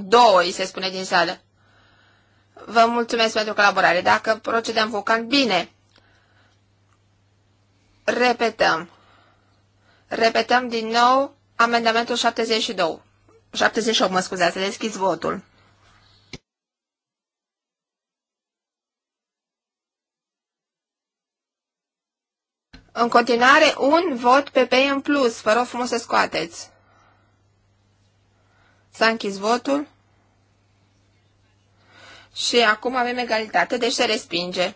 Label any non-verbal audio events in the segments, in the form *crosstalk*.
Două, îi se spune din sală. Vă mulțumesc pentru colaborare. Dacă procedăm vocal, bine. Repetăm. Repetăm din nou amendamentul 72. 78, mă scuzați, deschis votul. În continuare, un vot pe în plus. Vă rog frumos să scoateți. S-a închis votul. Și acum avem egalitate, deci se respinge.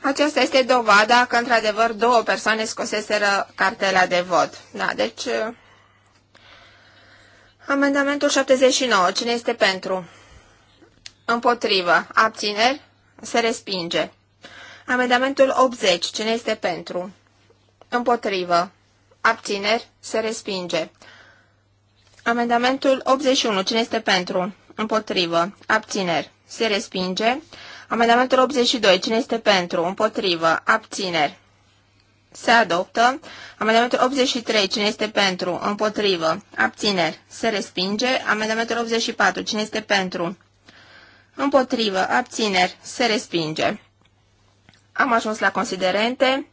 Aceasta este dovada că, într-adevăr, două persoane scoseseră cartela de vot. Da, deci... Uh, amendamentul 79. Cine este pentru? Împotrivă. Abțineri? Se respinge. Amendamentul 80. Cine este pentru? Împotrivă. Abțineri? Se respinge. Amendamentul 81. Cine este pentru? Împotrivă. Abțineri. Se respinge. Amendamentul 82. Cine este pentru? Împotrivă. Abțineri. Se adoptă. Amendamentul 83. Cine este pentru? Împotrivă. Abțineri. Se respinge. Amendamentul 84. Cine este pentru? Împotrivă. Abțineri. Se respinge. Am ajuns la considerente.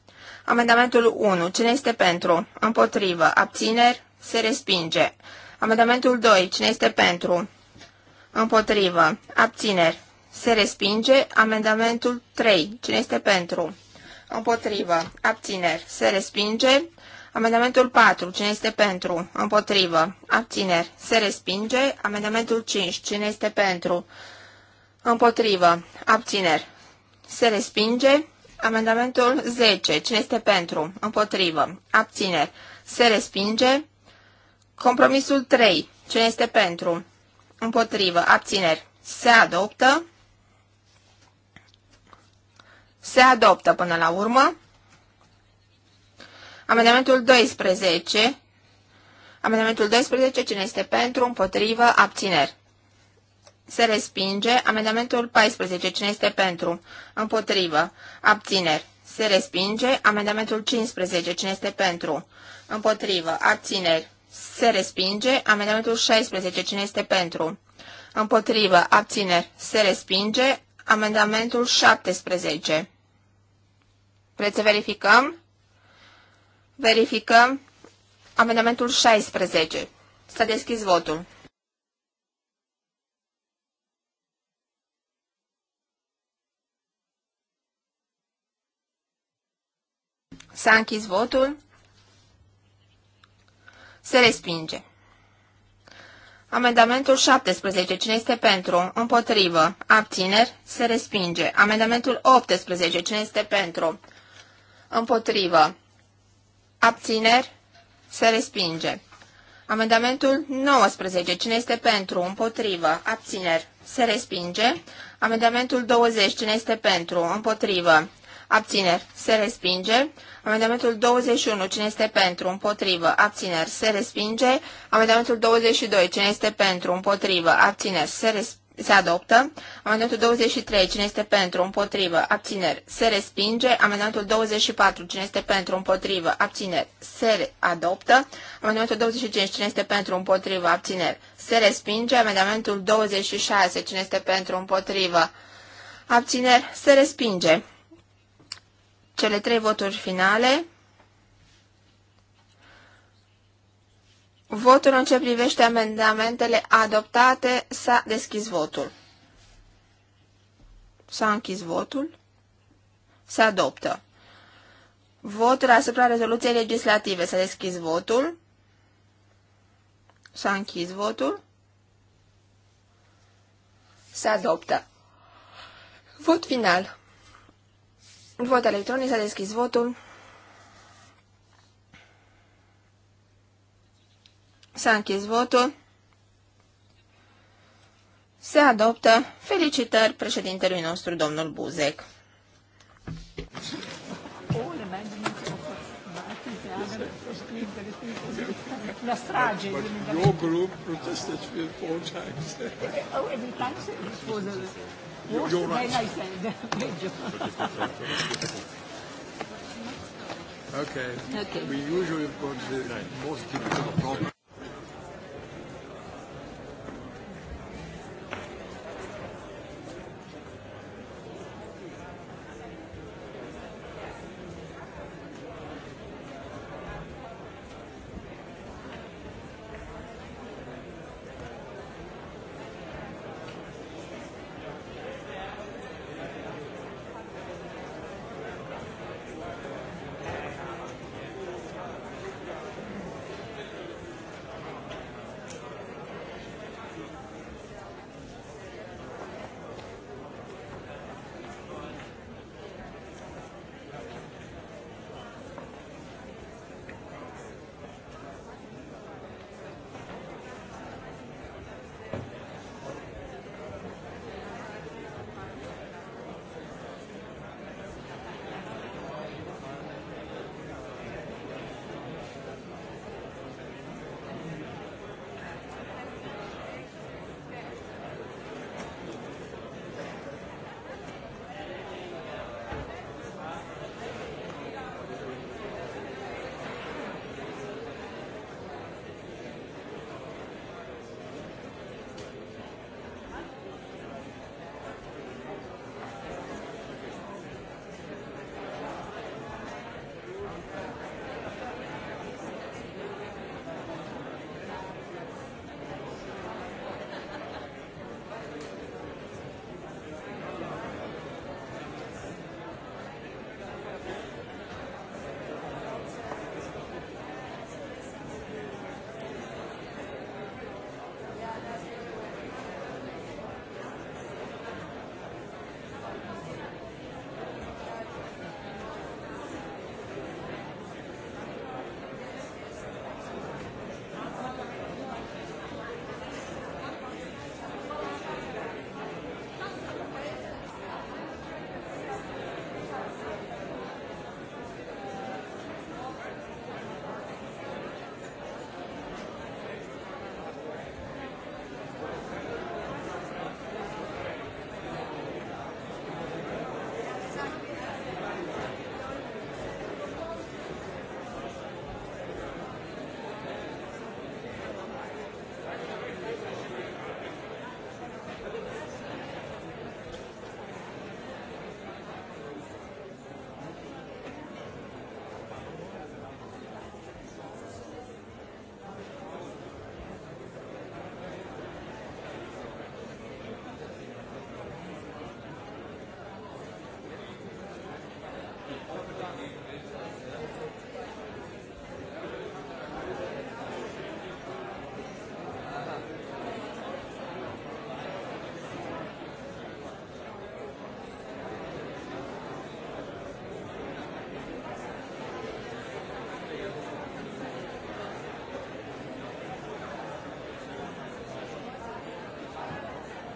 Amendamentul 1. Cine este pentru? Împotrivă. Abțineri. Se respinge. Amendamentul 2. Cine este pentru? Împotrivă. Abțineri. Se respinge. Amendamentul 3. Cine este pentru? Împotrivă. Abțineri. Se respinge. Amendamentul 4. Cine este pentru? Împotrivă. Abțineri. Se respinge. Amendamentul 5. Cine este pentru? Împotrivă. Abțineri. Se respinge. Amendamentul 10. Cine este pentru? Împotrivă. Abțineri. Se respinge. Compromisul 3. Ce este pentru? Împotrivă. Abțineri. Se adoptă. Se adoptă până la urmă. Amendamentul 12. Amendamentul 12. Cine este pentru? Împotrivă. Abțineri. Se respinge. Amendamentul 14. Cine este pentru? Împotrivă. Abțineri. Se respinge. Amendamentul 15. Cine este pentru? Împotrivă. Abțineri se respinge. Amendamentul 16. Cine este pentru? Împotrivă. Abțineri. Se respinge. Amendamentul 17. Vreți să verificăm? Verificăm amendamentul 16. S-a deschis votul. S-a închis votul. Se respinge. Amendamentul 17. Cine este pentru? Împotrivă. Abțineri? Se respinge. Amendamentul 18. Cine este pentru? Împotrivă. Abțineri? Se respinge. Amendamentul 19. Cine este pentru? Împotrivă. Abțineri. Se respinge. Amendamentul 20. Cine este pentru? Împotrivă. Abțineri. Se respinge. Amendamentul 21. Cine este pentru? Împotrivă. Abțineri. Se respinge. Amendamentul 22. Cine este pentru? Împotrivă. Abțineri. Se respinge. Se adoptă. Amendamentul 23. Cine este pentru? Împotrivă. Abțineri. Se respinge. Amendamentul 24. Cine este pentru? Împotrivă. Abțineri. Se adoptă. Amendamentul 25. Cine este pentru? Împotrivă. Abțineri. Se respinge. Amendamentul 26. Cine este pentru? Împotrivă. Abțineri. Se respinge cele trei voturi finale. Votul în ce privește amendamentele adoptate s-a deschis votul. S-a închis votul. Se adoptă. Votul asupra rezoluției legislative. S-a deschis votul. S-a închis votul. Se adoptă. Vot final. Vot electronic, s-a deschis votul. S-a închis votul. Se adoptă. Felicitări președintelui nostru, domnul Buzec. La strage. your group protested four times. oh, every time it was You're, you're right. okay. okay. We usually got the most difficult problem.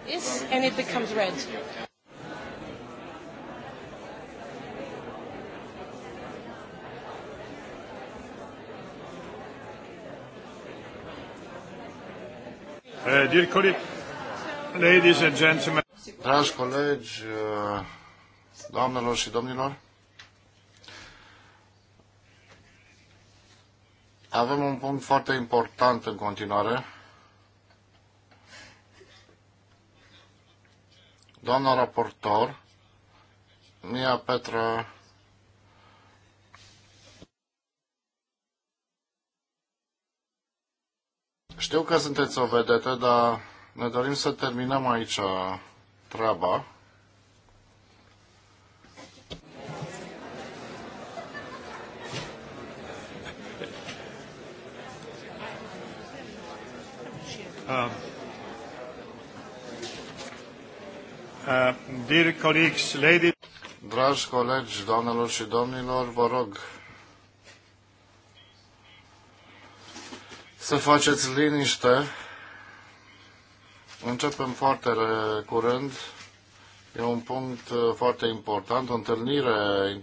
is and it becomes red. Uh, dear colleague, ladies and gentlemen. Dragi colegi, uh, doamnelor și domnilor, avem un punct foarte important în continuare. Doamna raportor, Mia Petra Știu că sunteți o vedetă, dar ne dorim să terminăm aici treaba. Um. Uh, dear colleagues, ladies... Dragi colegi, doamnelor și domnilor, vă rog să faceți liniște. Începem foarte curând. E un punct uh, foarte important, o întâlnire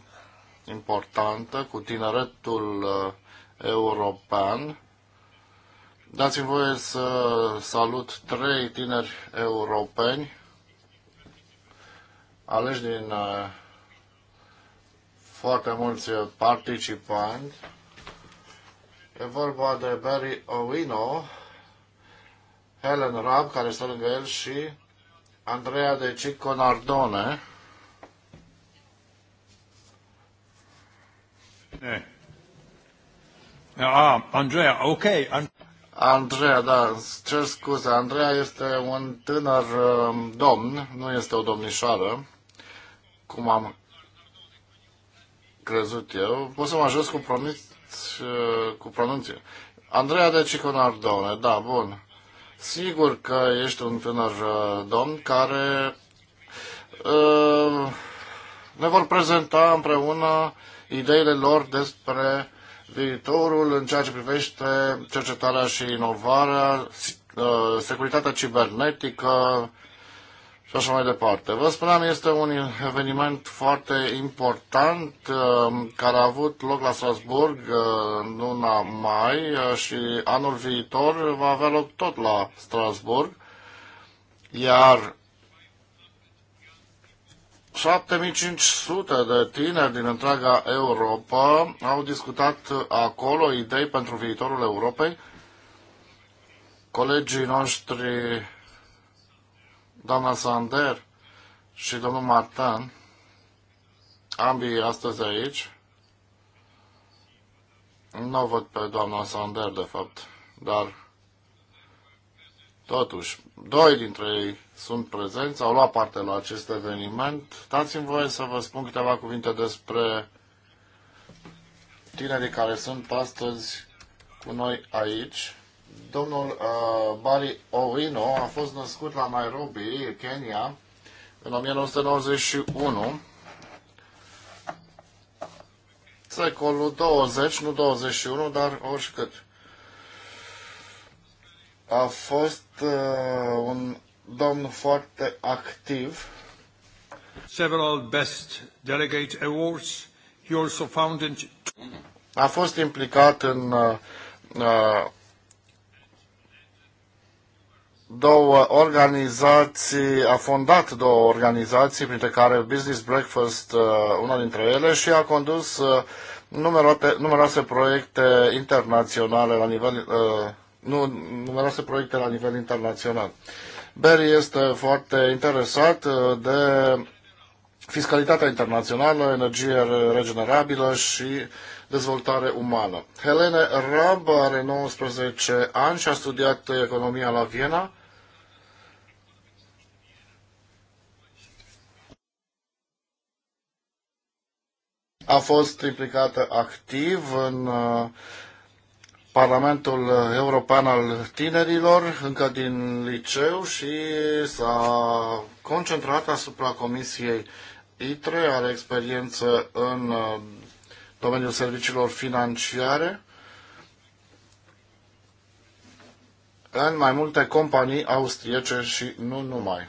importantă cu tineretul uh, european. Dați-mi voie să salut trei tineri europeni aleși din uh, foarte mulți participanți. E vorba de Barry Owino, Helen Rab, care stă lângă el, și Andrea de Cicco Nardone. Eh. Ah, Andrea. ok. And- da, cer scuze. Andrea este un tânăr um, domn, nu este o domnișoară cum am crezut eu, pot să mă ajut cu, promit, uh, cu pronunție. Andreea de Ciconardone, da, bun. Sigur că ești un tânăr uh, domn care uh, ne vor prezenta împreună ideile lor despre viitorul în ceea ce privește cercetarea și inovarea, uh, securitatea cibernetică, și așa mai departe. Vă spuneam, este un eveniment foarte important um, care a avut loc la Strasburg uh, în luna mai uh, și anul viitor va avea loc tot la Strasburg, iar 7500 de tineri din întreaga Europa au discutat acolo idei pentru viitorul Europei. Colegii noștri Doamna Sander și domnul Martan, ambii astăzi aici, nu o văd pe doamna Sander, de fapt, dar totuși, doi dintre ei sunt prezenți, au luat parte la acest eveniment. Dați-mi voie să vă spun câteva cuvinte despre tinerii care sunt astăzi cu noi aici. Domnul uh, Barry Owino a fost născut la Nairobi, Kenya, în 1991. Secolul 20, nu 21, dar oricât. A fost uh, un domn foarte activ. Several best delegate awards. He also founded... A fost implicat în uh, uh, două organizații, a fondat două organizații, printre care Business Breakfast, uh, una dintre ele, și a condus uh, numeroase proiecte internaționale la nivel, uh, nu, numeroase proiecte la nivel internațional. Berry este foarte interesat de fiscalitatea internațională, energie regenerabilă și dezvoltare umană. Helene Rab are 19 ani și a studiat economia la Viena a fost implicată activ în uh, Parlamentul European al Tinerilor, încă din liceu, și s-a concentrat asupra Comisiei ITRE, are experiență în uh, domeniul serviciilor financiare. în mai multe companii austriece și nu numai.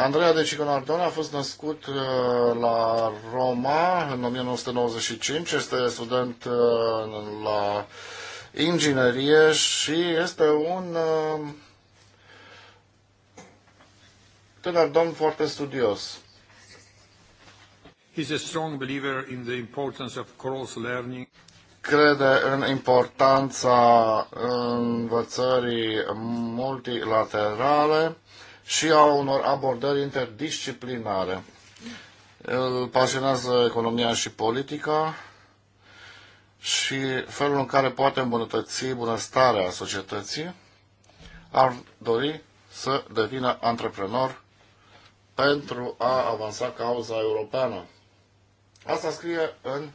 Andreea de Cicunardon a fost născut uh, la Roma în 1995, este student uh, la inginerie și este un uh, tânăr domn foarte studios. He's a strong believer in the importance of cross learning. Crede în importanța învățării multilaterale și a unor abordări interdisciplinare. Îl pasionează economia și politica și felul în care poate îmbunătăți bunăstarea societății. Ar dori să devină antreprenor pentru a avansa cauza europeană. Asta scrie în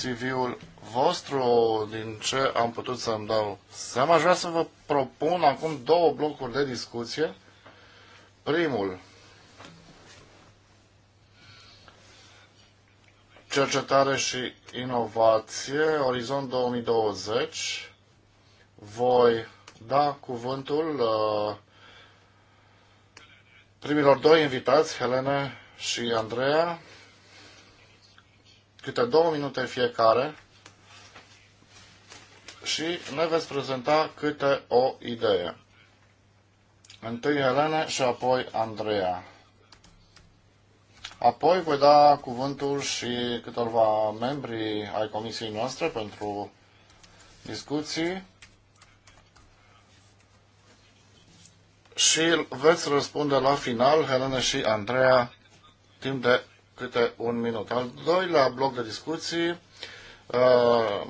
CV-ul vostru, din ce am putut să-mi dau seama. Aș vrea să vă propun acum două blocuri de discuție Primul, cercetare și inovație, Orizont 2020. Voi da cuvântul uh, primilor doi invitați, Helene și Andreea, câte două minute fiecare și ne veți prezenta câte o idee. Întâi Elena și apoi Andreea. Apoi voi da cuvântul și câtorva membri ai comisiei noastre pentru discuții și veți răspunde la final, Helena și Andreea, timp de câte un minut. Al doilea bloc de discuții, uh,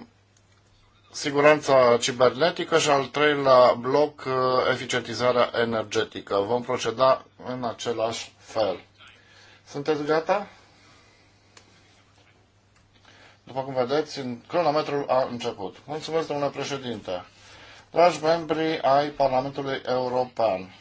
siguranța cibernetică și al treilea bloc, uh, eficientizarea energetică. Vom proceda în același fel. Sunteți gata? După cum vedeți, cronometrul a început. Mulțumesc, domnule președinte. Dragi membri ai Parlamentului European,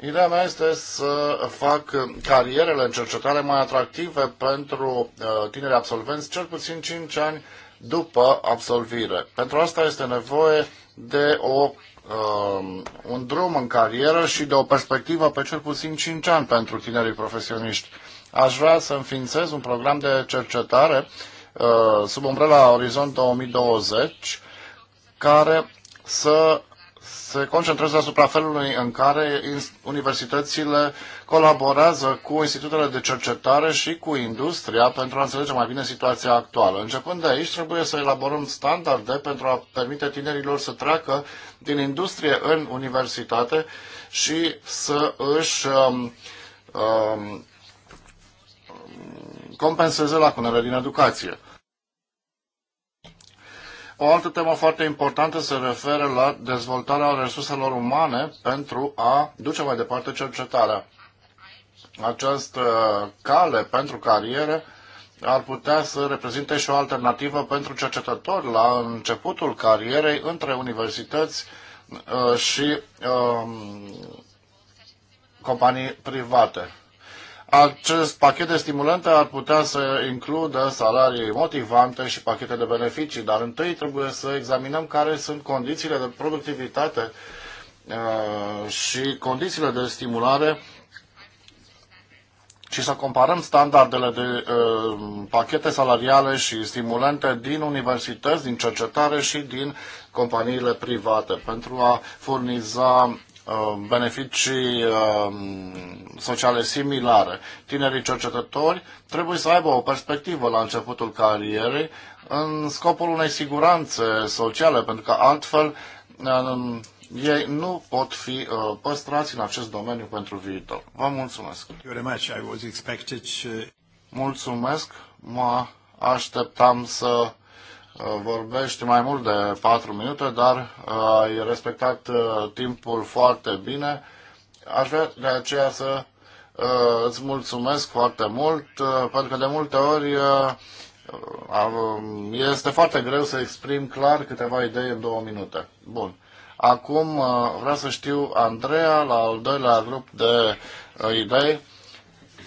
Ideea mea este să fac carierele în cercetare mai atractive pentru uh, tineri absolvenți, cel puțin 5 ani după absolvire. Pentru asta este nevoie de o, um, un drum în carieră și de o perspectivă pe cel puțin 5 ani pentru tinerii profesioniști. Aș vrea să înființez un program de cercetare uh, sub umbrela Orizont 2020 care să se concentrează asupra felului în care universitățile colaborează cu institutele de cercetare și cu industria pentru a înțelege mai bine situația actuală. Începând de aici, trebuie să elaborăm standarde pentru a permite tinerilor să treacă din industrie în universitate și să își um, um, compenseze lacunele din educație. O altă temă foarte importantă se referă la dezvoltarea resurselor umane pentru a duce mai departe cercetarea. Această cale pentru cariere ar putea să reprezinte și o alternativă pentru cercetători la începutul carierei între universități uh, și um, companii private acest pachet de stimulente ar putea să includă salarii motivante și pachete de beneficii, dar întâi trebuie să examinăm care sunt condițiile de productivitate uh, și condițiile de stimulare și să comparăm standardele de uh, pachete salariale și stimulente din universități, din cercetare și din companiile private pentru a furniza Uh, beneficii uh, sociale similare. Tinerii cercetători trebuie să aibă o perspectivă la începutul carierei în scopul unei siguranțe sociale, pentru că altfel um, ei nu pot fi uh, păstrați în acest domeniu pentru viitor. Vă mulțumesc! Mulțumesc! Mă așteptam să Uh, vorbești mai mult de 4 minute, dar uh, ai respectat uh, timpul foarte bine. Aș vrea de aceea să îți mulțumesc foarte mult, pentru că de multe ori um, este foarte greu să exprim clar câteva idei în două minute. Bun. Acum vreau să știu, Andreea, la al doilea grup de idei,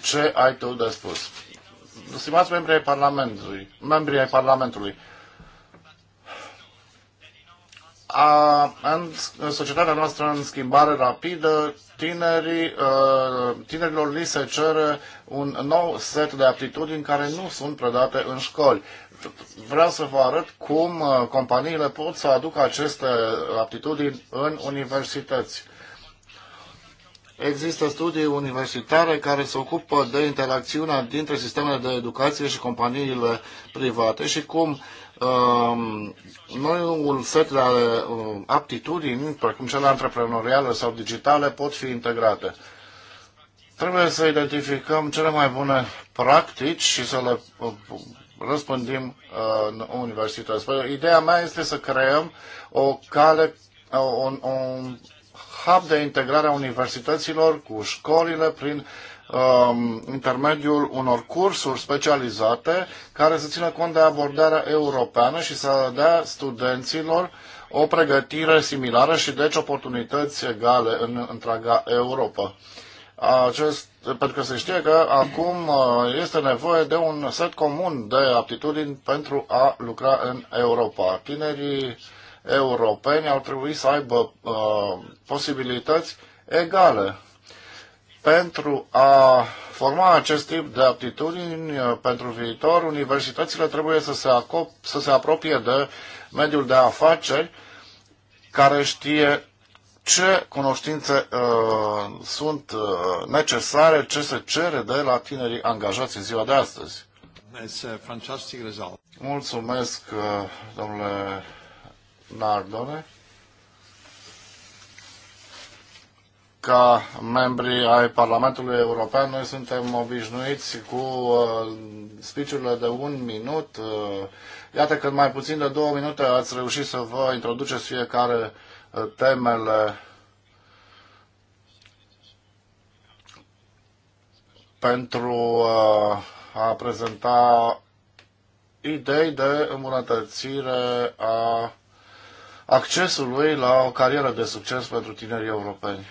ce ai tu de spus? Stimați membrii Parlamentului, membrii ai Parlamentului, a, în, în societatea noastră în schimbare rapidă, tinerii, ă, tinerilor li se cere un nou set de aptitudini care nu sunt predate în școli. Vreau să vă arăt cum ă, companiile pot să aducă aceste aptitudini în universități. Există studii universitare care se ocupă de interacțiunea dintre sistemele de educație și companiile private și cum uh, Um, noul set de uh, aptitudini, precum cele antreprenoriale sau digitale, pot fi integrate. Trebuie să identificăm cele mai bune practici și să le uh, răspândim uh, în universități. Păi, ideea mea este să creăm o cale, un, un hub de integrare a universităților cu școlile prin Um, intermediul unor cursuri specializate care să țină cont de abordarea europeană și să dea studenților o pregătire similară și deci oportunități egale în întreaga Europa. Acest, pentru că se știe că acum uh, este nevoie de un set comun de aptitudini pentru a lucra în Europa. Tinerii europeni ar trebui să aibă uh, posibilități egale pentru a forma acest tip de aptitudini uh, pentru viitor, universitățile trebuie să se, acop- să se apropie de mediul de afaceri care știe ce cunoștințe uh, sunt uh, necesare, ce se cere de la tinerii angajați în ziua de astăzi. Mulțumesc, uh, domnule Nardone. ca membri ai Parlamentului European, noi suntem obișnuiți cu uh, spiciurile de un minut. Uh, iată că în mai puțin de două minute ați reușit să vă introduceți fiecare uh, temele pentru uh, a prezenta idei de îmbunătățire a accesului la o carieră de succes pentru tinerii europeni.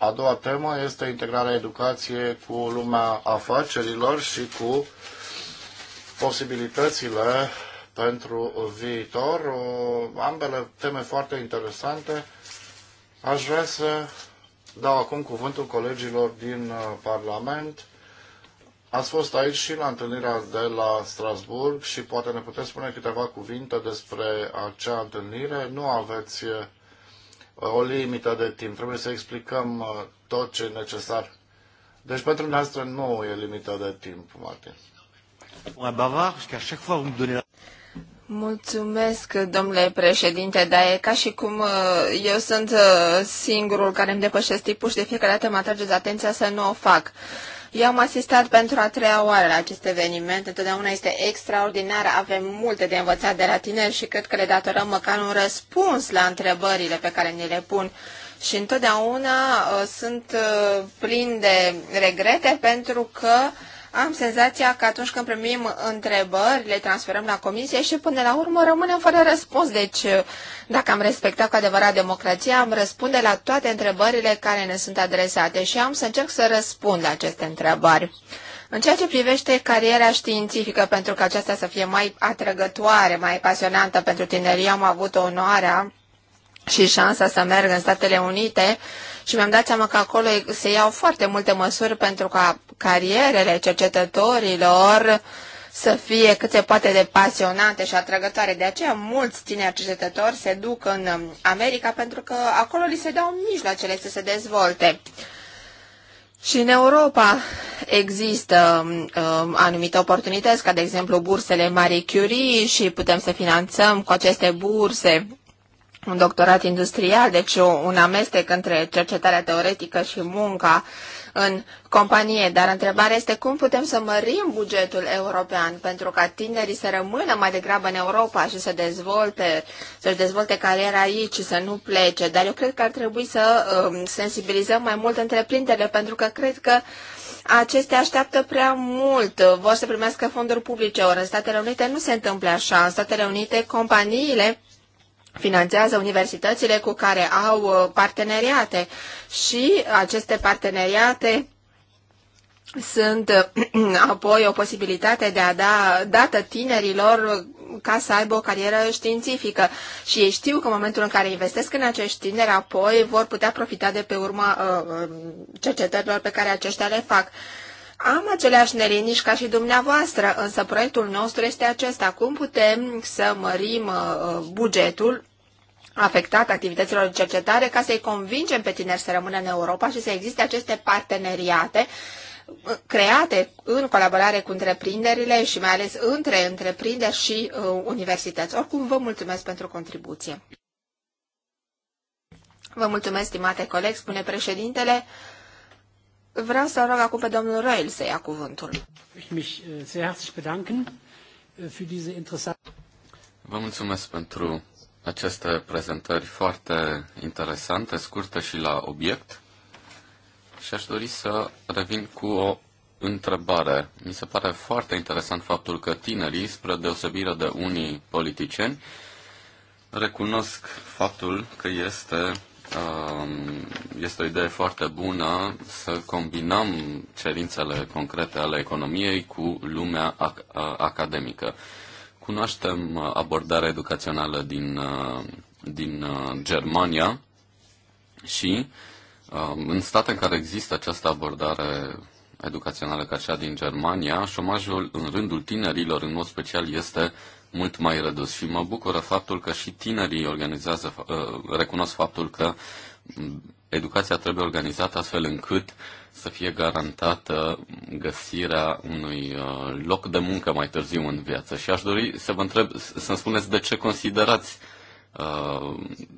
A doua temă este integrarea educației cu lumea afacerilor și cu posibilitățile pentru viitor. Ambele teme foarte interesante. Aș vrea să dau acum cuvântul colegilor din uh, Parlament. Ați fost aici și la întâlnirea de la Strasburg și poate ne puteți spune câteva cuvinte despre acea întâlnire. Nu aveți uh, o limită de timp. Trebuie să explicăm uh, tot ce e necesar. Deci pentru noastră nu e limită de timp, Martin. Mulțumesc, domnule președinte, dar e ca și cum uh, eu sunt uh, singurul care îmi depășesc tipul și de fiecare dată mă atrageți atenția să nu o fac. Eu am asistat pentru a treia oară la acest eveniment. Întotdeauna este extraordinar. Avem multe de învățat de la tineri și cred că le datorăm măcar un răspuns la întrebările pe care ni le pun. Și întotdeauna uh, sunt uh, plin de regrete pentru că uh, am senzația că atunci când primim întrebări, le transferăm la comisie și până la urmă rămânem fără răspuns. Deci, dacă am respectat cu adevărat democrația, am răspunde la toate întrebările care ne sunt adresate și am să încerc să răspund la aceste întrebări. În ceea ce privește cariera științifică, pentru că aceasta să fie mai atrăgătoare, mai pasionantă pentru tinerii, am avut onoarea și șansa să merg în Statele Unite și mi-am dat seama că acolo se iau foarte multe măsuri pentru ca carierele cercetătorilor să fie cât se poate de pasionante și atrăgătoare. De aceea mulți tineri cercetători se duc în um, America pentru că acolo li se dau mijloacele să se dezvolte. Și în Europa există um, um anumite oportunități, ca de exemplu bursele Marie Curie și putem să finanțăm cu aceste burse un doctorat industrial, deci un amestec între cercetarea teoretică și munca în companie. Dar întrebarea este cum putem să mărim bugetul european pentru ca tinerii să rămână mai degrabă în Europa și să dezvolte, să-și dezvolte cariera aici și să nu plece. Dar eu cred că ar trebui să um, sensibilizăm mai mult întreprinderile pentru că cred că acestea așteaptă prea mult, vor să primească fonduri publice, ori în Statele Unite nu se întâmplă așa. În Statele Unite companiile finanțează universitățile cu care au uh, parteneriate și aceste parteneriate sunt uh, *clears throat* apoi o posibilitate de a da dată tinerilor uh, ca să aibă o carieră științifică și ei știu că în momentul în care investesc în acești tineri, apoi vor putea profita de pe urma uh, cercetărilor pe care aceștia le fac. Am aceleași neliniști ca și dumneavoastră, însă proiectul nostru este acesta. Cum putem să mărim uh, bugetul afectat activităților de cercetare ca să-i convingem pe tineri să rămână în Europa și să existe aceste parteneriate uh, create în colaborare cu întreprinderile și mai ales între întreprinderi și uh, universități. Oricum, vă mulțumesc pentru contribuție. Vă mulțumesc, stimate coleg, spune președintele. Vreau să rog acum pe domnul Roel să ia cuvântul. Äh, äh, vă mulțumesc pentru aceste prezentări foarte interesante, scurte și la obiect. Și aș dori să revin cu o întrebare. Mi se pare foarte interesant faptul că tinerii, spre deosebire de unii politicieni, recunosc faptul că este, um, este o idee foarte bună să combinăm cerințele concrete ale economiei cu lumea academică cunoaștem uh, abordarea educațională din, uh, din uh, Germania și în state în care există această abordare educațională ca cea din Germania, șomajul în rândul tinerilor, în mod special, este mult mai redus și mă bucură faptul că și tinerii organizează, recunosc faptul că mm, educația trebuie organizată astfel încât uh, să fie garantată găsirea unui uh, loc de muncă mai târziu în viață. Și aș dori să vă întreb, să-mi spuneți de ce considerați, uh,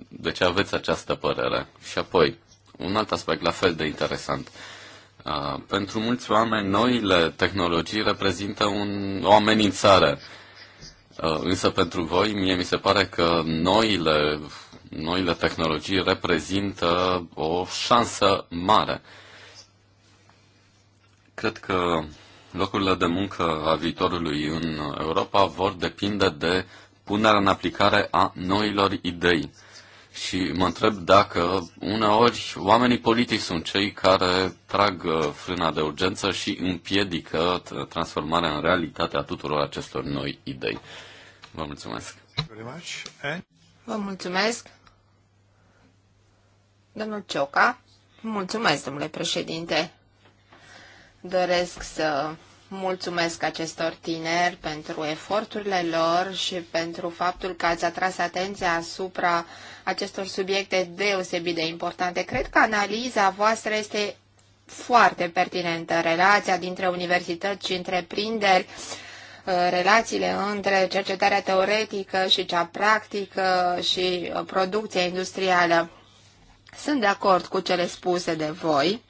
de ce aveți această părere. Și apoi, un alt aspect la fel de interesant. Uh, pentru mulți oameni, noile tehnologii reprezintă un, o amenințare. Însă pentru voi, mie mi se pare că noile, noile tehnologii reprezintă o șansă mare. Cred că locurile de muncă a viitorului în Europa vor depinde de punerea în aplicare a noilor idei. Și mă întreb dacă uneori oamenii politici sunt cei care trag uh, frâna de urgență și împiedică uh, transformarea în realitate a tuturor acestor noi idei. Vă mulțumesc. Vă mulțumesc. Domnul Cioca, mulțumesc, domnule președinte. Doresc să mulțumesc acestor tineri pentru eforturile lor și pentru faptul că ați atras atenția asupra acestor subiecte deosebit de importante. Cred că analiza voastră este foarte pertinentă. Relația dintre universități și întreprinderi, uh, relațiile între cercetarea teoretică și cea practică și uh, producția industrială. Sunt de acord cu cele spuse de voi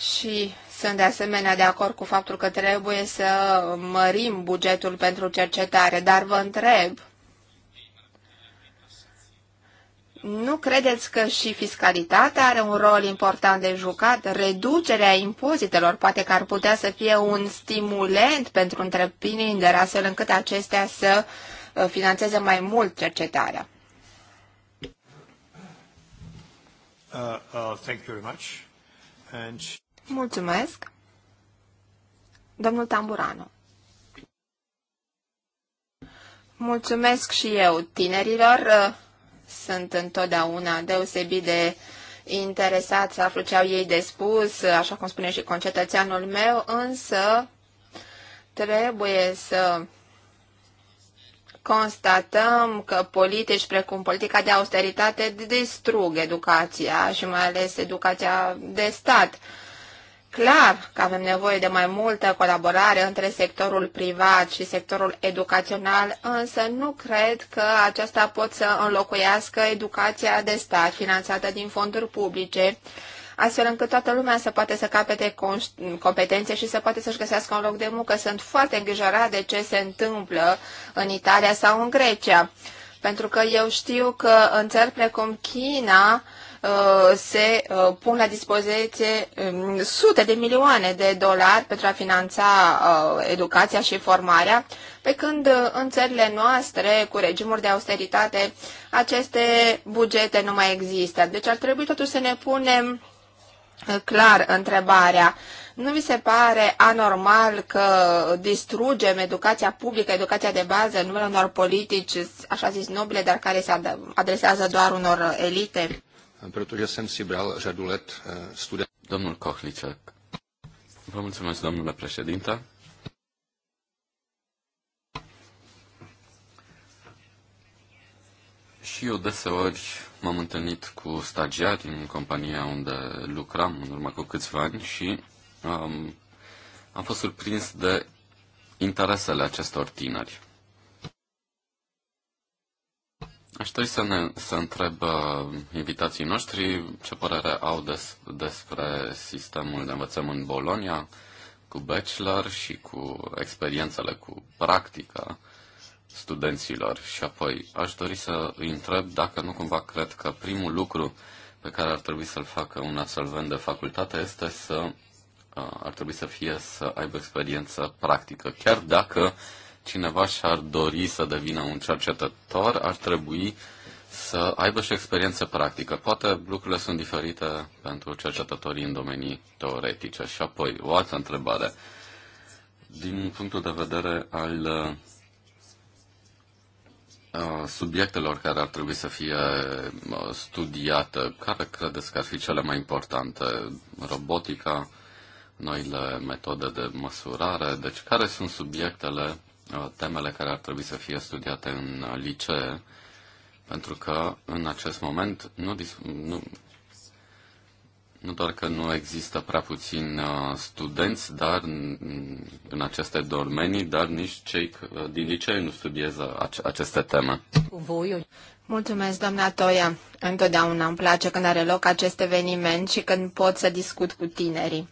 și sunt de asemenea de acord cu faptul că trebuie să mărim bugetul pentru cercetare, dar vă întreb, nu credeți că și fiscalitatea are un rol important de jucat? Reducerea impozitelor poate că ar putea să fie un stimulent pentru întreprinderi, astfel încât acestea să uh, financeze mai mult cercetarea. Uh, uh, thank you very much. And... Mulțumesc. Domnul Tamburano. Mulțumesc și eu tinerilor. Sunt întotdeauna deosebit de interesat să aflu ce au ei de spus, așa cum spune și concetățeanul meu, însă trebuie să constatăm că politici precum politica de austeritate distrug educația și mai ales educația de stat clar că avem nevoie de mai multă colaborare între sectorul privat și sectorul educațional, însă nu cred că aceasta pot să înlocuiască educația de stat finanțată din fonduri publice, astfel încât toată lumea să poate să capete competențe și să poate să-și găsească un loc de muncă. Sunt foarte îngrijorat de ce se întâmplă în Italia sau în Grecia, pentru că eu știu că în țări precum China, Uh, se uh, pun la dispoziție um, sute de milioane de dolari pentru a finanța uh, educația și formarea, pe când în țările noastre, cu regimuri de austeritate, aceste bugete nu mai există. Deci ar trebui totuși să ne punem clar întrebarea. Nu vi se pare anormal că distrugem educația publică, educația de bază, în numele unor politici, așa zis, nobile, dar care se adresează doar unor elite? protože jsem si bral řadu let eh, student. Domnul Kohlicek. Vă mulțumesc, domnule președinte. Și eu deseori m-am întâlnit cu stagiari în compania unde lucram în urmă cu câțiva ani și um, am fost surprins de interesele acestor tineri. Aș dori să, ne, să întreb uh, invitații noștri ce părere au des, despre sistemul de învățământ în Bolonia cu bachelor și cu experiențele, cu practica studenților. Și apoi aș dori să îi întreb dacă nu cumva cred că primul lucru pe care ar trebui să-l facă un absolvent de facultate este să uh, ar trebui să fie să aibă experiență practică, chiar dacă uh, cineva și-ar dori să devină un cercetător, ar trebui să aibă și experiență practică. Poate lucrurile sunt diferite pentru cercetătorii în domenii teoretice. Și apoi, o altă întrebare. Din punctul de vedere al uh, subiectelor care ar trebui să fie uh, studiate, care credeți că ar fi cele mai importante? Robotica, noile metode de măsurare, deci care sunt subiectele Uh, temele care ar trebui să fie studiate în licee, pentru că în acest moment nu, nu, nu doar că nu există prea puțini uh, studenți dar mm, în aceste domenii, dar nici cei din licee nu studiază aceste teme. Mulțumesc, doamna Toia. Întotdeauna îmi place când are loc acest eveniment și când pot să discut cu tinerii.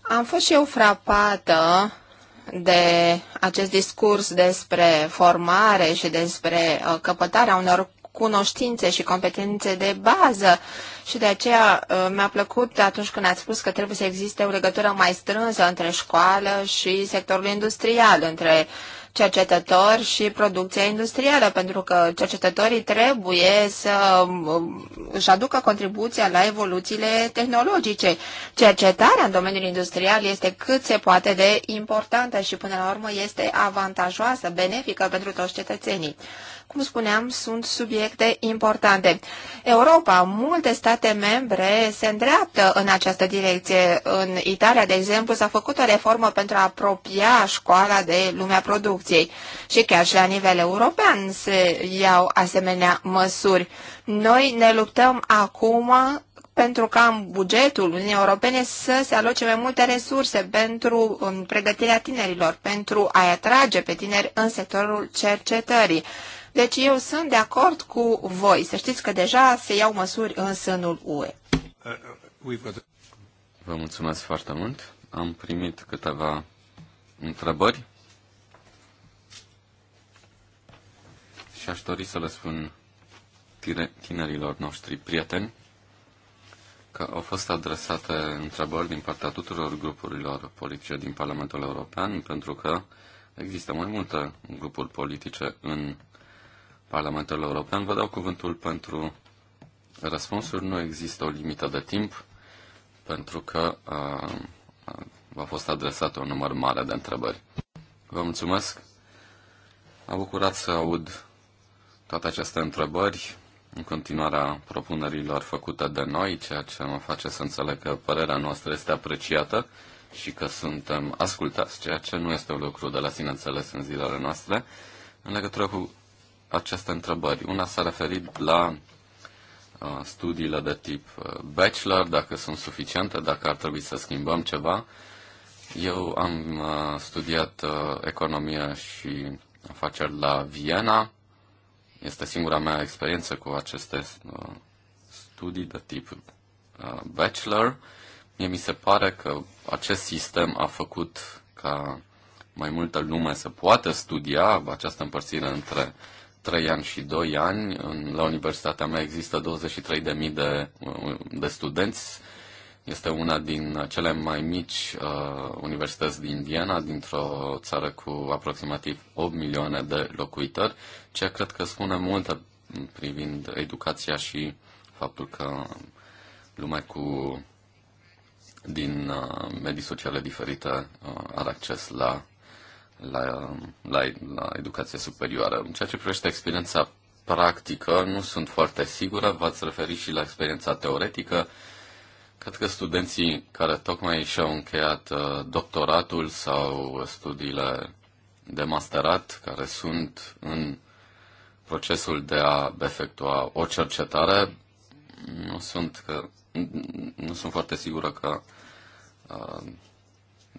Am fost și eu frapată de acest discurs despre formare și despre uh, căpătarea unor cunoștințe și competențe de bază și de aceea uh, mi-a plăcut atunci când ați spus că trebuie să existe o legătură mai strânsă între școală și sectorul industrial, între uh, cercetători și producția industrială, pentru că cercetătorii trebuie să um, își aducă contribuția la evoluțiile tehnologice. Cercetarea în domeniul industrial este cât se poate de importantă și până la urmă este avantajoasă, benefică pentru toți cetățenii cum spuneam, sunt subiecte importante. Europa, multe state membre se îndreaptă în această direcție. În Italia, de exemplu, s-a făcut o reformă pentru a apropia școala de lumea producției și chiar și la nivel european se iau asemenea măsuri. Noi ne luptăm acum pentru ca în bugetul Uniunii Europene să se aloce mai multe resurse pentru um, pregătirea tinerilor, pentru a i atrage pe tineri în sectorul cercetării. Deci eu sunt de acord cu voi. Să știți că deja se iau măsuri în sânul UE. Vă mulțumesc foarte mult. Am primit câteva întrebări și aș dori să le spun tinerilor noștri prieteni că au fost adresate întrebări din partea tuturor grupurilor politice din Parlamentul European, pentru că există mai multe grupuri politice în Parlamentul European. Vă dau cuvântul pentru răspunsuri. Nu există o limită de timp pentru că v-a fost adresat un număr mare de întrebări. Vă mulțumesc. Am bucurat să aud toate aceste întrebări în continuarea propunerilor făcute de noi, ceea ce mă face să înțeleg că părerea noastră este apreciată și că suntem ascultați, ceea ce nu este un lucru de la sine înțeles în zilele noastre. În legătură cu aceste întrebări. Una s-a referit la uh, studiile de tip uh, bachelor, dacă sunt suficiente, dacă ar trebui să schimbăm ceva. Eu am uh, studiat economie și afaceri la Viena. Este singura mea experiență cu aceste studii de tip bachelor. Mie mi se pare că acest sistem a făcut ca mai multă lume să poată studia această împărțire între uh, 3 ani și 2 ani. la universitatea mea există 23.000 de, de studenți. Este una din cele mai mici uh, universități din Indiana, dintr-o țară cu aproximativ 8 milioane de locuitori, ceea cred că spune multe privind educația și faptul că lumea cu din uh, medii sociale diferite uh, are acces la la, la, la educație superioară. În ceea ce privește experiența practică, nu sunt foarte sigură, v-ați referit și la experiența teoretică. Cred că studenții care tocmai și-au încheiat uh, doctoratul sau studiile de masterat, care sunt în procesul de a efectua o cercetare, nu sunt, că, nu sunt foarte sigură că uh,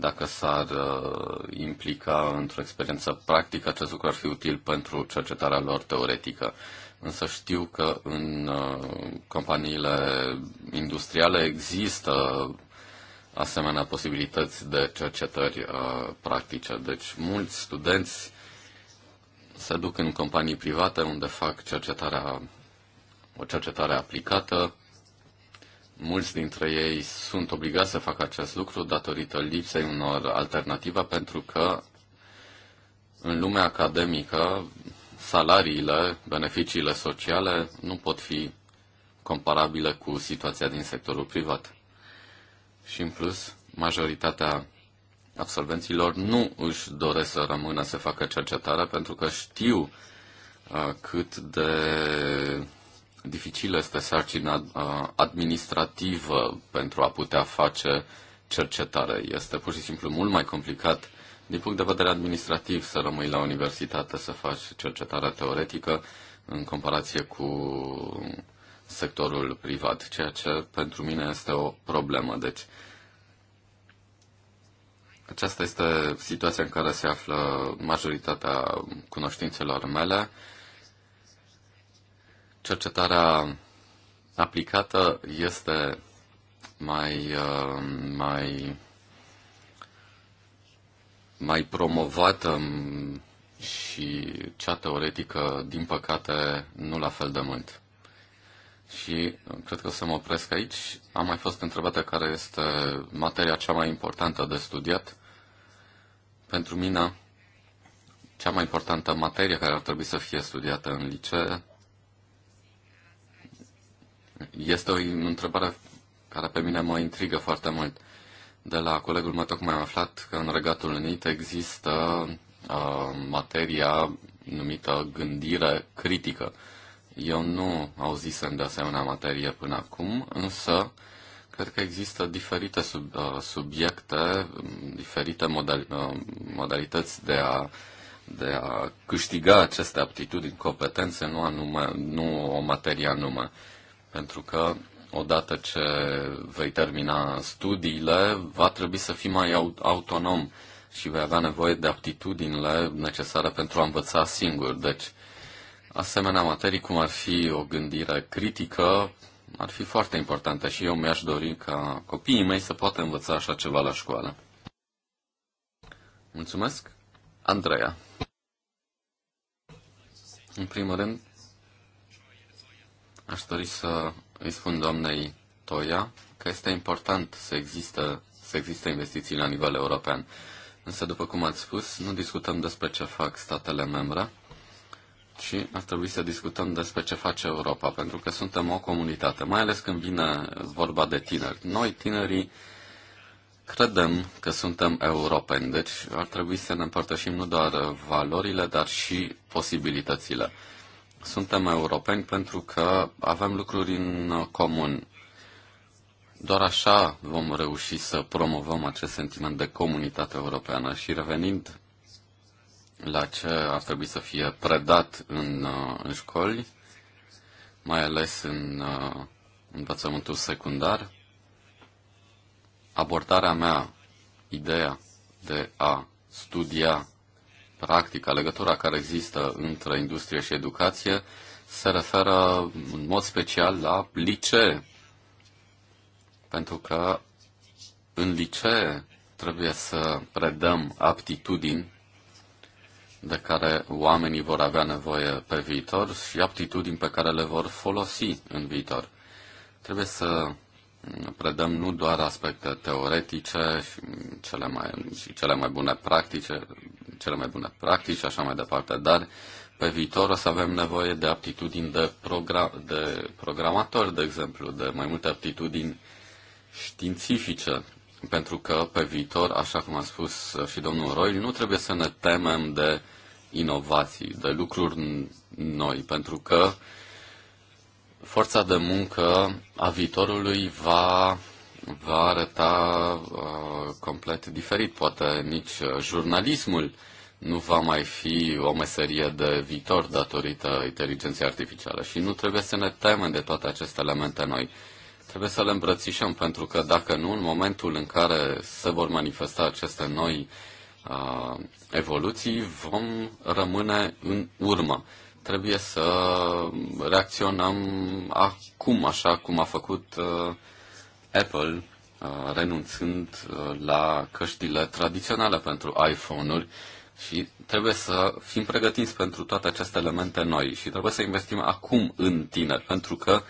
dacă s-ar uh, implica într-o experiență practică, acest lucru ar fi util pentru cercetarea lor teoretică. Însă știu că în uh, companiile industriale există asemenea posibilități de cercetări uh, practice. Deci mulți studenți se duc în companii private unde fac cercetarea, o cercetare aplicată mulți dintre ei sunt obligați să facă acest lucru datorită lipsei unor alternative, pentru că în lumea academică salariile, beneficiile sociale nu pot fi comparabile cu situația din sectorul privat. Și în plus, majoritatea absolvenților nu își doresc să rămână să facă cercetare pentru că știu uh, cât de dificilă este sarcina uh, administrativă pentru a putea face cercetare. Este pur și simplu mult mai complicat din punct de vedere administrativ să rămâi la universitate să faci cercetarea teoretică în comparație cu sectorul privat, ceea ce pentru mine este o problemă. Deci, aceasta este situația în care se află majoritatea cunoștințelor mele cercetarea aplicată este mai, uh, mai, mai promovată și cea teoretică, din păcate, nu la fel de mult. Și uh, cred că o să mă opresc aici. Am mai fost întrebată care este materia cea mai importantă de studiat. Pentru mine, cea mai importantă materie care ar trebui să fie studiată în licee este o întrebare care pe mine mă intrigă foarte mult. De la colegul meu tocmai am aflat că în Regatul Unit există uh, materia numită gândire critică. Eu nu auzisem de asemenea materie până acum, însă cred că există diferite sub, uh, subiecte, diferite modal, uh, modalități de a, de a câștiga aceste aptitudini, competențe, nu, anume, nu o materie anume. Uh, pentru că odată ce vei termina studiile, va trebui să fii mai autonom și vei avea nevoie de aptitudinile necesare pentru a învăța singur. Deci, asemenea materii, cum ar fi o gândire critică, ar fi foarte importantă și eu mi-aș dori ca copiii mei să poată învăța așa ceva la școală. Mulțumesc, Andreea. În primul rând, Aș dori să îi spun doamnei Toia că este important să există, să există investiții la nivel european. Însă, după cum ați spus, nu discutăm despre ce fac statele membre, ci ar trebui să discutăm despre ce face Europa, pentru că suntem o comunitate, mai ales când vine vorba de tineri. Noi, tinerii, credem că suntem europeni, deci ar trebui să ne împărtășim nu doar valorile, dar și posibilitățile. Suntem europeni pentru că avem lucruri în comun. Doar așa vom reuși să promovăm acest sentiment de comunitate europeană. Și revenind la ce ar trebui să fie predat în, uh, în școli, mai ales în uh, învățământul secundar, abordarea mea, ideea de a studia practică, legătura care există între industrie și educație, se referă în mod special la licee. Pentru că în licee trebuie să predăm aptitudini de care oamenii vor avea nevoie pe viitor și aptitudini pe care le vor folosi în viitor. Trebuie să predăm nu doar aspecte teoretice și cele mai, și cele mai bune practice, cele mai bune practici și așa mai departe, dar pe viitor o să avem nevoie de aptitudini de, program, de programatori, de exemplu, de mai multe aptitudini științifice, pentru că pe viitor, așa cum a spus și domnul Roy, nu trebuie să ne temem de inovații, de lucruri noi, pentru că forța de muncă a viitorului va, va arăta uh, complet diferit. Poate nici uh, jurnalismul nu va mai fi o meserie de viitor datorită inteligenței artificiale și nu trebuie să ne temem de toate aceste elemente noi. Trebuie să le îmbrățișăm, pentru că dacă nu, în momentul în care se vor manifesta aceste noi uh, evoluții, vom rămâne în urmă. Trebuie să reacționăm acum, așa cum a făcut uh, Apple, uh, renunțând uh, la căștile tradiționale pentru iPhone-uri, uh, și trebuie să fim pregătiți pentru toate aceste elemente noi și trebuie să investim acum în tineri, pentru că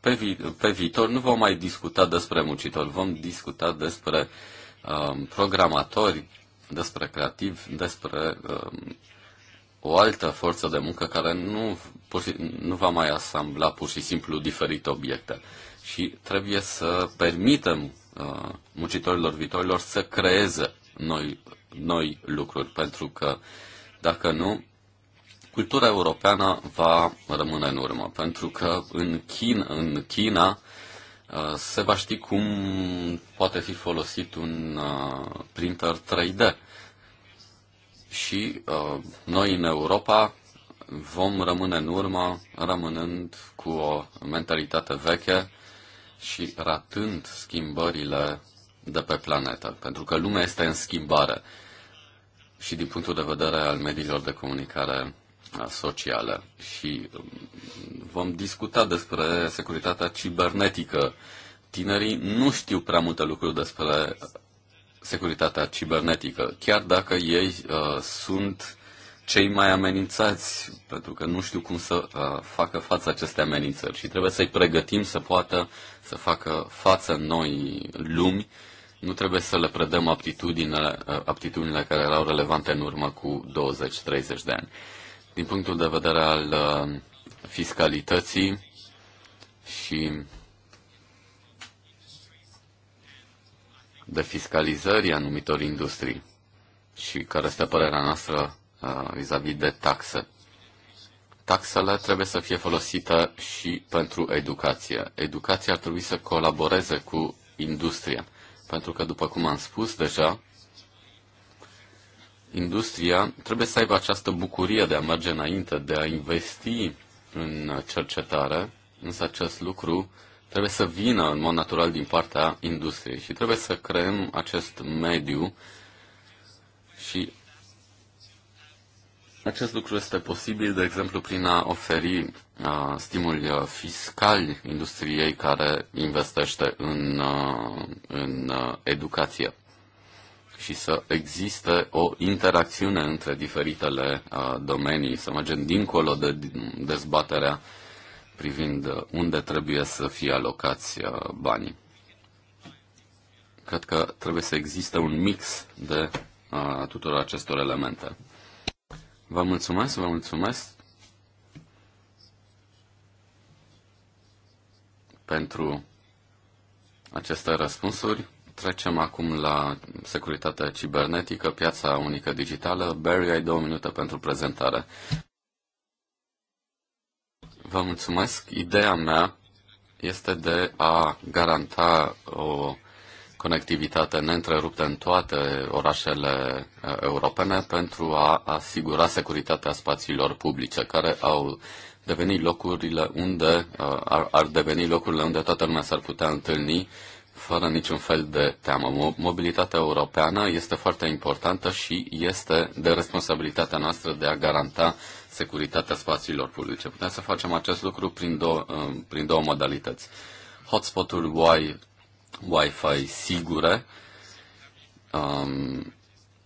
pe, vi- pe viitor nu vom mai discuta despre muncitori, vom discuta despre um, programatori, despre creativi, despre um, o altă forță de muncă care nu, pur și, nu va mai asambla pur și simplu diferite obiecte. Și trebuie să permitem uh, muncitorilor viitorilor să creeze noi noi lucruri, pentru că dacă nu, cultura europeană va rămâne în urmă, pentru că în China, în China uh, se va ști cum poate fi folosit un uh, printer 3D. Și uh, noi în Europa vom rămâne în urmă, rămânând cu o mentalitate veche și ratând schimbările de pe planetă, pentru că lumea este în schimbare și din punctul de vedere al mediilor de comunicare uh, socială. Și um, vom discuta despre securitatea cibernetică. Tinerii nu știu prea multe lucruri despre securitatea cibernetică, chiar dacă ei uh, sunt cei mai amenințați, pentru că nu știu cum să uh, facă față aceste amenințări și trebuie să-i pregătim să poată să facă față noi lumi uh, nu trebuie să le predăm aptitudinile, uh, aptitudinile care erau relevante în urmă cu 20-30 de ani. Din punctul de vedere al uh, fiscalității și de fiscalizării anumitor industrii și care este părerea noastră uh, vis-a-vis -vis de taxe. Taxele trebuie să fie folosite și pentru educație. Educația ar trebui să colaboreze cu industria pentru că, după cum am spus deja, industria trebuie să aibă această bucurie de a merge înainte, de a investi în cercetare, însă acest lucru trebuie să vină în mod natural din partea industriei și trebuie să creăm acest mediu și acest lucru este posibil, de exemplu, prin a oferi uh, stimuli fiscali industriei care investește în, uh, în educație și să existe o interacțiune între diferitele uh, domenii, să mergem dincolo de dezbaterea privind unde trebuie să fie alocați uh, banii. Cred că trebuie să existe un mix de uh, tuturor acestor elemente. Vă mulțumesc, vă mulțumesc pentru aceste răspunsuri. Trecem acum la securitatea cibernetică, piața unică digitală. Barry, ai două minute pentru prezentare. Vă mulțumesc. Ideea mea este de a garanta o conectivitate neîntreruptă în toate orașele uh, europene pentru a asigura securitatea spațiilor publice, care au devenit locurile unde uh, ar, ar deveni locurile unde toată lumea s-ar putea întâlni fără niciun fel de teamă. Mobilitatea europeană este foarte importantă și este de responsabilitatea noastră de a garanta securitatea spațiilor publice. Putem să facem acest lucru prin două, uh, prin două modalități. Hotspot-uri Wi-Fi sigure. Um,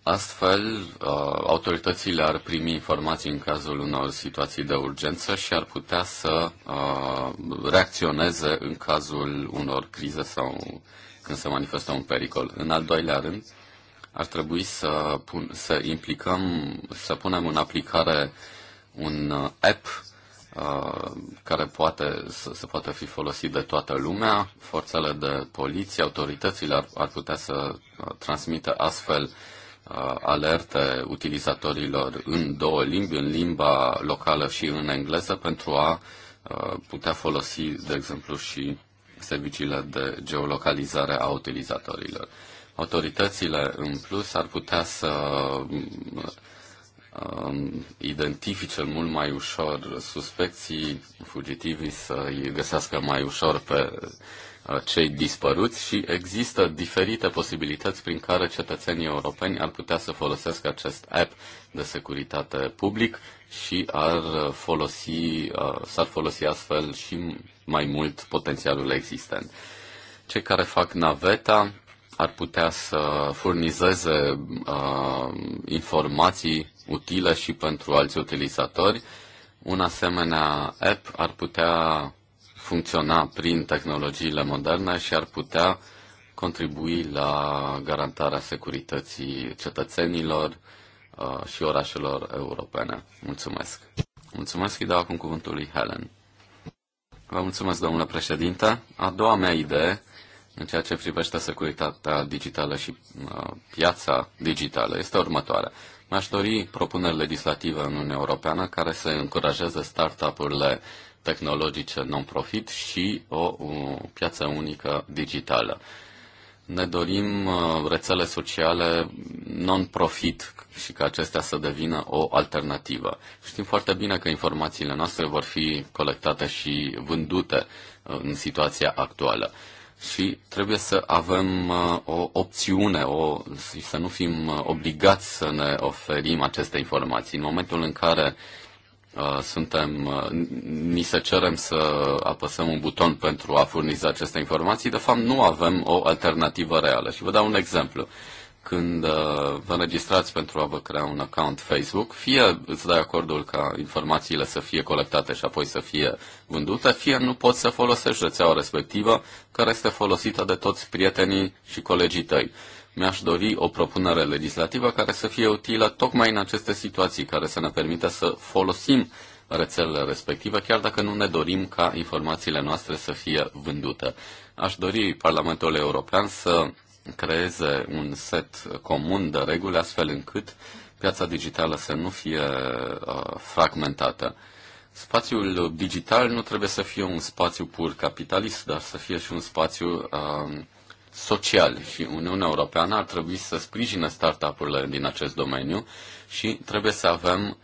astfel, uh, autoritățile ar primi informații în cazul unor situații de urgență și ar putea să uh, reacționeze în cazul unor crize sau când se manifestă un pericol. În al doilea rând, ar trebui să, pun, să implicăm, să punem în aplicare un app Uh, care poate să, să poată fi folosit de toată lumea. Forțele de poliție, autoritățile ar, ar putea să uh, transmită astfel uh, alerte utilizatorilor în două limbi, în limba locală și în engleză, pentru a uh, putea folosi, de exemplu, și serviciile de geolocalizare a utilizatorilor. Autoritățile, în plus, ar putea să uh, Um, identifice mult mai ușor suspecții fugitivii, să-i găsească mai ușor pe uh, cei dispăruți și există diferite posibilități prin care cetățenii europeni ar putea să folosească acest app de securitate public și ar folosi, uh, s-ar folosi astfel și mai mult potențialul existent. Cei care fac naveta ar putea să furnizeze uh, informații utile și pentru alți utilizatori. Un asemenea app ar putea funcționa prin tehnologiile moderne și ar putea contribui la garantarea securității cetățenilor uh, și orașelor europene. Mulțumesc! Mulțumesc și dau acum cuvântul lui Helen. Vă mulțumesc, domnule președinte. A doua mea idee în ceea ce privește securitatea digitală și uh, piața digitală este următoarea. Mi-aș dori propuneri legislative în Uniunea Europeană care să încurajeze startup-urile tehnologice non-profit și o, o piață unică digitală. Ne dorim uh, rețele sociale non-profit și ca acestea să devină o alternativă. Știm foarte bine că informațiile noastre vor fi colectate și vândute uh, în situația actuală și trebuie să avem uh, o opțiune o, și să nu fim uh, obligați să ne oferim aceste informații. În momentul în care uh, suntem, uh, ni se cerem să apăsăm un buton pentru a furniza aceste informații, de fapt nu avem o alternativă reală. Și vă dau un exemplu. Uh, când uh, vă înregistrați pentru a vă crea un account Facebook, fie îți dai acordul ca informațiile să fie colectate și apoi să fie vândute, fie nu poți să folosești rețeaua respectivă care este folosită de toți prietenii și colegii tăi. Mi-aș dori o propunere legislativă care să fie utilă tocmai în aceste situații, care să ne permită să folosim rețelele respective, chiar dacă nu ne dorim ca informațiile noastre să fie vândute. Aș dori Parlamentul European să creeze un set comun de reguli, astfel încât piața digitală să nu fie uh, fragmentată. Spațiul digital nu trebuie să fie un spațiu pur capitalist, dar să fie și un spațiu uh, social și Uniunea Europeană ar trebui să sprijine startup-urile din acest domeniu și trebuie să avem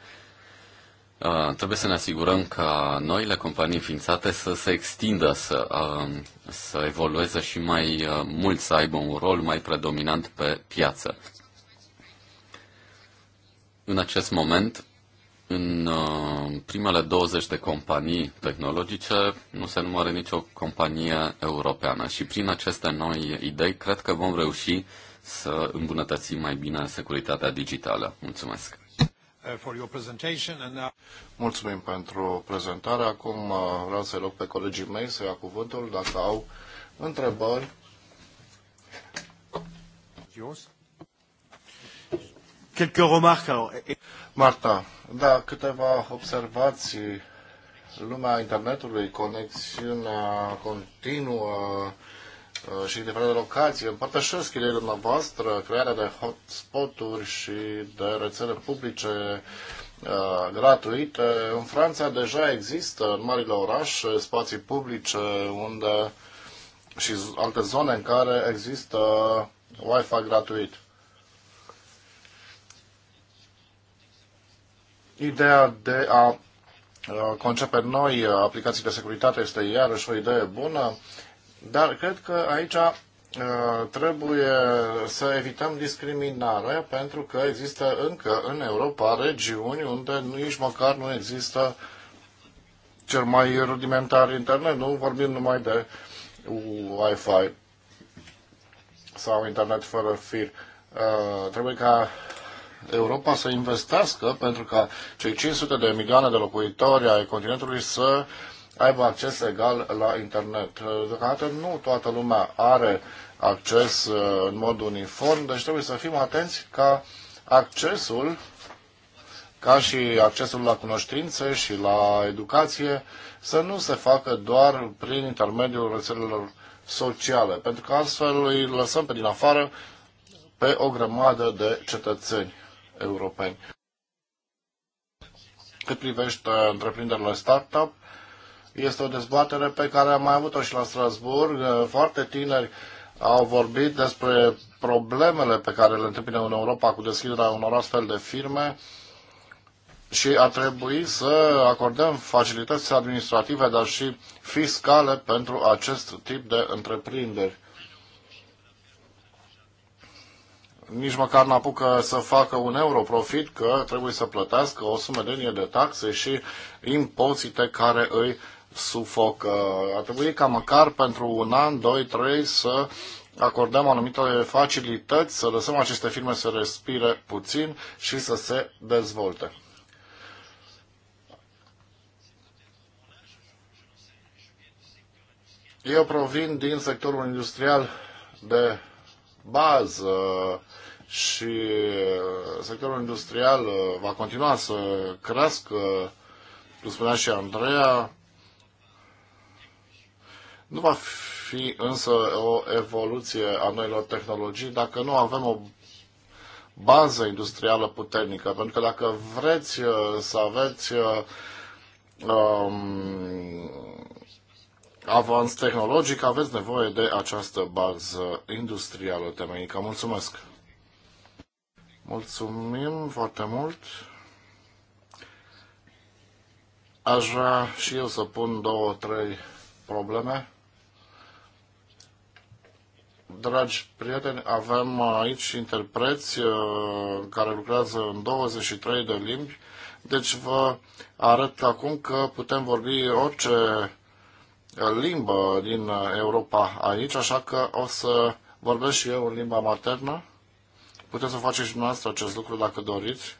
Uh, trebuie să ne asigurăm că noile companii înființate să se extindă, să, uh, să evolueze și mai uh, mult, să aibă un rol mai predominant pe piață. În acest moment, în uh, primele 20 de companii tehnologice nu se numără nicio companie europeană și prin aceste noi idei cred că vom reuși să îmbunătățim mai bine securitatea digitală. Mulțumesc! Uh, for your presentation and now... Mulțumim pentru prezentare. Acum uh, vreau să rog pe colegii mei să ia cuvântul dacă au întrebări. Yours? Quelques remarques. Marta, da, câteva observații. Lumea internetului, conexiunea continuă, Uh, și în diferite locații. Împărtășesc ideile dumneavoastră, crearea de hotspot-uri și de rețele publice uh, gratuite. În Franța deja există în marile orașe spații publice unde și alte zone în care există Wi-Fi gratuit. Ideea de a uh, concepe noi aplicații de securitate este iarăși o idee bună. Dar cred că aici uh, trebuie să evităm discriminarea pentru că există încă în Europa regiuni unde nici măcar nu există cel mai rudimentar internet, nu vorbim numai de Wi-Fi sau internet fără fir. Uh, trebuie ca Europa să investească pentru ca cei 500 de milioane de locuitori ai continentului să aibă acces egal la internet. Deocamdată nu toată lumea are acces uh, în mod uniform, deci trebuie să fim atenți ca accesul, ca și accesul la cunoștințe și la educație, să nu se facă doar prin intermediul rețelelor sociale, pentru că astfel îi lăsăm pe din afară pe o grămadă de cetățeni europeni. Cât privește întreprinderile startup, este o dezbatere pe care am mai avut-o și la Strasburg. Eh, Foarte tineri au vorbit despre problemele pe care le întâmpină în Europa cu deschiderea unor astfel de firme și ar trebui să acordăm facilități administrative, dar și fiscale pentru acest tip de întreprinderi. Nici măcar n-apucă să facă un euro profit, că trebuie să plătească o sumă de de taxe și impozite care îi sufocă. Ar trebui ca măcar pentru un an, doi, trei să acordăm anumite facilități, să lăsăm aceste firme să respire puțin și să se dezvolte. Eu provin din sectorul industrial de bază și uh, sectorul industrial uh, va continua să crească, cum spunea și Andreea, nu va fi însă o evoluție a noilor tehnologii dacă nu avem o bază industrială puternică. Pentru că dacă vreți uh, să aveți uh, um, avans tehnologic, aveți nevoie de această bază industrială temeinică. Mulțumesc! Mulțumim foarte mult! Aș vrea și eu să pun două, trei probleme. Dragi prieteni, avem aici interpreți uh, care lucrează în 23 de limbi, deci vă arăt acum că putem vorbi orice uh, limbă din Europa aici, așa că o să vorbesc și eu în limba maternă. Puteți să faceți și dumneavoastră acest lucru dacă doriți.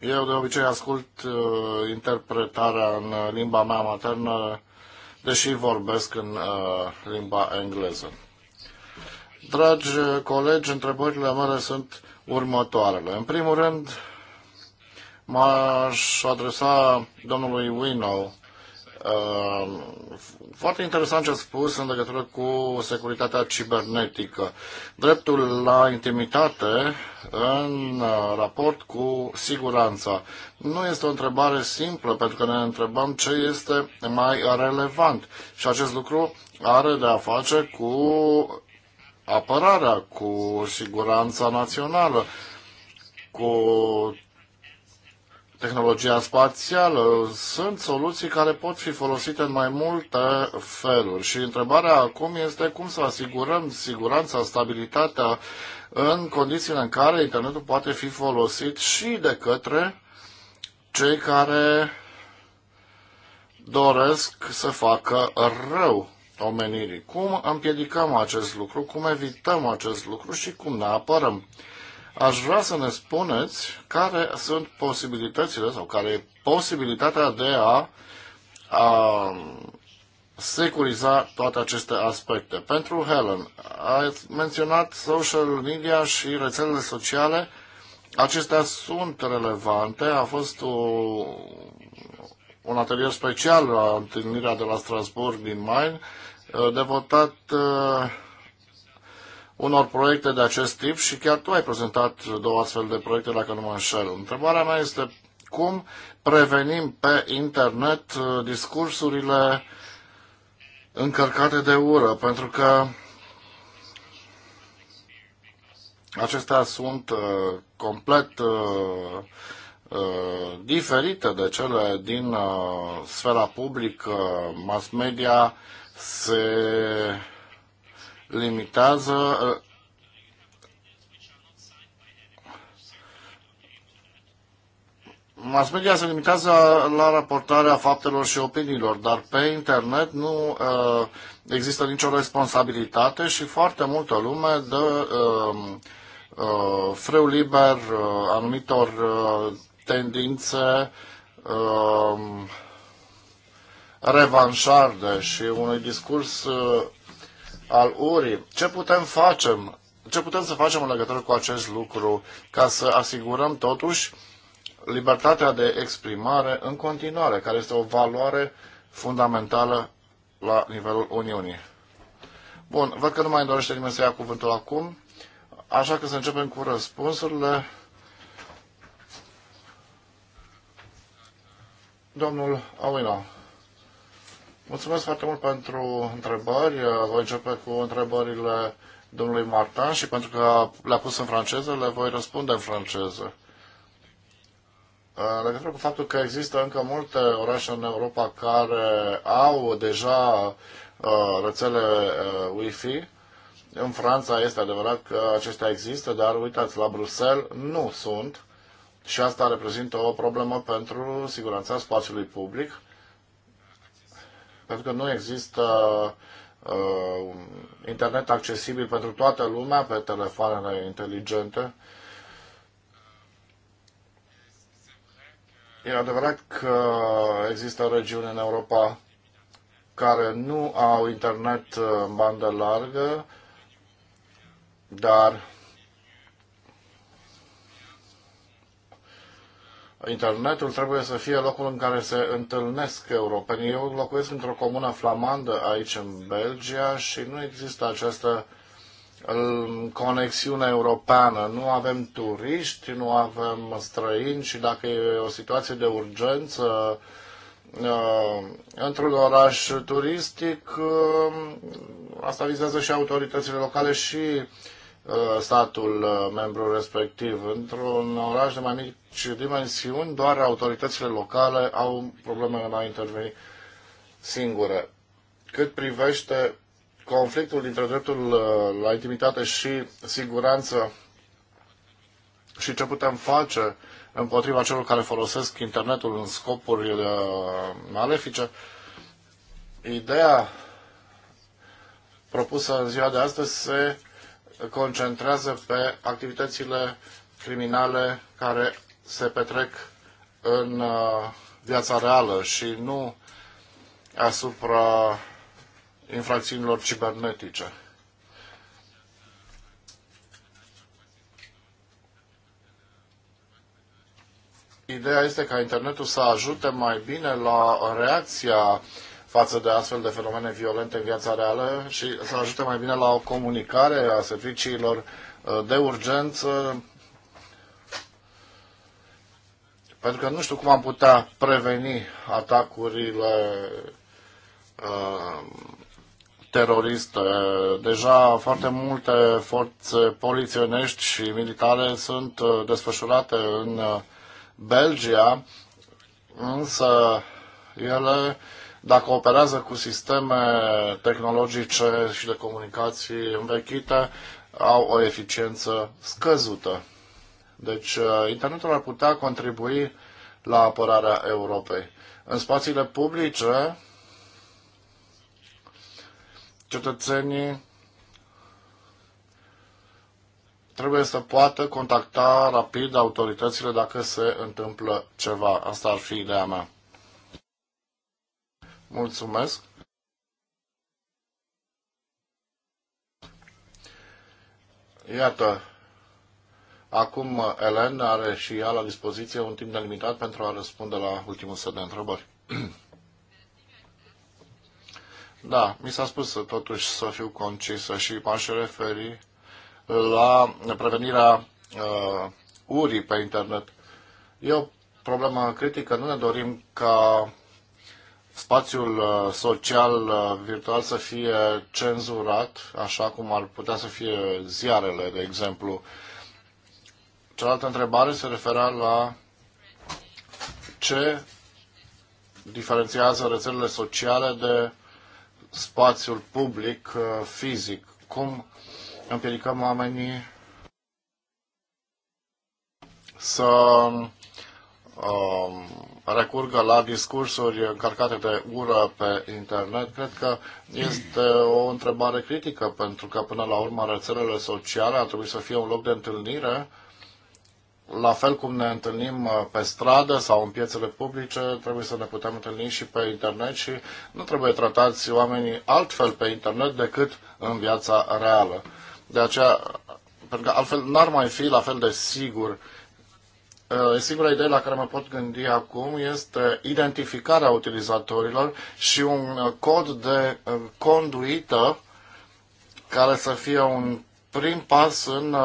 Eu de obicei ascult uh, interpretarea în limba mea maternă deși vorbesc în uh, limba engleză. Dragi uh, colegi, întrebările mele sunt următoarele. În primul rând, m-aș adresa domnului Winnow Ehm, foarte interesant ce a spus în legătură cu securitatea cibernetică. Dreptul la intimitate în uh, raport cu siguranța. Nu este o întrebare simplă, pentru că ne întrebăm ce este mai relevant. Și acest lucru are de a face cu apărarea, cu siguranța națională, cu tehnologia spațială. Sunt soluții care pot fi folosite în mai multe feluri și întrebarea acum este cum să asigurăm siguranța, stabilitatea în condițiile în care internetul poate fi folosit și de către cei care doresc să facă rău omenirii. Cum împiedicăm acest lucru, cum evităm acest lucru și cum ne apărăm. Aș vrea să ne spuneți care sunt posibilitățile sau care e posibilitatea de a, a securiza toate aceste aspecte. Pentru Helen, ați menționat social media și rețelele sociale. Acestea sunt relevante. A fost o, un atelier special la întâlnirea de la Strasburg din Main, devotat uh, unor proiecte de acest tip și chiar tu ai prezentat două astfel de proiecte, dacă nu mă înșel. Întrebarea mea este cum prevenim pe internet uh, discursurile încărcate de ură, pentru că acestea sunt uh, complet uh, uh, diferite de cele din uh, sfera publică. Mass media se limitează uh, mass media se limitează la raportarea faptelor și opiniilor, dar pe internet nu uh, există nicio responsabilitate și foarte multă lume dă uh, uh, freu liber uh, anumitor uh, tendințe uh, revanșarde și unui discurs uh, al URI. Ce putem, facem, ce putem să facem în legătură cu acest lucru ca să asigurăm totuși libertatea de exprimare în continuare, care este o valoare fundamentală la nivelul Uniunii. Bun, văd că nu mai dorește nimeni să ia cuvântul acum, așa că să începem cu răspunsurile. Domnul Auino. Mulțumesc foarte mult pentru întrebări. Voi începe cu întrebările domnului Martin și pentru că le-a pus în franceză, le voi răspunde în franceză. În legătură cu faptul că există încă multe orașe în Europa care au deja uh, rețele uh, Wi-Fi, în Franța este adevărat că acestea există, dar uitați, la Bruxelles nu sunt și asta reprezintă o problemă pentru siguranța spațiului public pentru că nu există uh, internet accesibil pentru toată lumea pe telefoanele inteligente. E adevărat că există regiuni în Europa care nu au internet uh, în bandă largă, dar Internetul trebuie să fie locul în care se întâlnesc europenii. Eu locuiesc într-o comună flamandă aici în Belgia și nu există această um, conexiune europeană. Nu avem turiști, nu avem străini și dacă e o situație de urgență uh, într-un oraș turistic, um, asta vizează și autoritățile locale și Uh, statul uh, membru respectiv. Într-un oraș de mai mici dimensiuni, doar autoritățile locale au probleme în mai interveni singure. Cât privește conflictul dintre dreptul uh, la intimitate și siguranță și ce putem face împotriva celor care folosesc internetul în scopuri malefice, ideea propusă în ziua de astăzi se concentrează pe activitățile criminale care se petrec în uh, viața reală și nu asupra infracțiunilor cibernetice. Ideea este ca internetul să ajute mai bine la reacția față de astfel de fenomene violente în viața reală și să ajute mai bine la o comunicare a serviciilor uh, de urgență pentru că nu știu cum am putea preveni atacurile uh, teroriste. Deja foarte multe forțe polițienești și militare sunt uh, desfășurate în uh, Belgia, însă ele dacă operează cu sisteme tehnologice și de comunicații învechite, au o eficiență scăzută. Deci, uh, internetul ar putea contribui la apărarea Europei. În spațiile publice, cetățenii trebuie să poată contacta rapid autoritățile dacă se întâmplă ceva. Asta ar fi ideea mea. Mulțumesc. Iată, acum Elen are și ea la dispoziție un timp delimitat pentru a răspunde la ultimul set de întrebări. *clears throat* Da, mi s-a spus totuși să fiu concisă și m-aș referi la prevenirea uh, urii pe internet. E o problemă critică. Nu ne dorim ca spațiul uh, social uh, virtual să fie cenzurat, așa cum ar putea să fie ziarele, de exemplu. Cealaltă întrebare se referea la ce diferențiază rețelele sociale de spațiul public uh, fizic. Cum împiedicăm oamenii să Um, recurgă la discursuri încărcate de ură pe internet, cred că este o întrebare critică, pentru că până la urmă rețelele sociale ar trebui să fie un loc de întâlnire, la fel cum ne întâlnim uh, pe stradă sau în piețele publice, trebuie să ne putem întâlni și pe internet și nu trebuie tratați oamenii altfel pe internet decât în viața reală. De aceea, pentru că altfel n-ar mai fi la fel de sigur uh, Uh, singura idee la care mă pot gândi acum este identificarea utilizatorilor și un uh, cod de uh, conduită care să fie un prim pas în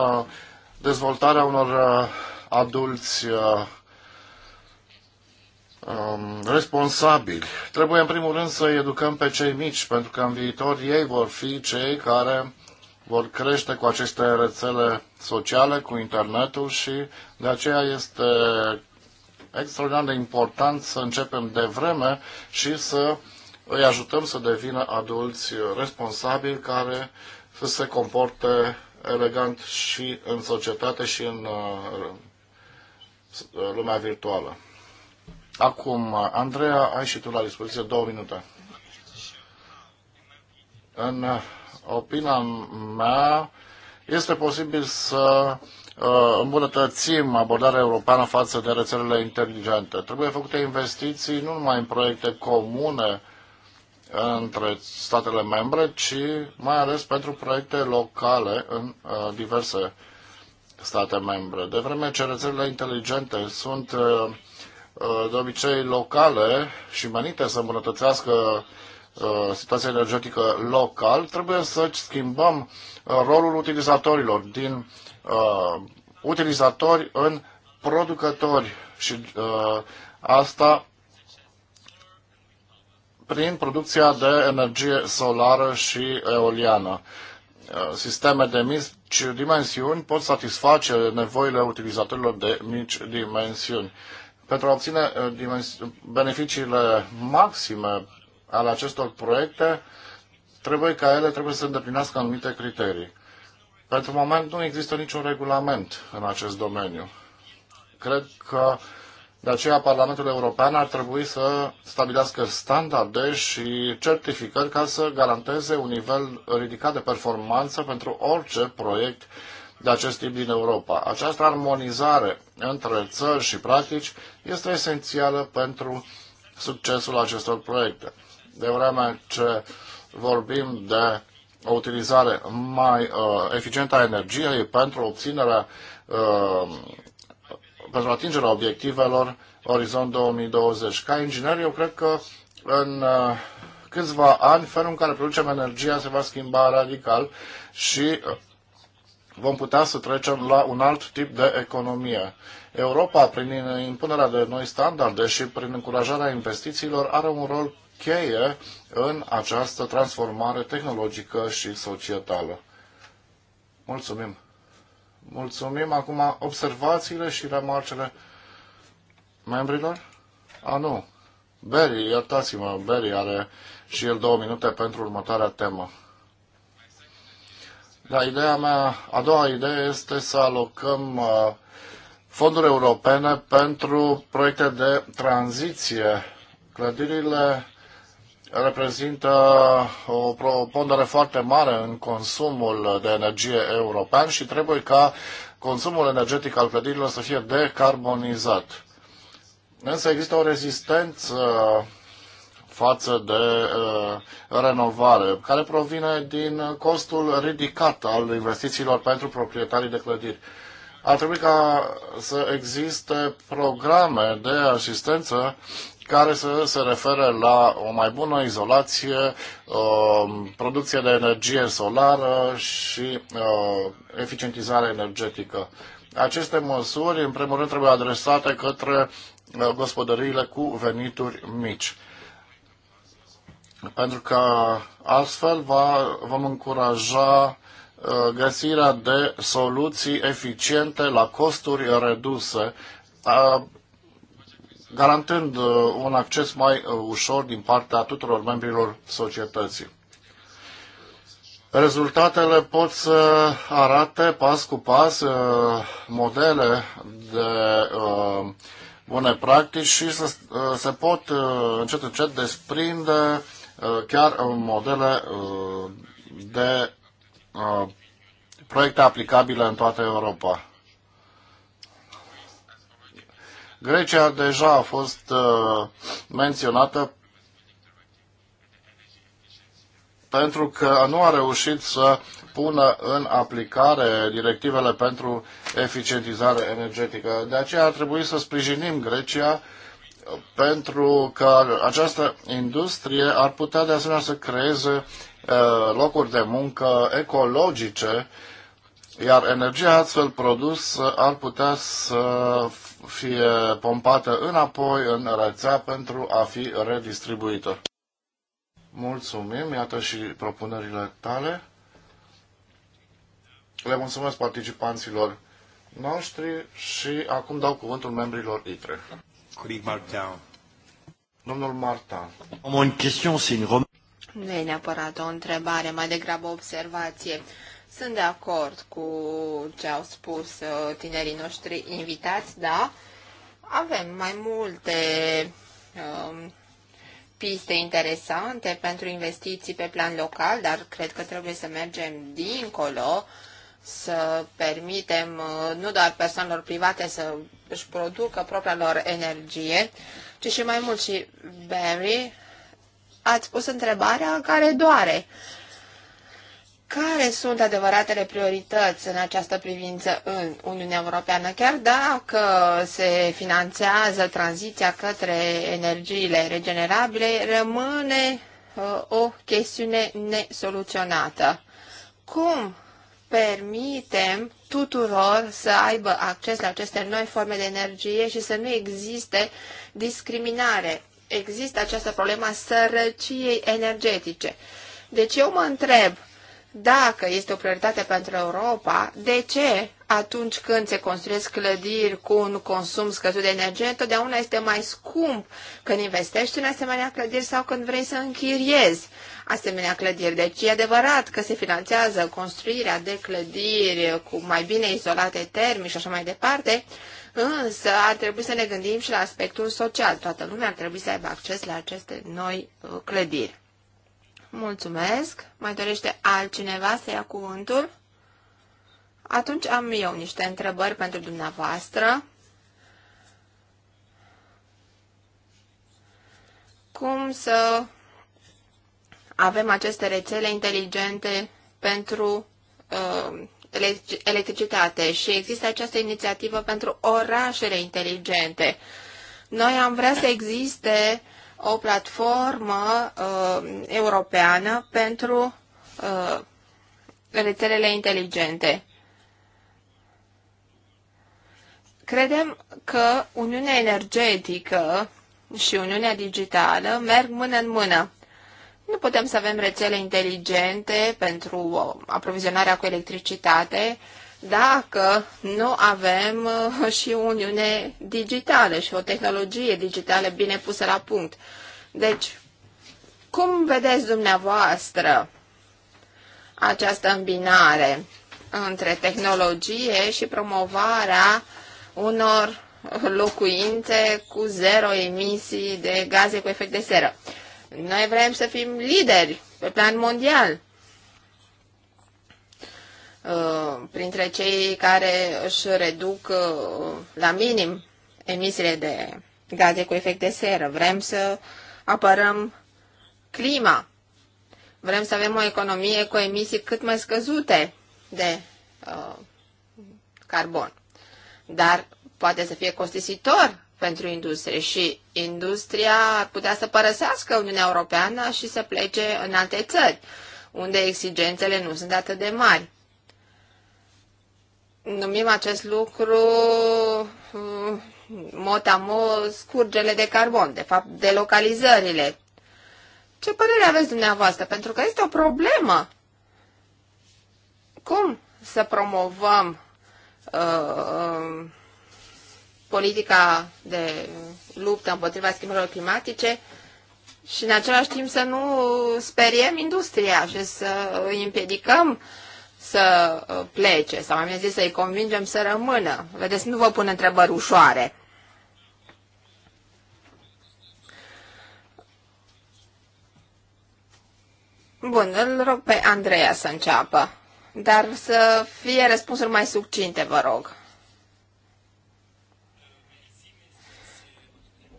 dezvoltarea unor adulți um, responsabili. Trebuie în primul rând să educăm pe cei mici, pentru că în viitor ei vor fi cei care vor crește cu aceste rețele sociale, cu internetul și de aceea este extraordinar de important să începem de vreme și să îi ajutăm să devină adulți responsabili care să se comporte elegant și în societate și în uh, lumea virtuală. Acum, Andreea, ai și tu la dispoziție două minute. În uh, opinia mea, este posibil să uh, îmbunătățim abordarea europeană față de rețelele inteligente. Trebuie făcute investiții nu numai în proiecte comune între statele membre, ci mai ales pentru proiecte locale în uh, diverse state membre. De vreme ce rețelele inteligente sunt uh, de obicei locale și menite să îmbunătățească Uh, situația energetică local, trebuie să schimbăm uh, rolul utilizatorilor din uh, utilizatori în producători și uh, asta prin producția de energie solară și eoliană. Uh, sisteme de mici dimensiuni pot satisface nevoile utilizatorilor de mici dimensiuni. Pentru a obține beneficiile maxime al acestor proiecte, trebuie ca ele trebuie să îndeplinească anumite criterii. Pentru moment nu există niciun regulament în acest domeniu. Cred că de aceea Parlamentul European ar trebui să stabilească standarde și certificări ca să garanteze un nivel ridicat de performanță pentru orice proiect de acest tip din Europa. Această armonizare între țări și practici este esențială pentru succesul acestor proiecte de vreme ce vorbim de o utilizare mai uh, eficientă a energiei pentru obținerea, uh, pentru atingerea obiectivelor Orizont 2020. Ca inginer, eu cred că în uh, câțiva ani felul în care producem energia se va schimba radical și vom putea să trecem la un alt tip de economie. Europa, prin impunerea de noi standarde și prin încurajarea investițiilor, are un rol cheie în această transformare tehnologică și societală. Mulțumim! Mulțumim acum observațiile și remarcele membrilor. A, nu. Berry, iertați-mă, Berry are și el două minute pentru următoarea temă. Da, ideea mea, a doua idee este să alocăm uh, fonduri europene pentru proiecte de tranziție. Clădirile reprezintă o pondere foarte mare în consumul de energie european și trebuie ca consumul energetic al clădirilor să fie decarbonizat. Însă există o rezistență față de uh, renovare, care provine din costul ridicat al investițiilor pentru proprietarii de clădiri. Ar trebui ca să existe programe de asistență care să se referă la o mai bună izolație, producție de energie solară și eficientizare energetică. Aceste măsuri, în primul rând, trebuie adresate către gospodăriile cu venituri mici. Pentru că astfel va, vom încuraja găsirea de soluții eficiente la costuri reduse garantând uh, un acces mai uh, ușor din partea tuturor membrilor societății. Rezultatele pot să arate pas cu pas uh, modele de bune practici și să, se pot încet încet desprinde chiar modele de proiecte aplicabile în toată Europa. Grecia deja a fost uh, menționată pentru că nu a reușit să pună în aplicare directivele pentru eficientizare energetică. De aceea ar trebui să sprijinim Grecia pentru că această industrie ar putea de asemenea să creeze uh, locuri de muncă ecologice iar energia astfel produsă ar putea să fie pompată înapoi în rețea pentru a fi redistribuită. Mulțumim, iată și propunerile tale. Le mulțumesc participanților noștri și acum dau cuvântul membrilor ITRE. Martin. Domnul Martin. Nu e neapărat o întrebare, mai degrabă o observație. Sunt de acord cu ce au spus uh, tinerii noștri invitați, da. Avem mai multe um, piste interesante pentru investiții pe plan local, dar cred că trebuie să mergem dincolo, să permitem uh, nu doar persoanelor private să își producă propria lor energie, ci și mai mult și Barry, ați pus întrebarea care doare care sunt adevăratele priorități în această privință în Uniunea Europeană, chiar dacă se finanțează tranziția către energiile regenerabile, rămâne uh, o chestiune nesoluționată. Cum permitem tuturor să aibă acces la aceste noi forme de energie și să nu existe discriminare? Există această problemă a sărăciei energetice. Deci eu mă întreb, dacă este o prioritate pentru Europa, de ce atunci când se construiesc clădiri cu un consum scăzut de energie, întotdeauna este mai scump când investești în asemenea clădiri sau când vrei să închiriezi asemenea clădiri. Deci e adevărat că se finanțează construirea de clădiri cu mai bine izolate termici și așa mai departe, însă ar trebui să ne gândim și la aspectul social. Toată lumea ar trebui să aibă acces la aceste noi uh, clădiri. Mulțumesc. Mai dorește altcineva să ia cuvântul? Atunci am eu niște întrebări pentru dumneavoastră. Cum să avem aceste rețele inteligente pentru uh, electricitate și există această inițiativă pentru orașele inteligente. Noi am vrea să existe uh, o platformă uh, europeană pentru uh, rețelele inteligente. Credem că Uniunea Energetică și Uniunea Digitală merg mână în mână. Nu putem să avem rețele inteligente pentru aprovizionarea cu electricitate dacă nu avem uh, și o uniune digitală și o tehnologie digitală bine pusă la punct. Deci, cum vedeți dumneavoastră această îmbinare între tehnologie și promovarea unor locuințe cu zero emisii de gaze cu efect de seră? Noi vrem să fim lideri pe plan mondial Uh, printre cei care își reduc uh, la minim emisiile de gaze cu efect de seră. Vrem să apărăm clima. Vrem să avem o economie cu emisii cât mai scăzute de uh, carbon. Dar poate să fie costisitor pentru industrie și industria ar putea să părăsească Uniunea Europeană și să plece în alte țări, unde exigențele nu sunt atât de mari numim acest lucru mm, motamo scurgele de carbon, de fapt delocalizările. Ce părere aveți dumneavoastră? Pentru că este o problemă. Cum să promovăm uh, um, politica de luptă împotriva schimbărilor climatice și în același timp să nu speriem industria și să îi împiedicăm uh, să uh, plece, sau mai bine zis să-i convingem să rămână. Vedeți, nu vă pun întrebări ușoare. Bun, îl rog pe Andreea să înceapă, dar să fie răspunsuri mai succinte, vă rog.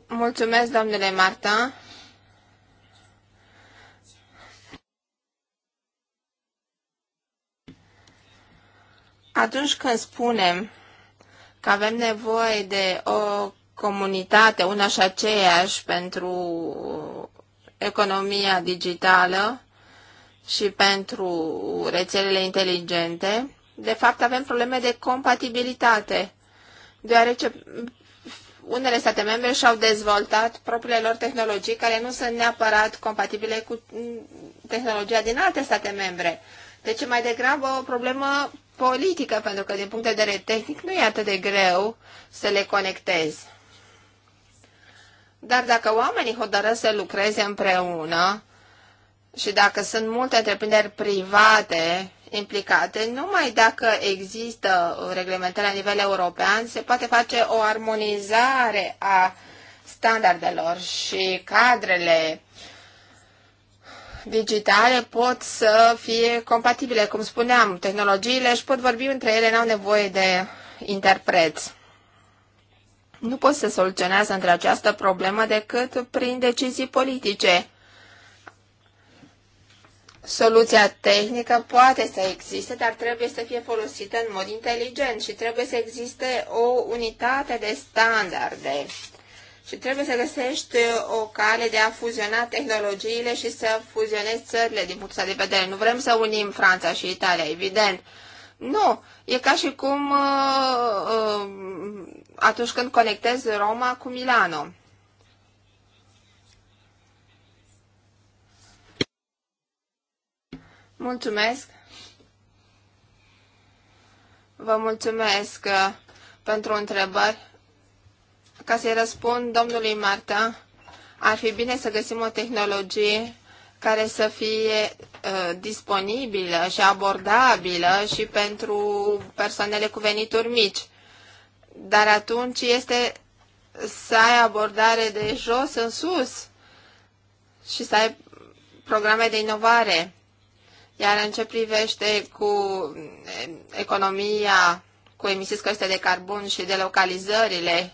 Mulțumesc, domnule Marta. atunci când spunem că avem nevoie de o comunitate, una și aceeași pentru economia digitală și pentru rețelele inteligente, de fapt avem probleme de compatibilitate, deoarece unele state membre și-au dezvoltat propriile lor tehnologii care nu sunt neapărat compatibile cu tehnologia din alte state membre. Deci mai degrabă o problemă politică, pentru că din punct de vedere tehnic nu e atât de greu să le conectezi. Dar dacă oamenii hotărăsc să lucreze împreună și dacă sunt multe întreprinderi private implicate, numai dacă există reglementări la nivel european, se poate face o armonizare a standardelor și cadrele digitale pot să fie compatibile, cum spuneam, tehnologiile și pot vorbi între ele, n-au nevoie de interpreți. Nu pot să soluționează între această problemă decât prin decizii politice. Soluția tehnică poate să existe, dar trebuie să fie folosită în mod inteligent și trebuie să existe o unitate de standarde și trebuie să găsești o cale de a fuziona tehnologiile și să fuzionezi țările din punctul de vedere. Nu vrem să unim Franța și Italia, evident. Nu, e ca și cum uh, uh, atunci când conectezi Roma cu Milano. Mulțumesc! Vă mulțumesc uh, pentru întrebări. Ca să-i răspund domnului Marta, ar fi bine să găsim o tehnologie care să fie uh, disponibilă și abordabilă și pentru persoanele cu venituri mici. Dar atunci este să ai abordare de jos în sus și să ai programe de inovare. Iar în ce privește cu economia cu emisii scăzute de carbon și de localizările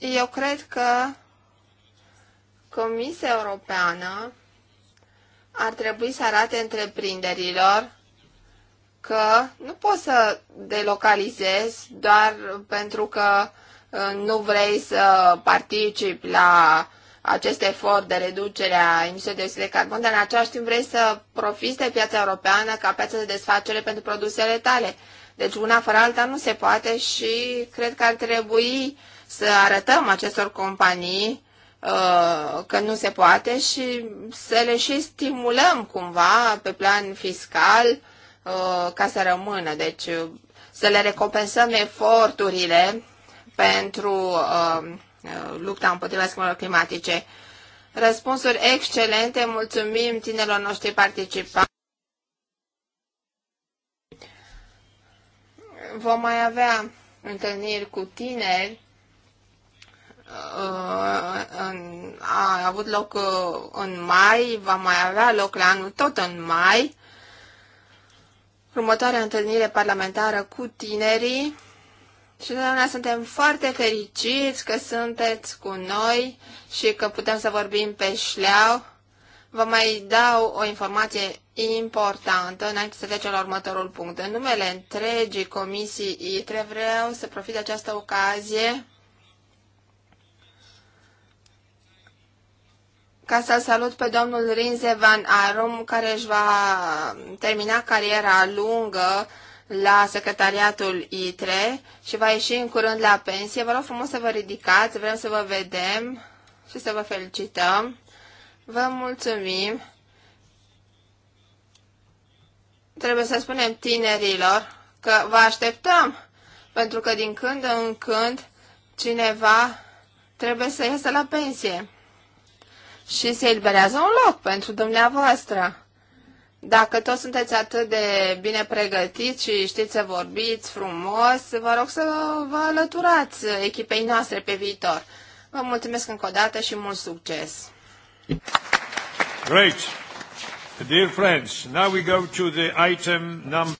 eu cred că Comisia Europeană ar trebui să arate întreprinderilor că nu poți să delocalizezi doar pentru că uh, nu vrei să participi la acest efort de reducere a emisiei de oxid de carbon, dar în același timp vrei să profiți de piața europeană ca piață de desfacere pentru produsele tale. Deci una fără alta nu se poate și cred că ar trebui să arătăm acestor companii uh, că nu se poate și să le și stimulăm cumva pe plan fiscal uh, ca să rămână. Deci uh, să le recompensăm eforturile pentru lupta împotriva schimbărilor climatice. Răspunsuri excelente, mulțumim tinerilor noștri participanți. Vom mai avea întâlniri cu tineri Uh, a avut loc uh, în mai, va mai avea loc la anul tot în mai. Următoarea întâlnire parlamentară cu tinerii. Și noi suntem foarte fericiți că sunteți cu noi și că putem să vorbim pe șleau. Vă mai dau o informație importantă înainte să trecem la următorul punct. În numele întregii comisii ITRE vreau să profit de această ocazie ca să salut pe domnul Rinze Van Arum, care își va termina cariera lungă la secretariatul ITRE și va ieși în curând la pensie. Vă rog frumos să vă ridicați, vrem să vă vedem și să vă felicităm. Vă mulțumim. Trebuie să spunem tinerilor că vă așteptăm, pentru că din când în când cineva trebuie să iasă la pensie și se eliberează un loc pentru dumneavoastră. Dacă toți sunteți atât de bine pregătiți și știți să vorbiți frumos, vă rog să vă alăturați echipei noastre pe viitor. Vă mulțumesc încă o dată și mult succes! Great! Dear friends, now we go to the item number...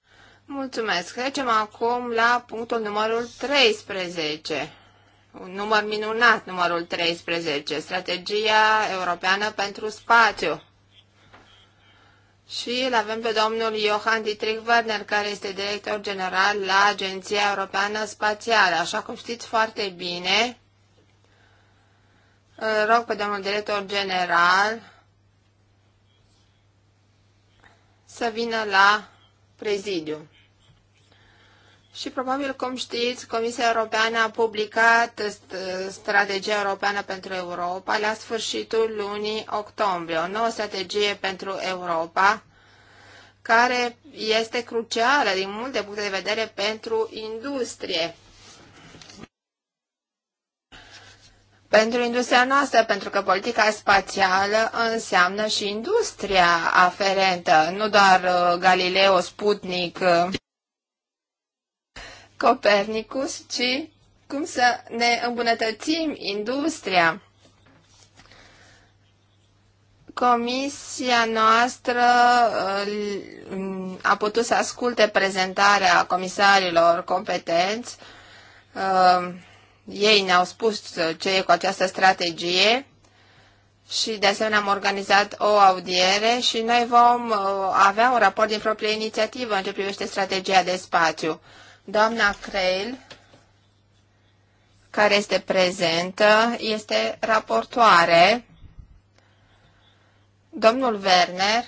Mulțumesc! Trecem acum la punctul numărul 13. Un număr minunat, numărul 13, strategia europeană pentru spațiu. Și îl avem pe domnul Johan Dietrich Werner, care este director general la Agenția Europeană Spațială. Așa cum știți foarte bine, îl rog pe domnul director general să vină la prezidiu. Și probabil, cum știți, Comisia Europeană a publicat strategia europeană pentru Europa la sfârșitul lunii octombrie, o nouă strategie pentru Europa, care este crucială din multe puncte de vedere pentru industrie. Pentru industria noastră, pentru că politica spațială înseamnă și industria aferentă, nu doar uh, Galileo, Sputnik. Uh. Copernicus, ci cum să ne îmbunătățim industria. Comisia noastră uh, a putut să asculte prezentarea comisarilor competenți. Uh, ei ne-au spus ce e cu această strategie și de asemenea am organizat o audiere și noi vom uh, avea un raport din proprie inițiativă în ce privește strategia de spațiu. Doamna Creil, care este prezentă, este raportoare. Domnul Werner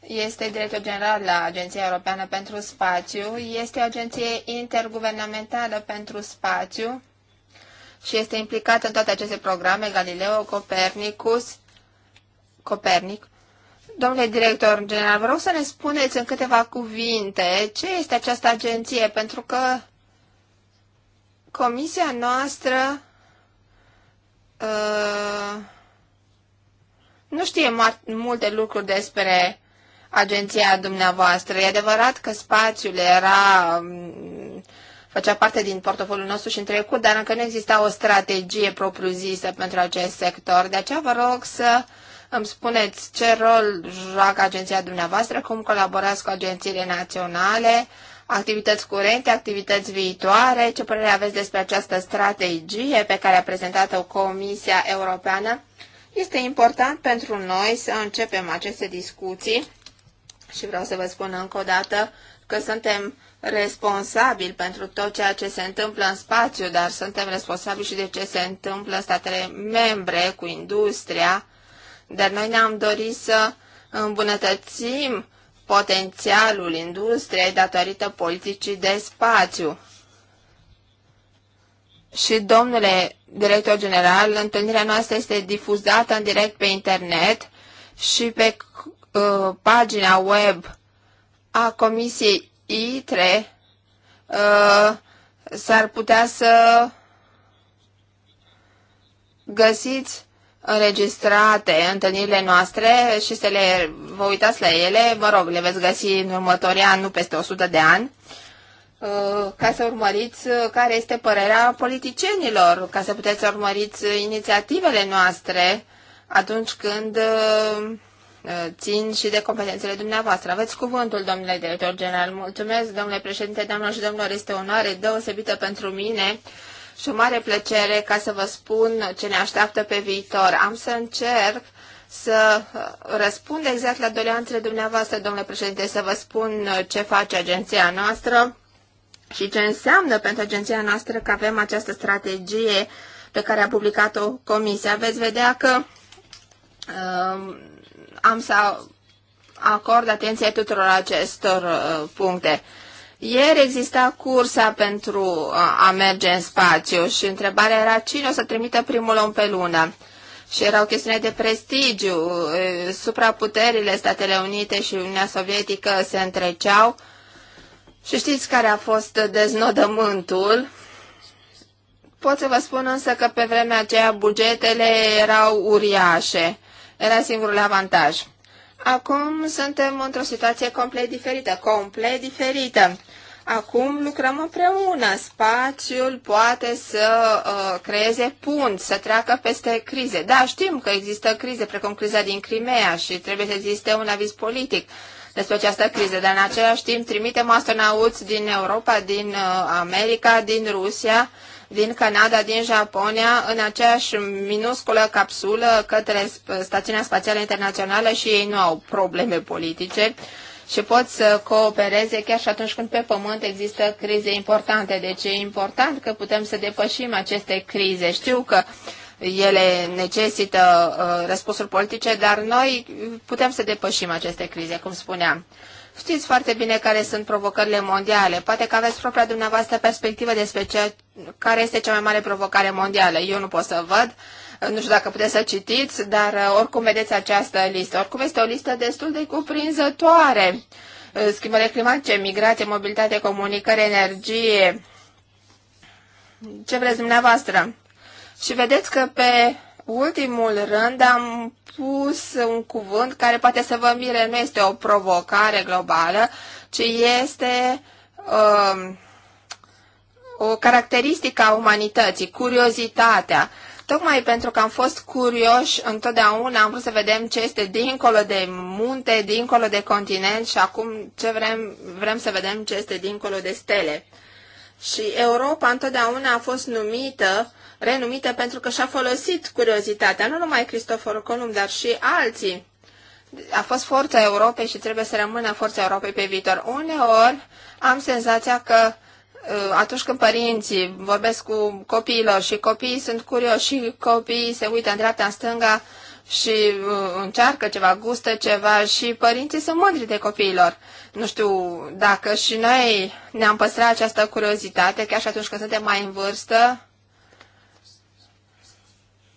este director general la Agenția Europeană pentru Spațiu, este o agenție interguvernamentală pentru spațiu și este implicat în toate aceste programe, Galileo, Copernicus, Copernic, Domnule director general, vreau să ne spuneți în câteva cuvinte ce este această agenție, pentru că comisia noastră uh, nu știe multe lucruri despre agenția dumneavoastră. E adevărat că spațiul era, um, făcea parte din portofoliul nostru și în trecut, dar încă nu exista o strategie propriu-zisă pentru acest sector. De aceea vă rog să uh, îmi spuneți ce rol joacă agenția dumneavoastră, cum colaborați cu agențiile naționale, activități curente, activități viitoare, ce părere aveți despre această strategie pe care a prezentat-o Comisia Europeană. Este important pentru noi să începem aceste discuții și vreau să vă spun încă o dată că suntem responsabili pentru tot ceea ce se întâmplă în spațiu, dar suntem responsabili și de ce se întâmplă în statele membre cu industria dar noi ne-am dorit să îmbunătățim potențialul industriei datorită politicii de spațiu. Și, domnule director general, întâlnirea noastră este difuzată în direct pe internet și pe uh, pagina web a Comisiei ITRE uh, s-ar putea să găsiți înregistrate întâlnirile noastre și să le vă uitați la ele, vă rog, le veți găsi în următorii ani, nu peste 100 de ani, uh, ca să urmăriți uh, care este părerea politicienilor, ca să puteți urmăriți inițiativele noastre atunci când uh, țin și de competențele dumneavoastră. Aveți cuvântul, domnule director general. Mulțumesc, domnule președinte, doamnelor și domnilor, este o onoare deosebită pentru mine și o mare plăcere ca să vă spun ce ne așteaptă pe viitor. Am să încerc să uh, răspund exact la doleanțele dumneavoastră, domnule președinte, să vă spun uh, ce face agenția noastră și ce înseamnă pentru agenția noastră că avem această strategie pe care a publicat-o comisia. Veți vedea că um, am să acord atenție tuturor acestor uh, puncte. Ieri exista cursa pentru uh, a merge în spațiu și întrebarea era cine o să trimită primul om pe lună. Și era o chestiune de prestigiu. Uh, supraputerile Statele Unite și Uniunea Sovietică se întreceau. Și știți care a fost deznodământul? Pot să vă spun însă că pe vremea aceea bugetele erau uriașe. Era singurul avantaj. Acum suntem într-o situație complet diferită, complet diferită. Acum lucrăm împreună. Spațiul poate să uh, creeze punți, să treacă peste crize. Da, știm că există crize, precum criza din Crimea și trebuie să existe un aviz politic despre această criză, dar în același timp trimitem astronauți din Europa, din uh, America, din Rusia, din Canada, din Japonia, în aceeași minusculă capsulă către Stațiunea Spațială Internațională și ei nu au probleme politice. Uh, și pot să coopereze chiar și atunci când pe pământ există crize importante. Deci e important că putem să depășim aceste crize. Știu că ele necesită uh, răspunsuri politice, dar noi putem să depășim aceste crize, cum spuneam. Știți foarte bine care sunt provocările mondiale. Poate că aveți propria dumneavoastră perspectivă despre ce, care este cea mai mare provocare mondială. Eu nu pot să văd, nu știu dacă puteți să citiți, dar uh, oricum vedeți această listă. Oricum este o listă destul de cuprinzătoare. Uh, schimbările climatice, migrație, mobilitate, comunicare, energie. Ce vreți dumneavoastră? Și vedeți că pe ultimul rând am pus un cuvânt care poate să vă mire, nu este o provocare globală, ci este uh, o caracteristică a umanității, curiozitatea. Uh, Tocmai pentru că am fost curioși întotdeauna, am vrut să vedem ce este dincolo de munte, dincolo de continent și acum ce vrem, vrem să vedem ce este dincolo de stele. Și Europa întotdeauna a fost numită, renumită pentru că și-a folosit curiozitatea, nu numai Cristofor Colum, dar și alții. A fost forța Europei și trebuie să rămână forța Europei pe viitor. Uneori am senzația că Uh, atunci când părinții vorbesc cu copiilor și copiii sunt curioși și copiii se uită în dreapta, în stânga și uh, încearcă ceva, gustă ceva și părinții sunt mândri de copiilor. Nu știu dacă și noi ne-am păstrat această curiozitate, chiar și atunci când suntem mai în vârstă,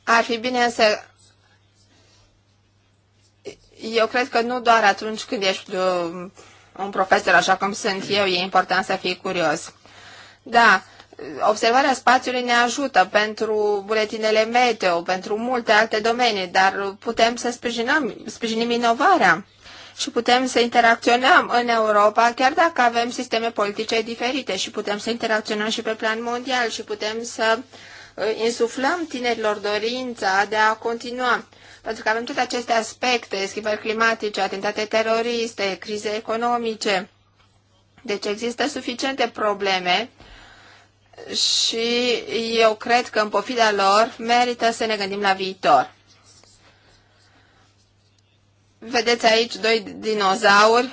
ar fi bine să... Eu cred că nu doar atunci când ești uh, un profesor, așa cum sunt eu, e important să fii curios. Da, observarea spațiului ne ajută pentru buletinele meteo, pentru multe alte domenii, dar putem să sprijinăm, sprijinim inovarea și putem să interacționăm în Europa, chiar dacă avem sisteme politice diferite și putem să interacționăm și pe plan mondial și putem să uh, insuflăm tinerilor dorința de a continua. Pentru că avem toate aceste aspecte, schimbări climatice, atentate teroriste, crize economice. Deci există suficiente probleme și eu cred că în pofida lor merită să ne gândim la viitor. Vedeți aici doi dinozauri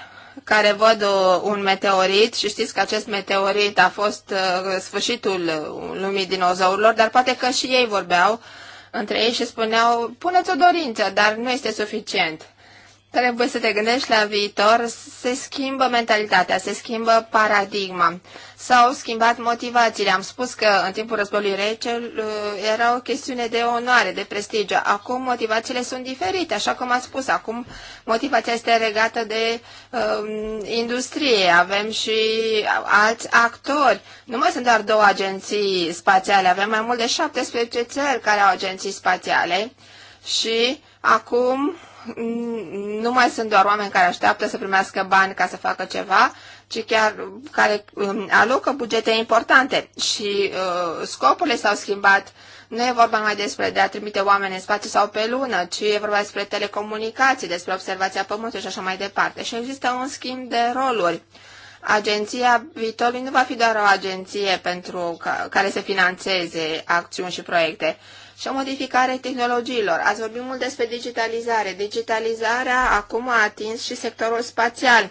care văd uh, un meteorit și știți că acest meteorit a fost uh, sfârșitul uh, lumii dinozaurilor, dar poate că și ei vorbeau între ei și spuneau, puneți o dorință, dar nu este suficient trebuie să te gândești la viitor, se schimbă mentalitatea, se schimbă paradigma. S-au schimbat motivațiile. Am spus că în timpul războiului rece uh, era o chestiune de onoare, de prestigiu. Acum motivațiile sunt diferite, așa cum am spus. Acum motivația este legată de um, industrie. Avem și alți actori. Nu mai sunt doar două agenții spațiale. Avem mai mult de 17 țări care au agenții spațiale și acum nu mai sunt doar oameni care așteaptă să primească bani ca să facă ceva, ci chiar care um, alocă bugete importante și uh, scopurile s-au schimbat. Nu e vorba mai despre de a trimite oameni în spațiu sau pe lună, ci e vorba despre telecomunicații, despre observația Pământului și așa mai departe. Și există un schimb de roluri. Agenția viitorului nu va fi doar o agenție pentru ca, care să financeze acțiuni și proiecte, și o modificare tehnologiilor. Ați vorbit mult despre digitalizare. Digitalizarea acum a atins și sectorul spațial.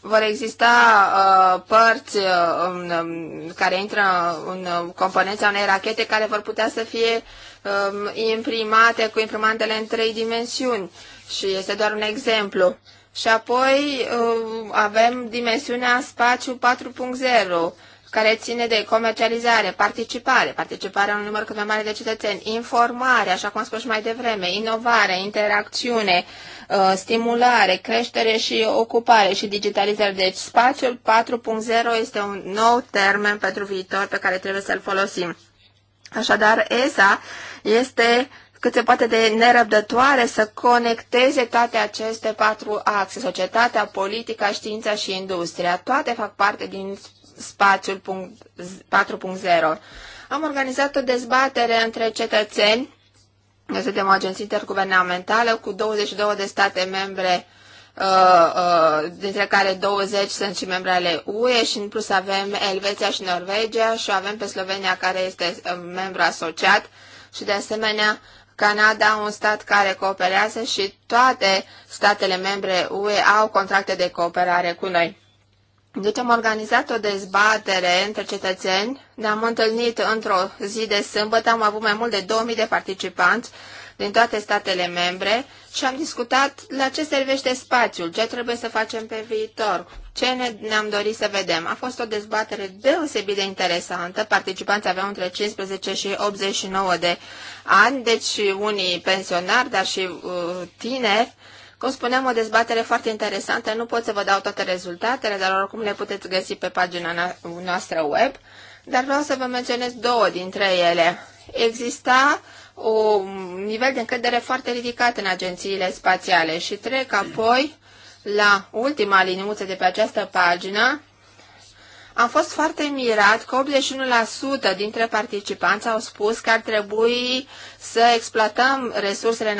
Vor exista uh, părți uh, um, care intră în uh, componența unei rachete care vor putea să fie uh, imprimate cu imprimantele în trei dimensiuni și este doar un exemplu. Și apoi uh, avem dimensiunea spațiu 4.0 care ține de comercializare, participare, participarea unui număr cât mai mare de cetățeni, informare, așa cum am spus și mai devreme, inovare, interacțiune, uh, stimulare, creștere și ocupare și digitalizare. Deci spațiul 4.0 este un nou termen pentru viitor pe care trebuie să-l folosim. Așadar, ESA este cât se poate de nerăbdătoare să conecteze toate aceste patru axe, societatea, politica, știința și industria. Toate fac parte din spațiul 4.0. Am organizat o dezbatere între cetățeni, noi suntem o agenție interguvernamentală cu 22 de state membre, uh, uh, dintre care 20 sunt și membre ale UE și în plus avem Elveția și Norvegia și avem pe Slovenia care este uh, membru asociat și de asemenea Canada, un stat care cooperează și toate statele membre UE au contracte de cooperare cu noi. Deci am organizat o dezbatere între cetățeni, ne-am întâlnit într-o zi de sâmbătă, am avut mai mult de 2000 de participanți din toate statele membre și am discutat la ce servește spațiul, ce trebuie să facem pe viitor, ce ne-am dorit să vedem. A fost o dezbatere deosebit de interesantă, participanții aveau între 15 și 89 de ani, deci unii pensionari, dar și uh, tineri, cum spuneam, o dezbatere foarte interesantă. Nu pot să vă dau toate rezultatele, dar oricum le puteți găsi pe pagina noastră web. Dar vreau să vă menționez două dintre ele. Exista un nivel de încredere foarte ridicat în agențiile spațiale și trec apoi la ultima liniuță de pe această pagină, am fost foarte mirat că 81% dintre participanți au spus că ar trebui să exploatăm resursele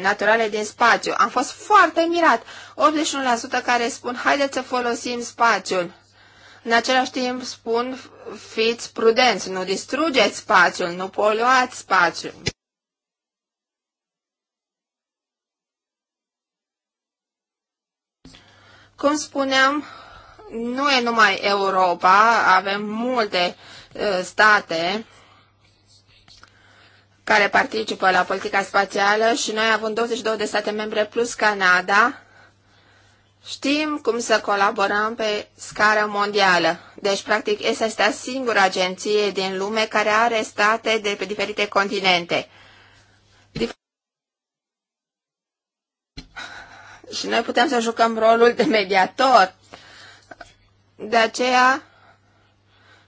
naturale din spațiu. Am fost foarte mirat. 81% care spun haideți să folosim spațiul. În același timp spun fiți prudenți, nu distrugeți spațiul, nu poluați spațiul. Cum spuneam, nu e numai Europa, avem multe state care participă la politica spațială și noi avem 22 de state membre plus Canada, știm cum să colaborăm pe scară mondială. Deci, practic, este este singura agenție din lume care are state de pe diferite continente. Dif și noi putem să jucăm rolul de mediator de aceea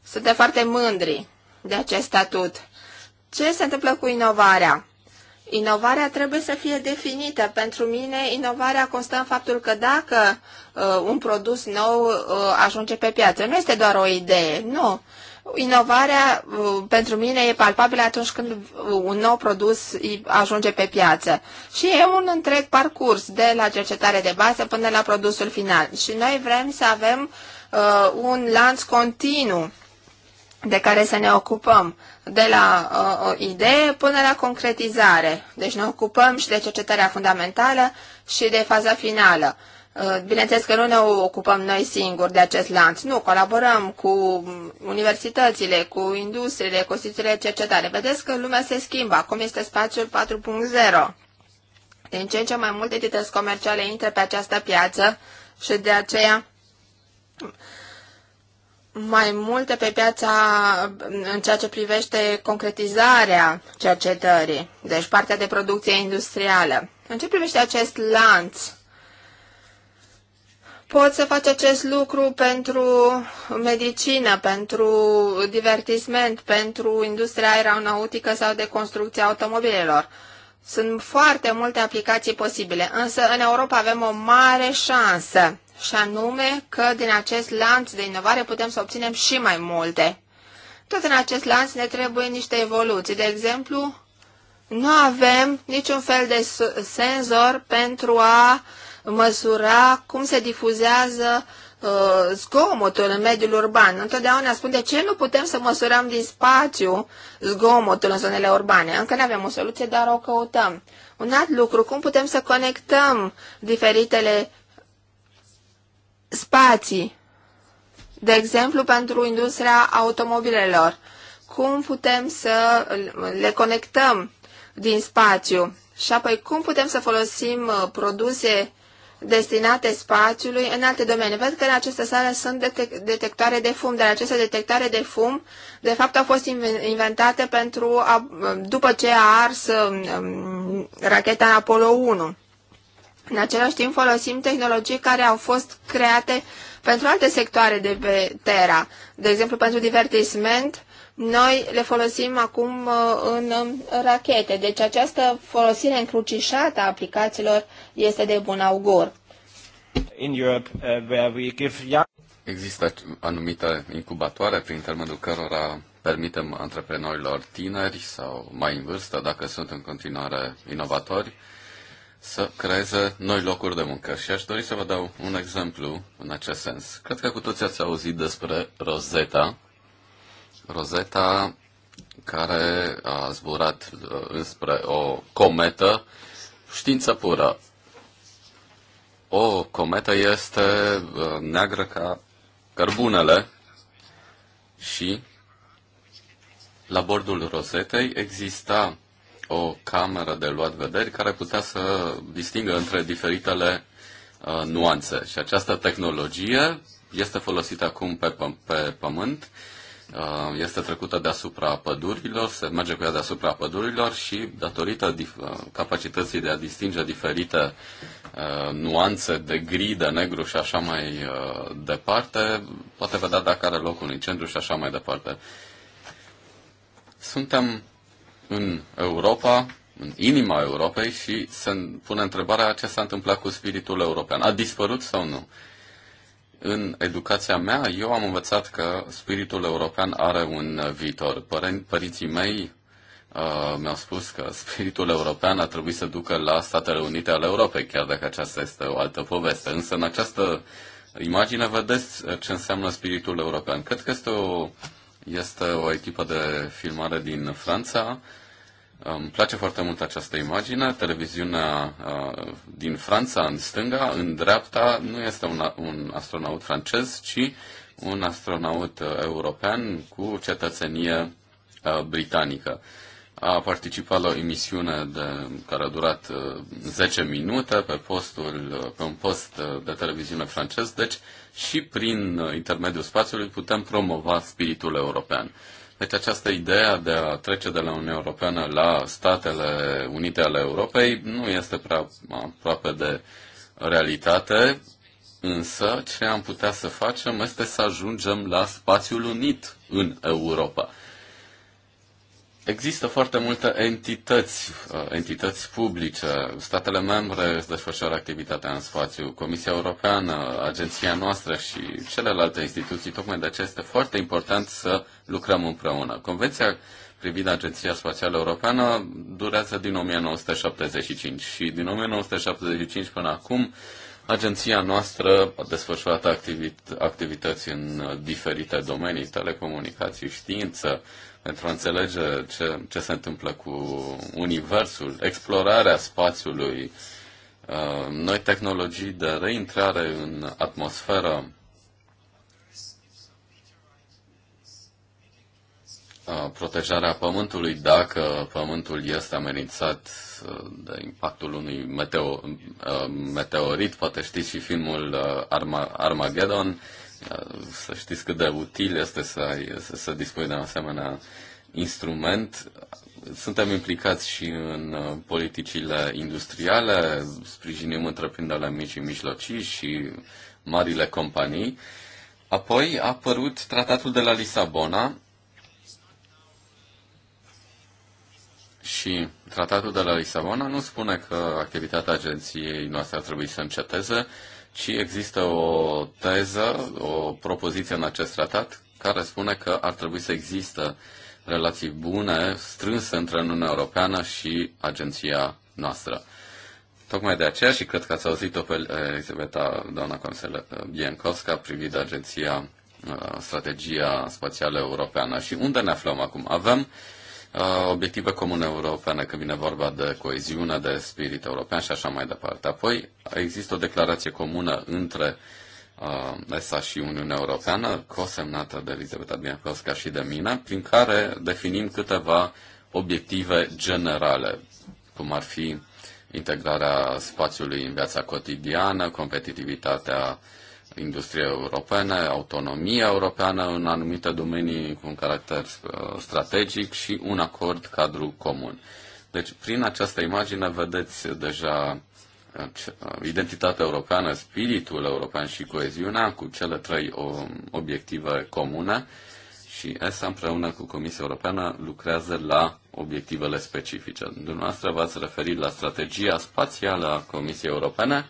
suntem foarte mândri de acest statut. Ce se întâmplă cu inovarea? Inovarea trebuie să fie definită. Pentru mine, inovarea constă în faptul că dacă uh, un produs nou uh, ajunge pe piață, nu este doar o idee, nu. Inovarea uh, pentru mine e palpabilă atunci când uh, un nou produs ajunge pe piață. Și e un întreg parcurs de la cercetare de bază până la produsul final. Și noi vrem să avem uh, uh, un lanț continuu de care să ne ocupăm, de la uh, o idee până la concretizare. Deci ne ocupăm și de cercetarea fundamentală și de faza finală. Uh, bineînțeles că nu ne ocupăm noi singuri de acest lanț, nu, colaborăm cu universitățile, cu industriile, cu instituțiile de cercetare. Vedeți că lumea se schimbă, acum este spațiul 4.0. Din ce în ce mai multe titluri comerciale intră pe această piață și de aceea mai multe pe piața în ceea ce privește concretizarea cercetării, deci partea de producție industrială. În ce privește acest lanț, poți să faci acest lucru pentru medicină, pentru divertisment, pentru industria aeronautică sau de construcție automobilelor. Sunt foarte multe aplicații posibile, însă în Europa avem o mare șansă și anume că din acest lanț de inovare putem să obținem și mai multe. Tot în acest lanț ne trebuie niște evoluții. De exemplu, nu avem niciun fel de senzor pentru a măsura cum se difuzează uh, zgomotul în mediul urban. Întotdeauna spun de ce nu putem să măsurăm din spațiu zgomotul în zonele urbane. Încă nu avem o soluție, dar o căutăm. Un alt lucru, cum putem să conectăm diferitele spații, de exemplu pentru industria automobilelor. Cum putem să le conectăm din spațiu și apoi cum putem să folosim uh, produse destinate spațiului în alte domenii. Văd că în această sală sunt detectoare de fum, dar aceste detectoare de fum, de fapt, au fost inventate pentru a, după ce a ars um, um racheta Apollo 1. În același timp folosim tehnologii care au fost create pentru alte sectoare de pe Terra. De exemplu, pentru divertisment, noi le folosim acum uh, în um, rachete. Deci această folosire încrucișată a aplicațiilor este de bun augur. In Europe, uh, where we give young... Există anumite incubatoare prin intermediul cărora permitem antreprenorilor tineri sau mai în vârstă, dacă sunt în continuare inovatori, să creeze noi locuri de muncă. Și aș dori să vă dau un exemplu în acest sens. Cred că cu toți ați auzit despre Rosetta. Rosetta care a zburat uh, înspre o cometă, știință pură. O cometă este uh, neagră ca cărbunele și la bordul rosetei exista o cameră de luat vederi care putea să distingă între diferitele uh, nuanțe. Și această tehnologie este folosită acum pe, pe pământ, uh, este trecută deasupra pădurilor, se merge cu ea deasupra pădurilor și datorită uh, capacității de a distinge diferite uh, nuanțe de gri, de negru și așa mai uh, departe, poate vedea dacă are loc un incendiu și așa mai departe. Suntem în Europa, în inima Europei și se pune întrebarea ce s-a întâmplat cu spiritul european. A dispărut sau nu? În educația mea, eu am învățat că spiritul european are un viitor. Păr- părinții mei uh, mi-au spus că spiritul european a trebuit să ducă la Statele Unite ale Europei, chiar dacă aceasta este o altă poveste. Însă, în această imagine, vedeți ce înseamnă spiritul european. Cred că este o este o echipă de filmare din Franța. Îmi place foarte mult această imagine. Televiziunea uh, din Franța, în stânga, în dreapta, nu este un, un astronaut francez, ci un astronaut uh, european cu cetățenie uh, britanică a participat la o emisiune de, care a durat 10 uh, minute pe, postul, uh, pe un post uh, de televiziune francez, deci și prin intermediul spațiului putem promova spiritul european. Deci această idee de a trece de la Uniunea Europeană la Statele Unite ale Europei nu este prea aproape de realitate, însă ce am putea să facem este să ajungem la spațiul unit în Europa. Există foarte multe entități, uh, entități publice, statele membre își desfășoară activitatea în spațiu, Comisia Europeană, agenția noastră și celelalte instituții. Tocmai de aceea este foarte important să lucrăm împreună. Convenția privind Agenția Spațială Europeană durează din 1975 și din 1975 până acum agenția noastră a desfășurat activit- activități în diferite domenii, telecomunicații, știință, pentru a înțelege ce, ce se întâmplă cu universul, explorarea spațiului, uh, noi tehnologii de reintrare în atmosferă, uh, protejarea pământului dacă pământul este amenințat uh, de impactul unui meteo, meteorit, poate știți și filmul Armageddon, să știți cât de util este să, ai, să, să dispui de un asemenea instrument. Suntem implicați și în uh, politicile industriale, sprijinim întreprinderile mici și mijlocii și marile companii. Apoi a apărut tratatul de la Lisabona și tratatul de la Lisabona nu spune că activitatea agenției noastre ar trebui să înceteze, și există o teză, o propoziție în acest tratat care spune că ar trebui să există relații bune, strânse între Uniunea Europeană și agenția noastră. Tocmai de aceea, și cred că ați auzit-o pe eh, Elisabeta, doamna Consel Biencovska, privind agenția, eh, strategia spațială europeană. Și unde ne aflăm acum? Avem uh, Uh, obiective comune europene, când vine vorba de coeziune, de spirit european și așa mai departe. Apoi există o declarație comună între uh, ESA și Uniunea Europeană, cosemnată de Elizabeta Biancosca și de mine, prin care definim câteva obiective generale, cum ar fi integrarea spațiului în viața cotidiană, competitivitatea industrie europene, autonomia europeană în anumite domenii cu un caracter uh, strategic și un acord cadru comun. Deci, prin această imagine vedeți deja uh, uh, identitatea europeană, spiritul european și coeziunea cu cele trei um, obiective comune și ESA împreună cu Comisia Europeană lucrează la obiectivele specifice. Dumneavoastră v-ați referit la strategia spațială a Comisiei Europene,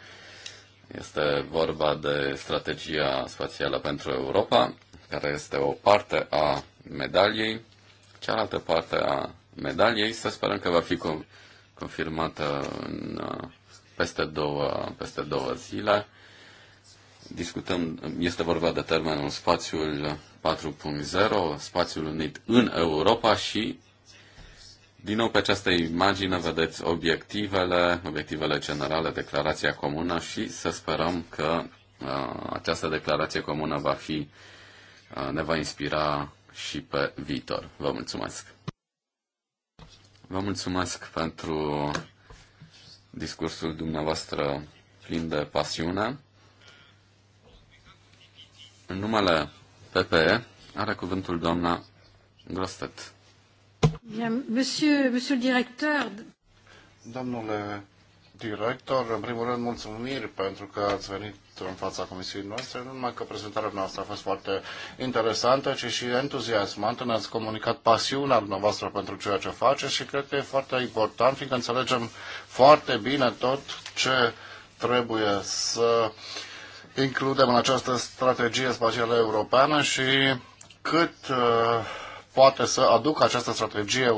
este vorba de strategia spațială pentru Europa, care este o parte a medaliei. Cealaltă parte a medaliei să sperăm că va fi confirmată în, uh, peste, două, peste două zile. Discutăm, este vorba de termenul spațiul 4.0, spațiul unit în Europa și din nou, pe această imagine vedeți obiectivele, obiectivele generale, declarația comună și să sperăm că uh, această declarație comună va fi, uh, ne va inspira și pe viitor. Vă mulțumesc! Vă mulțumesc pentru discursul dumneavoastră plin de pasiune. În numele PPE are cuvântul doamna Grostet monsieur, monsieur le directeur. Domnule director, în primul rând mulțumiri pentru că ați venit în fața comisiei noastre, nu numai că prezentarea noastră a fost foarte interesantă, ci și entuziasmantă, ne-ați comunicat pasiunea dumneavoastră pentru ceea ce faceți și cred că e foarte important, fiindcă înțelegem foarte bine tot ce trebuie să includem în această strategie spațială europeană și cât uh, poate să aducă această strategie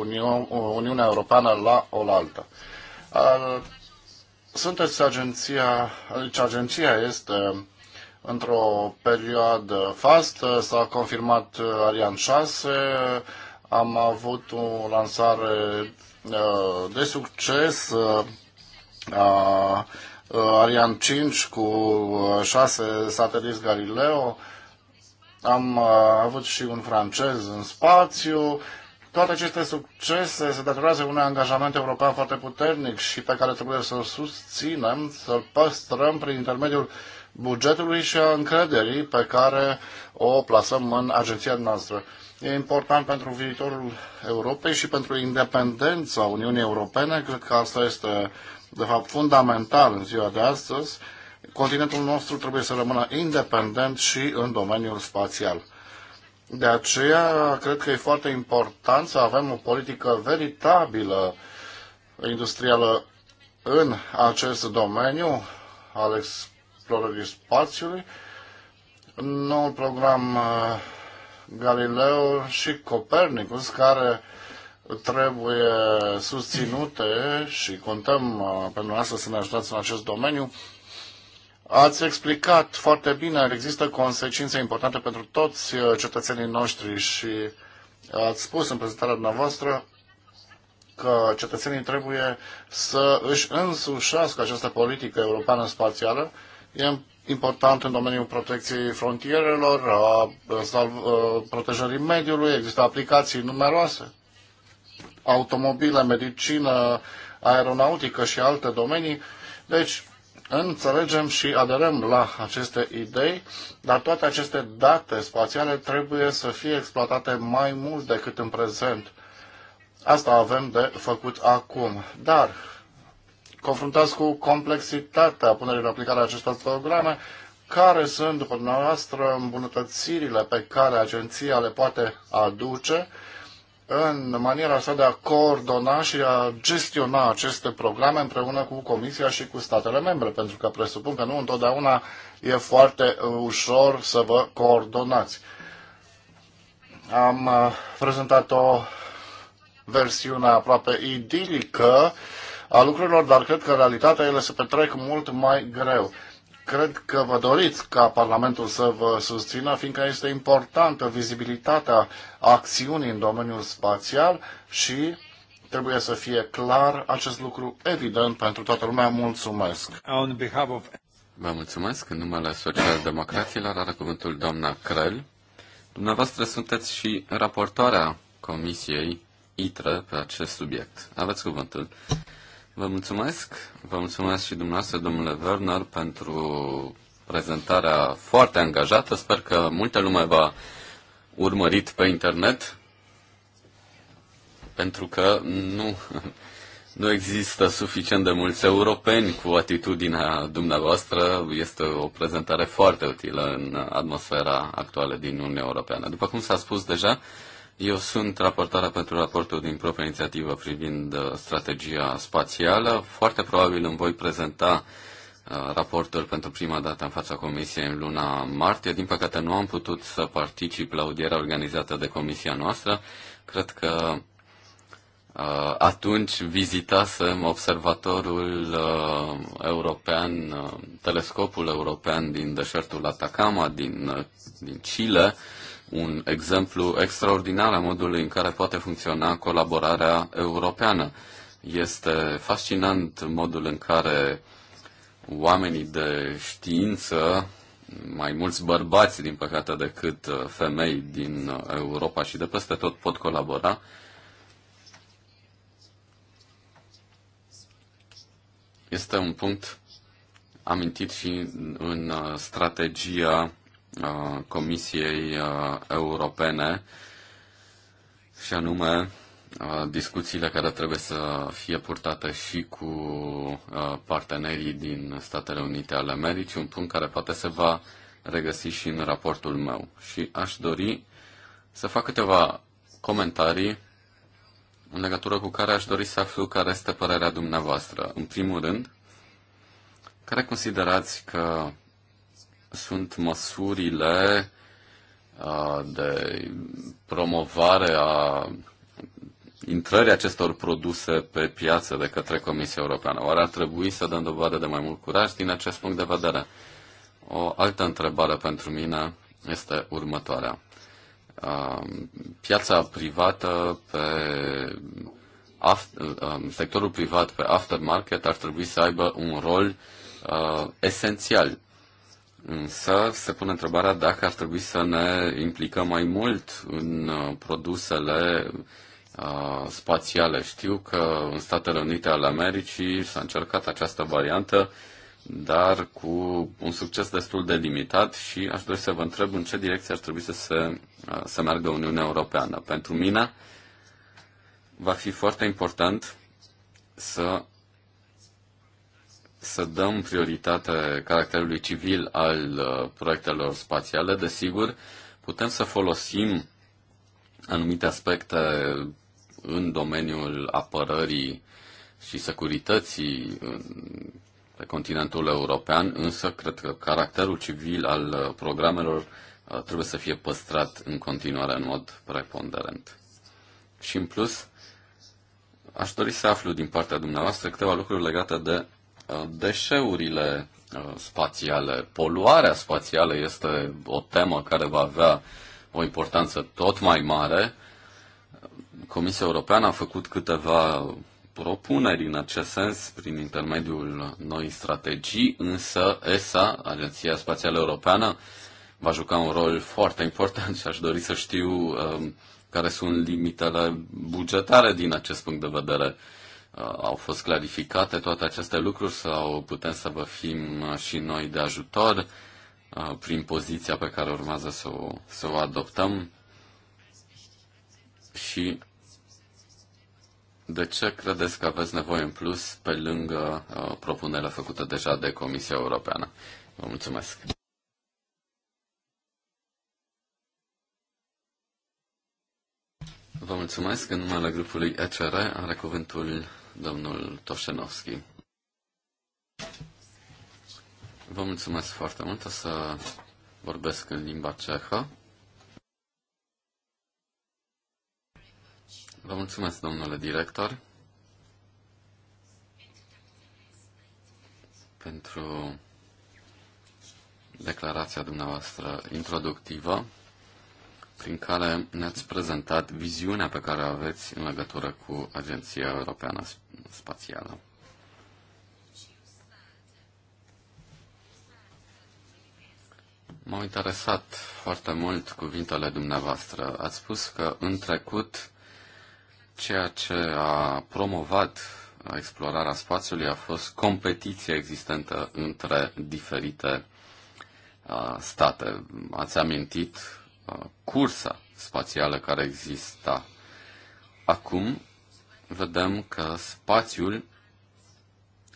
Uniunea Europeană la oaltă. Sunteți agenția, deci agenția este într-o perioadă fast, s-a confirmat Ariane 6, am avut o lansare uh, de succes uh, a uh, Ariane 5 cu 6 sateliți Galileo, am uh, avut și un francez în spațiu. Toate aceste succese se datorează unui angajament european foarte puternic și pe care trebuie să-l susținem, să-l păstrăm prin intermediul bugetului și a încrederii pe care o plasăm în agenția noastră. E important pentru viitorul Europei și pentru independența Uniunii Europene. Cred că asta este, de fapt, fundamental în ziua de astăzi continentul nostru trebuie să rămână independent și în domeniul spațial. De aceea, cred că e foarte important să avem o politică veritabilă industrială în acest domeniu al explorării spațiului. Noul program uh, Galileo și Copernicus, care trebuie susținute și contăm uh, pentru asta să ne ajutați în acest domeniu, Ați explicat foarte bine, există consecințe importante pentru toți uh, cetățenii noștri și ați spus în prezentarea dumneavoastră că cetățenii trebuie să își însușească această politică europeană spațială. E important în domeniul protecției frontierelor, a protejării mediului, există aplicații numeroase, automobile, medicină, aeronautică și alte domenii. Deci, înțelegem și aderăm la aceste idei, dar toate aceste date spațiale trebuie să fie exploatate mai mult decât în prezent. Asta avem de făcut acum. Dar, confruntați cu complexitatea punerii în aplicare a acestor programe, care sunt, după dumneavoastră, îmbunătățirile pe care agenția le poate aduce în maniera sa de a coordona și a gestiona aceste programe împreună cu Comisia și cu statele membre, pentru că presupun că nu întotdeauna e foarte uh, ușor să vă coordonați. Am uh, prezentat o versiune aproape idilică a lucrurilor, dar cred că în realitate ele se petrec mult mai greu. Cred că vă doriți ca Parlamentul să vă susțină, fiindcă este importantă vizibilitatea acțiunii în domeniul spațial și trebuie să fie clar acest lucru evident pentru toată lumea. Mulțumesc! On behalf of... Vă mulțumesc. În numele Social-Democraților are cuvântul doamna Crel. Dumneavoastră sunteți și raportoarea Comisiei ITRE pe acest subiect. Aveți cuvântul. Vă mulțumesc. Vă mulțumesc și dumneavoastră, domnule Werner, pentru prezentarea foarte angajată. Sper că multă lume va urmărit pe internet, pentru că nu, nu există suficient de mulți europeni cu atitudinea dumneavoastră. Este o prezentare foarte utilă în atmosfera actuală din Uniunea Europeană. După cum s-a spus deja, eu sunt raportarea pentru raportul din propria inițiativă privind uh, strategia spațială. Foarte probabil îmi voi prezenta uh, raportul pentru prima dată în fața comisiei în luna martie. Din păcate nu am putut să particip la audierea organizată de comisia noastră. Cred că uh, atunci vizitasem observatorul european, telescopul european din deșertul Atacama, din, din Chile, un exemplu extraordinar a modului în care poate funcționa colaborarea europeană. Este fascinant modul în care oamenii de știință, mai mulți bărbați, din păcate, decât uh, femei din uh, Europa și de peste tot pot colabora. Este un punct amintit și în uh, strategia Comisiei Europene și anume discuțiile care trebuie să fie purtate și cu partenerii din Statele Unite ale Americii, un punct care poate se va regăsi și în raportul meu. Și aș dori să fac câteva comentarii în legătură cu care aș dori să aflu care este părerea dumneavoastră. În primul rând, care considerați că sunt măsurile de promovare a intrării acestor produse pe piață de către Comisia Europeană. Oare ar trebui să dăm dovadă de mai mult curaj din acest punct de vedere? O altă întrebare pentru mine este următoarea. Piața privată pe after, sectorul privat pe aftermarket ar trebui să aibă un rol esențial Însă se pune întrebarea dacă ar trebui să ne implicăm mai mult în uh, produsele uh, spațiale. Știu că în Statele Unite ale Americii s-a încercat această variantă, dar cu un succes destul de limitat și aș dori să vă întreb în ce direcție ar trebui să se uh, să meargă Uniunea Europeană. Pentru mine va fi foarte important să să dăm prioritate caracterului civil al uh, proiectelor spațiale, desigur, putem să folosim anumite aspecte în domeniul apărării și securității pe continentul european, însă cred că caracterul civil al uh, programelor uh, trebuie să fie păstrat în continuare în mod preponderent. Și în plus, aș dori să aflu din partea dumneavoastră câteva lucruri legate de Uh, deșeurile uh, spațiale. Poluarea spațială este o temă care va avea o importanță tot mai mare. Comisia Europeană a făcut câteva propuneri în acest sens prin intermediul noi strategii, însă ESA, Agenția Spațială Europeană, va juca un rol foarte important și aș dori să știu um, care sunt limitele bugetare din acest punct de vedere. Uh, au fost clarificate toate aceste lucruri sau putem să vă fim uh, și noi de ajutor uh, prin poziția pe care urmează să o, să o adoptăm? Și de ce credeți că aveți nevoie în plus pe lângă propunerea făcută deja de Comisia Europeană? Vă mulțumesc! Vă mulțumesc. În numele grupului ECR are cuvântul domnul Toșenovski. Vă mulțumesc foarte mult. O să vorbesc în limba cehă. Vă mulțumesc, domnule director, pentru declarația dumneavoastră introductivă, prin care ne-ați prezentat viziunea pe care o aveți în legătură cu Agenția Europeană spațială. M-au interesat foarte mult cuvintele dumneavoastră. Ați spus că în trecut ceea ce a promovat explorarea spațiului a fost competiția existentă între diferite uh, state. Ați amintit uh, cursa spațială care exista. Acum vedem că spațiul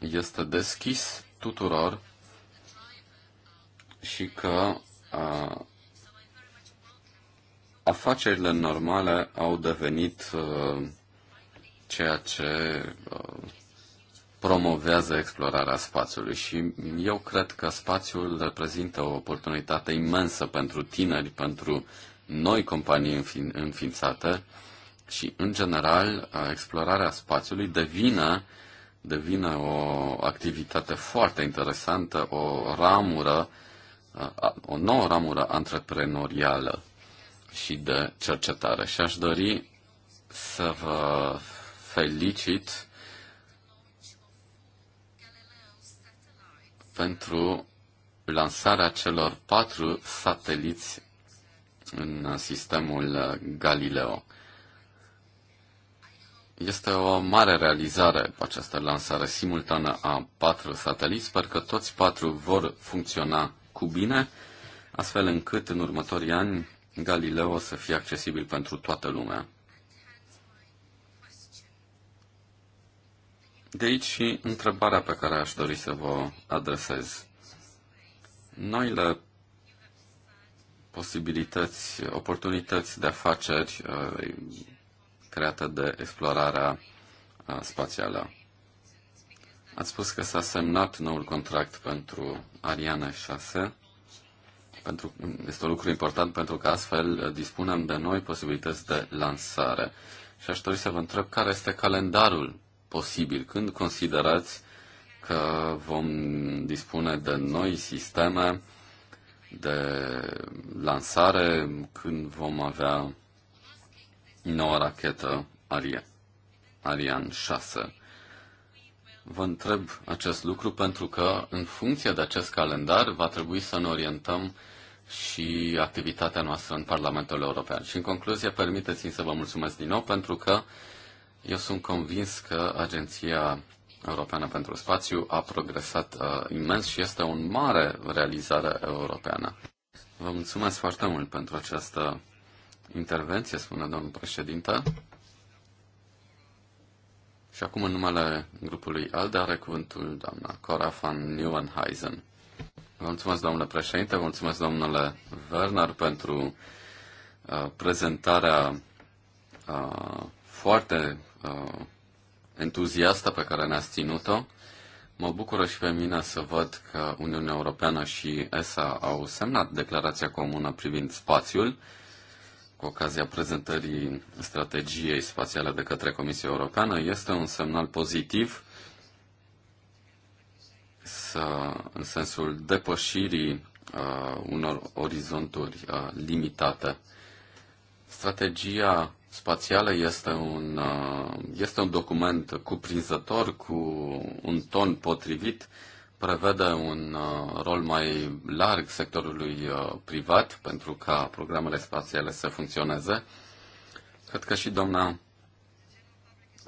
este deschis tuturor și că a, afacerile normale au devenit a, ceea ce a, promovează explorarea spațiului și eu cred că spațiul reprezintă o oportunitate imensă pentru tineri, pentru noi companii înfi- înființate și, în general, explorarea spațiului devine, devine o activitate foarte interesantă, o ramură, o nouă ramură antreprenorială și de cercetare. Și aș dori să vă felicit pentru lansarea celor patru sateliți în sistemul Galileo. Este o mare realizare această lansare simultană a patru sateliți. Sper că toți patru vor funcționa cu bine, astfel încât în următorii ani Galileo să fie accesibil pentru toată lumea. De aici și întrebarea pe care aș dori să vă adresez. Noile posibilități, oportunități de afaceri uh, creată de explorarea spațială. Ați spus că s-a semnat noul contract pentru Ariane 6. Pentru, este un lucru important pentru că astfel dispunem de noi posibilități de lansare. Și aș dori să vă întreb care este calendarul posibil. Când considerați că vom dispune de noi sisteme de lansare, când vom avea noua rachetă Ariane, Ariane 6. Vă întreb acest lucru pentru că, în funcție de acest calendar, va trebui să ne orientăm și activitatea noastră în Parlamentul European. Și, în concluzie, permiteți-mi să vă mulțumesc din nou pentru că eu sunt convins că Agenția Europeană pentru Spațiu a progresat uh, imens și este o mare realizare europeană. Vă mulțumesc foarte mult pentru această intervenție, spune domnul președinte. Și acum în numele grupului ALDE are cuvântul doamna Cora van Neuenheisen. Vă mulțumesc, domnule președinte, vă mulțumesc, domnule Werner, pentru uh, prezentarea uh, foarte uh, entuziastă pe care ne-ați ținut-o. Mă bucură și pe mine să văd că Uniunea Europeană și ESA au semnat declarația comună privind spațiul. Uh, cu ocazia prezentării strategiei spațiale de către Comisia Europeană este un semnal pozitiv să, în sensul depășirii uh, unor orizonturi uh, limitate. Strategia spațială este un, uh, este un document cuprinzător cu un ton potrivit uh, prevede un uh, rol mai larg sectorului uh, privat pentru ca programele spațiale să funcționeze. Cred că și doamna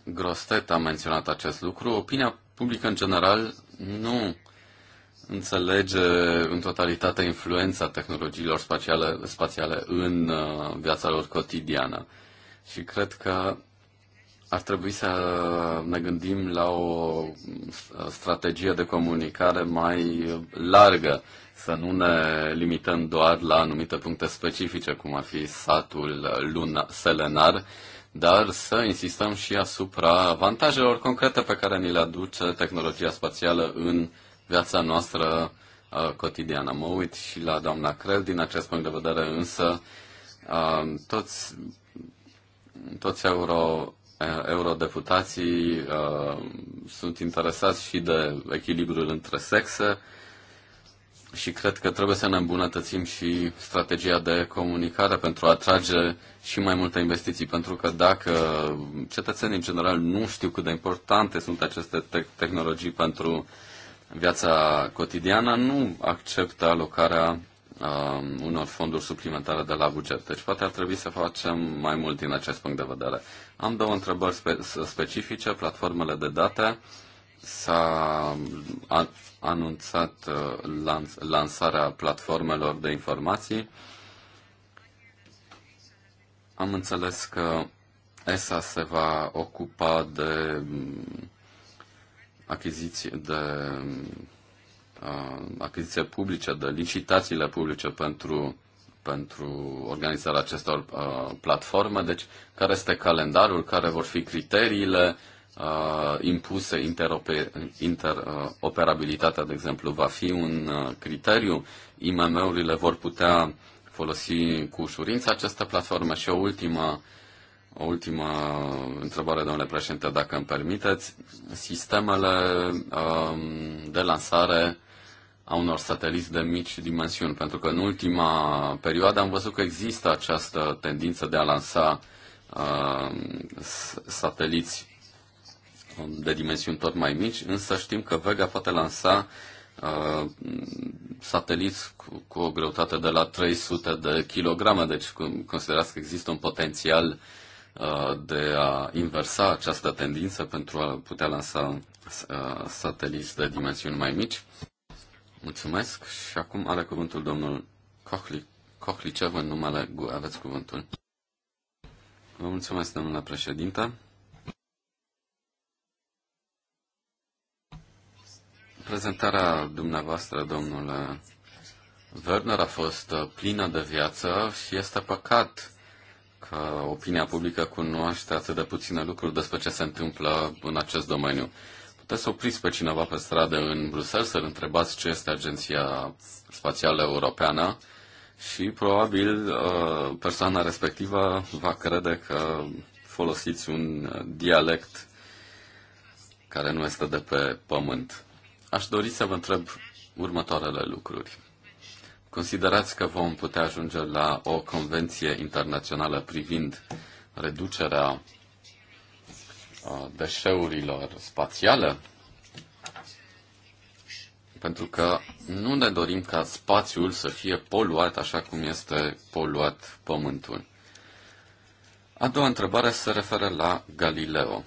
Grostet a menționat acest lucru. Opinia publică, în general, nu înțelege în totalitate influența tehnologiilor spațiale, spațiale în uh, viața lor cotidiană. Și cred că ar trebui să ne gândim la o uh, strategie de comunicare mai largă, să nu ne limităm doar la anumite puncte specifice, cum ar fi satul luna, selenar, dar să insistăm și asupra avantajelor concrete pe care ni le aduce tehnologia spațială în viața noastră uh, cotidiană. Mă uit și la doamna Crel din acest punct de vedere, însă uh, toți, toți euro eurodeputații uh, sunt interesați și de echilibrul între sexe și cred că trebuie să ne îmbunătățim și strategia de comunicare pentru a atrage și mai multe investiții, pentru că dacă cetățenii în general nu știu cât de importante sunt aceste te- tehnologii pentru viața cotidiană, nu acceptă alocarea uh, unor fonduri suplimentare de la buget. Deci poate ar trebui să facem mai mult din acest punct de vedere. Am două întrebări specifice. Platformele de date s-a anunțat uh, lansarea platformelor de informații. Am înțeles că ESA se va ocupa de mm, achiziții de mm, uh, achiziție publice, de licitațiile publice pentru pentru organizarea acestor uh, platforme, deci care este calendarul, care vor fi criteriile uh, impuse, interoperabilitatea, de exemplu, va fi un uh, criteriu, IMM-urile vor putea folosi cu ușurință această platformă și o ultimă o ultimă întrebare, domnule președinte, dacă îmi permiteți. Sistemele uh, de lansare uh, a unor sateliți de mici dimensiuni, pentru că în ultima perioadă am văzut că există această tendință de a lansa uh, sateliți de dimensiuni tot mai mici, însă știm că Vega poate lansa uh, sateliți cu, cu o greutate de la 300 de kilograme, deci considerați că există un potențial uh, de a inversa această tendință pentru a putea lansa uh, sateliți de dimensiuni mai mici. Mulțumesc și acum are cuvântul domnul Cochli, Cochlicev în numele GU. Aveți cuvântul. Vă mulțumesc, domnule președinte. Prezentarea dumneavoastră, domnule Werner, a fost uh, plină de viață și este păcat că opinia publică cunoaște atât de puține lucruri despre ce se întâmplă în acest domeniu puteți să opriți pe cineva pe stradă în Bruxelles, să-l întrebați ce este Agenția Spațială Europeană și probabil uh, persoana respectivă va crede că folosiți un dialect care nu este de pe pământ. Aș dori să vă întreb următoarele lucruri. Considerați că vom putea ajunge la o convenție internațională privind reducerea deșeurilor spațiale, pentru că nu ne dorim ca spațiul să fie poluat așa cum este poluat Pământul. A doua întrebare se referă la Galileo.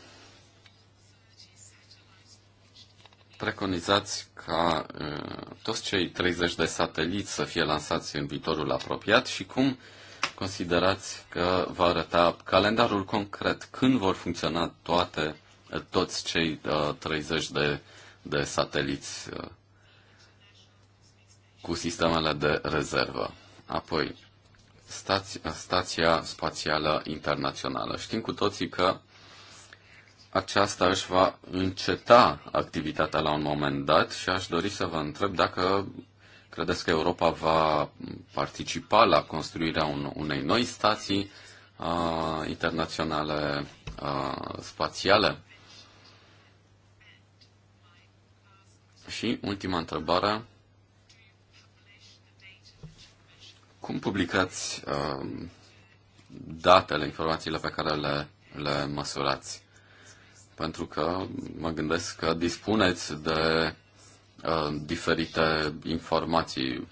Preconizați ca uh, toți cei 30 de sateliți să fie lansați în viitorul apropiat și cum uh, considerați că va arăta calendarul concret? Când vor funcționa toate, toți cei uh, 30 de, de sateliți uh, cu sistemele de rezervă? Apoi, stați, Stația Spațială Internațională. Știm cu toții că aceasta își va înceta activitatea la un moment dat și aș dori să vă întreb dacă Credeți că Europa va participa la construirea un, unei noi stații uh, internaționale uh, spațiale? Și ultima întrebare. Cum publicați uh, datele, informațiile pe care le, le măsurați? Pentru că mă gândesc că dispuneți de Uh, diferite informații.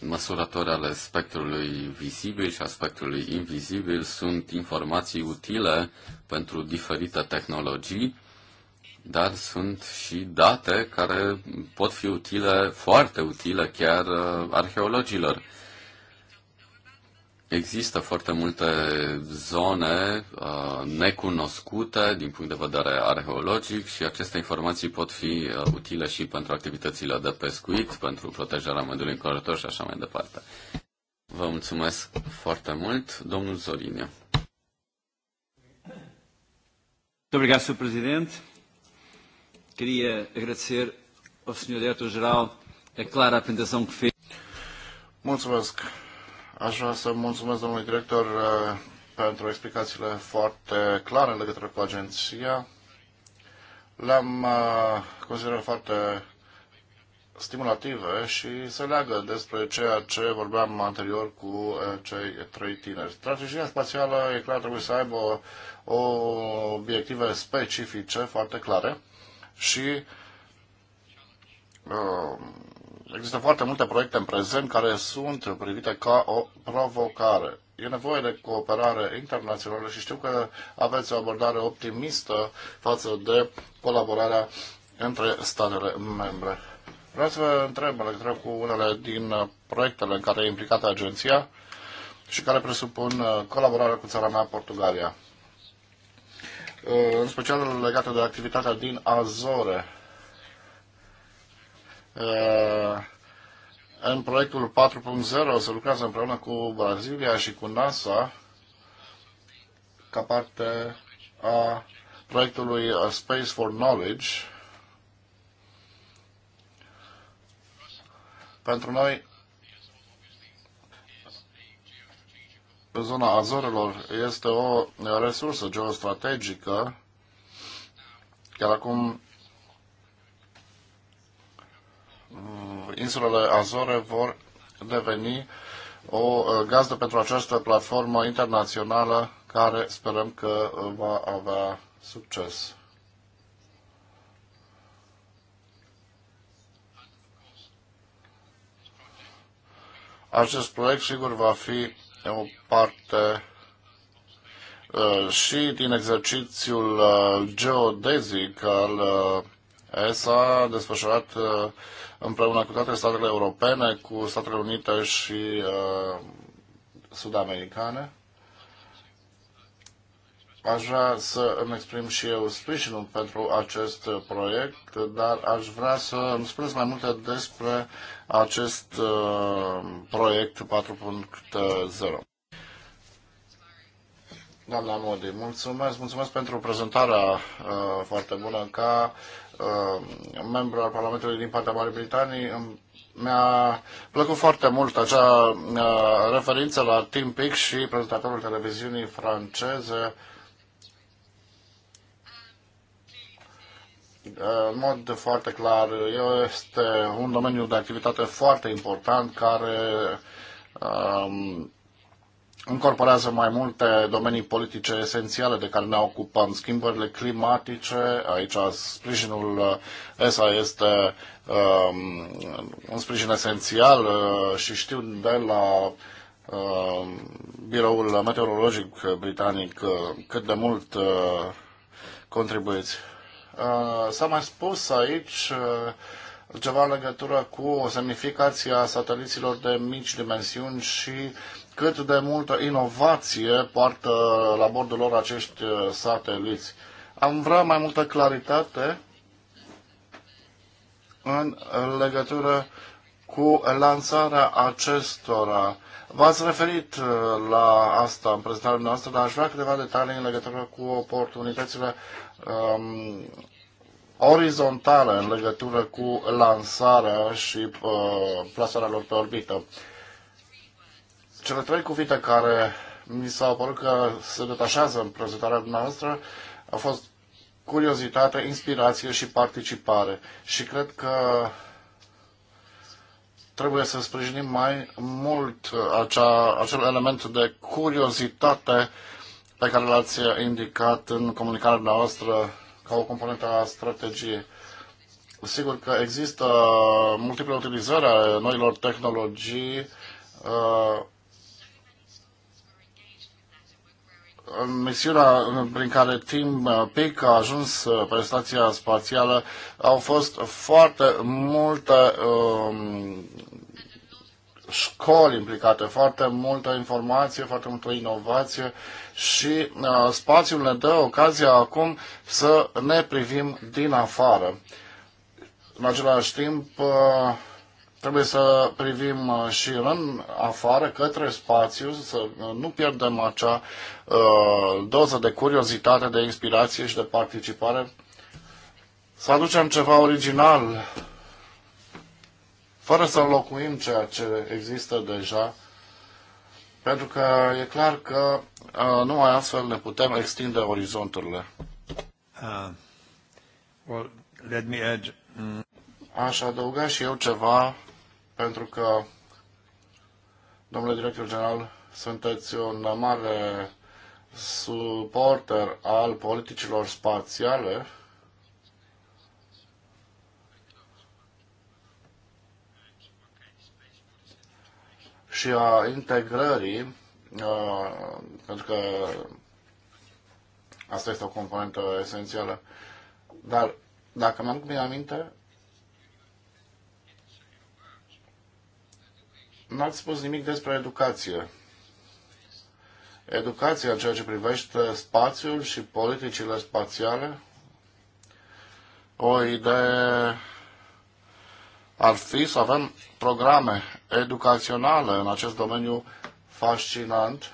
Măsurători ale spectrului vizibil și a spectrului invizibil sunt informații utile pentru diferite tehnologii, dar sunt și date care pot fi utile, foarte utile chiar uh, arheologilor Există foarte multe zone uh, necunoscute din punct de vedere arheologic și aceste informații pot fi uh, utile și pentru activitățile de pescuit, pentru protejarea mediului înconjurător și așa mai departe. Vă mulțumesc foarte mult, domnul Zorinia. Obrigado, Sr. Presidente. Queria agradecer ao Sr. Diretor-Geral a clara apresentação que fez. Mulțumesc, Aș vrea să mulțumesc domnului director uh, pentru explicațiile foarte clare în legătură cu agenția. Le-am uh, considerat foarte stimulative și se leagă despre ceea ce vorbeam anterior cu uh, cei trei tineri. Strategia spațială, e clar, trebuie să aibă o, obiective specifice foarte clare și uh, Există foarte multe proiecte în prezent care sunt privite ca o provocare. E nevoie de cooperare internațională și știu că aveți o abordare optimistă față de colaborarea între statele membre. Vreau să vă întreb în legătură cu unele din proiectele în care e implicată agenția și care presupun colaborarea cu țara mea, Portugalia. În special legată de activitatea din Azore Uh, în proiectul 4.0 se lucrează împreună cu Brazilia și cu NASA ca parte a proiectului Space for Knowledge. Pentru noi, zona Azorelor este o resursă geostrategică, Chiar acum Mm, insulele Azore vor deveni o uh, gazdă pentru această platformă internațională care sperăm că uh, va avea succes. Acest proiect sigur va fi o parte uh, și din exercițiul geodezic al ESA, desfășurat uh, împreună cu toate statele europene, cu Statele Unite și uh, sud-americane. Aș vrea să îmi exprim și eu sprijinul pentru acest proiect, dar aș vrea să îmi spuneți mai multe despre acest uh, proiect 4.0. Doamna Modi, mulțumesc, mulțumesc pentru prezentarea uh, foarte bună ca Uh, membru al Parlamentului din partea Marii Britanii, mi-a plăcut foarte mult acea uh, referință la Tim Pick și prezentatorul televiziunii franceze. Uh, în mod foarte clar, este un domeniu de activitate foarte important care um, incorporează mai multe domenii politice esențiale de care ne ocupăm. Schimbările climatice, aici sprijinul ESA este um, un sprijin esențial uh, și știu de la uh, biroul meteorologic britanic uh, cât de mult uh, contribuiți. Uh, s-a mai spus aici uh, ceva în legătură cu semnificația sateliților de mici dimensiuni și cât de multă inovație poartă la bordul lor acești uh, sateliți. Am vrea mai multă claritate în legătură cu lansarea acestora. V-ați referit uh, la asta în prezentarea noastră, dar aș vrea câteva detalii în legătură cu oportunitățile um, orizontale în legătură cu lansarea și uh, plasarea lor pe orbită. Cele trei cuvinte care mi s-au părut că se detașează în prezentarea dumneavoastră au fost curiozitate, inspirație și participare. Și cred că trebuie să sprijinim mai mult uh, acea, acel element de curiozitate pe care l-ați indicat în comunicarea noastră ca o componentă a strategiei. Sigur că există multiple utilizări a noilor tehnologii uh, misiunea prin care Tim Peak a ajuns uh, pe stația spațială au fost foarte multe um, școli implicate, foarte multă informație, foarte multă inovație și uh, spațiul ne dă ocazia acum să ne privim din afară. În același timp, uh, Trebuie să privim uh, și în afară, către spațiu, să uh, nu pierdem acea uh, doză de curiozitate, de inspirație și de participare. Să aducem ceva original, fără să înlocuim ceea ce există deja, pentru că e clar că uh, numai astfel ne putem extinde orizonturile. Uh, well, let me add... Mm. Aș adăuga și eu ceva pentru că, domnule director general, sunteți un mare suporter al politicilor spațiale și a integrării, uh, pentru că asta este o componentă esențială. Dar, dacă mi-am bine aminte, n-ați spus nimic despre educație. Educația în ceea ce privește spațiul și politicile spațiale, o idee ar fi să avem programe educaționale în acest domeniu fascinant.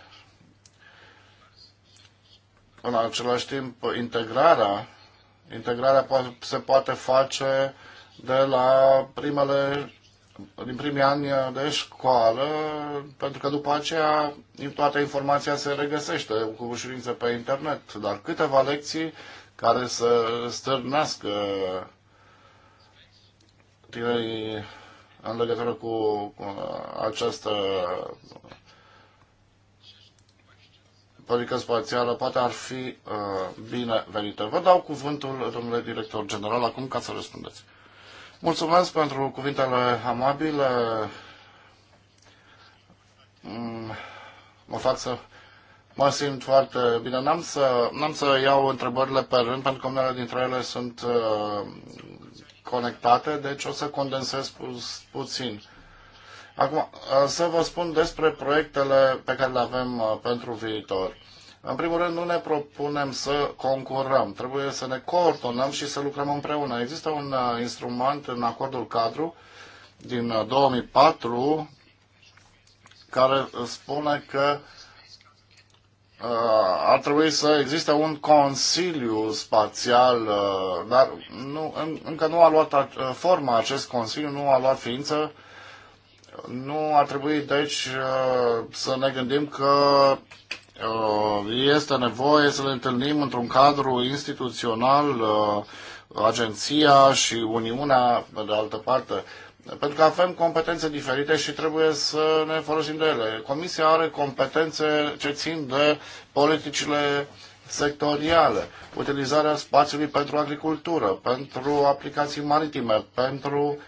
În același timp, integrarea, integrarea se poate face de la primele din primii ani de școală, pentru că după aceea toată informația se regăsește cu ușurință pe internet, dar câteva lecții care să stârnească tinerii în legătură cu această politică spațială poate ar fi uh, venită. Vă dau cuvântul, domnule director general, acum ca să răspundeți. Mulțumesc pentru cuvintele amabile. Mm, mă fac să mă simt foarte bine. N-am să, n-am să iau întrebările pe rând, pentru că unele dintre ele sunt uh, conectate, deci o să condensez pu- puțin. Acum, uh, să vă spun despre proiectele pe care le avem uh, pentru viitor. În primul rând, nu ne propunem să concurăm, trebuie să ne coordonăm și să lucrăm împreună. Există un uh, instrument în acordul cadru din 2004 uh, care uh, spune că ar trebui să existe un consiliu spațial, dar nu, încă nu a luat forma acest consiliu, nu a luat ființă. Nu ar trebui, deci, să ne gândim că Uh, este nevoie să le întâlnim într-un cadru instituțional, uh, agenția și Uniunea, pe de altă parte, pentru că avem competențe diferite și trebuie să ne folosim de ele. Comisia are competențe ce țin de politicile sectoriale, utilizarea spațiului pentru agricultură, pentru aplicații maritime, pentru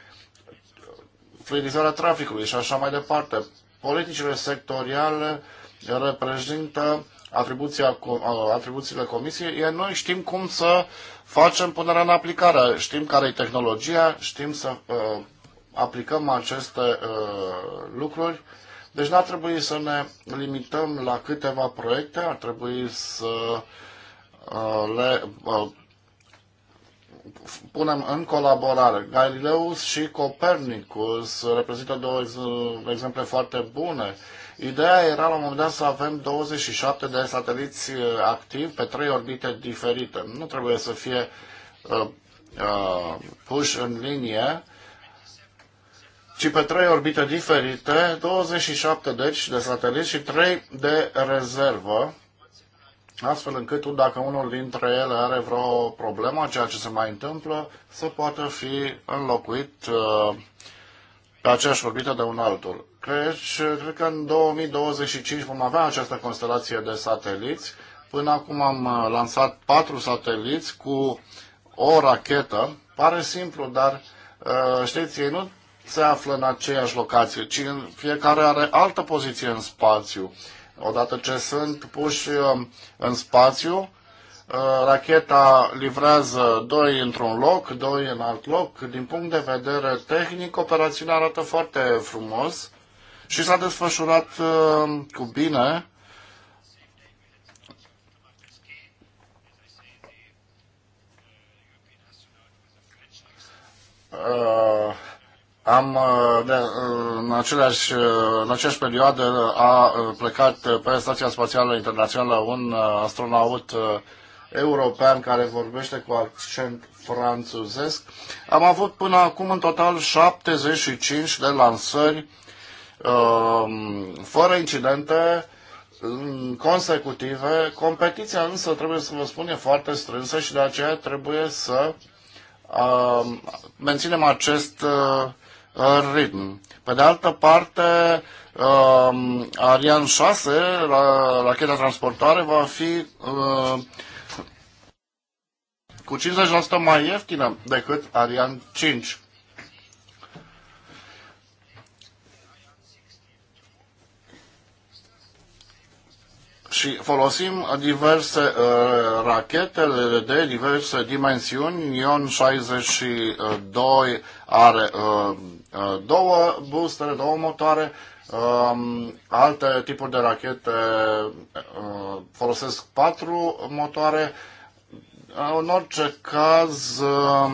fluidizarea traficului și așa mai departe. Politicile sectoriale uh, reprezintă atribuția, atribuțiile comisiei, iar noi știm cum să facem punerea în aplicare, știm care e tehnologia, știm să uh, aplicăm aceste uh, lucruri. Deci n-ar trebui să ne limităm la câteva proiecte, ar trebui să uh, le uh, punem în colaborare. Galileus și Copernicus reprezintă două exemple foarte bune. Uh, Ideea era la un moment dat să avem 27 de sateliți uh, activi pe trei orbite diferite. Nu trebuie să fie uh, uh, puși în linie, ci pe trei orbite diferite, 27 deci de sateliți și 3 de rezervă, astfel încât dacă unul dintre ele are vreo problemă, ceea ce se mai întâmplă, să poată fi înlocuit uh, pe aceeași orbită de un altul. Deci, cred că în 2025 vom avea această constelație de sateliți. Până acum am uh, lansat patru sateliți cu o rachetă. Pare simplu, dar uh, știți, ei nu se află în aceeași locație, ci fiecare are altă poziție în spațiu. Odată ce sunt puși uh, în spațiu, Uh, racheta livrează doi într-un loc, doi în alt loc. Din punct de vedere tehnic, operațiunea arată foarte frumos și s-a desfășurat uh, cu bine. Uh, am, uh, de, în, aceleași, în aceeași perioadă a plecat pe Stația Spațială Internațională un astronaut european care vorbește cu accent franțuzesc. Am avut până acum în total 75 de lansări um, fără incidente consecutive. Competiția însă, trebuie să vă spun, e foarte strânsă și de aceea trebuie să um, menținem acest uh, ritm. Pe de altă parte, um, Ariane 6, racheta transportoare, va fi uh, cu 50% mai ieftină decât Ariane 5. și folosim diverse uh, rachete de diverse dimensiuni. Ion 62 are uh, uh, două boostere, două motoare. Uh, alte tipuri de rachete uh, folosesc patru motoare. Uh, în orice caz, uh,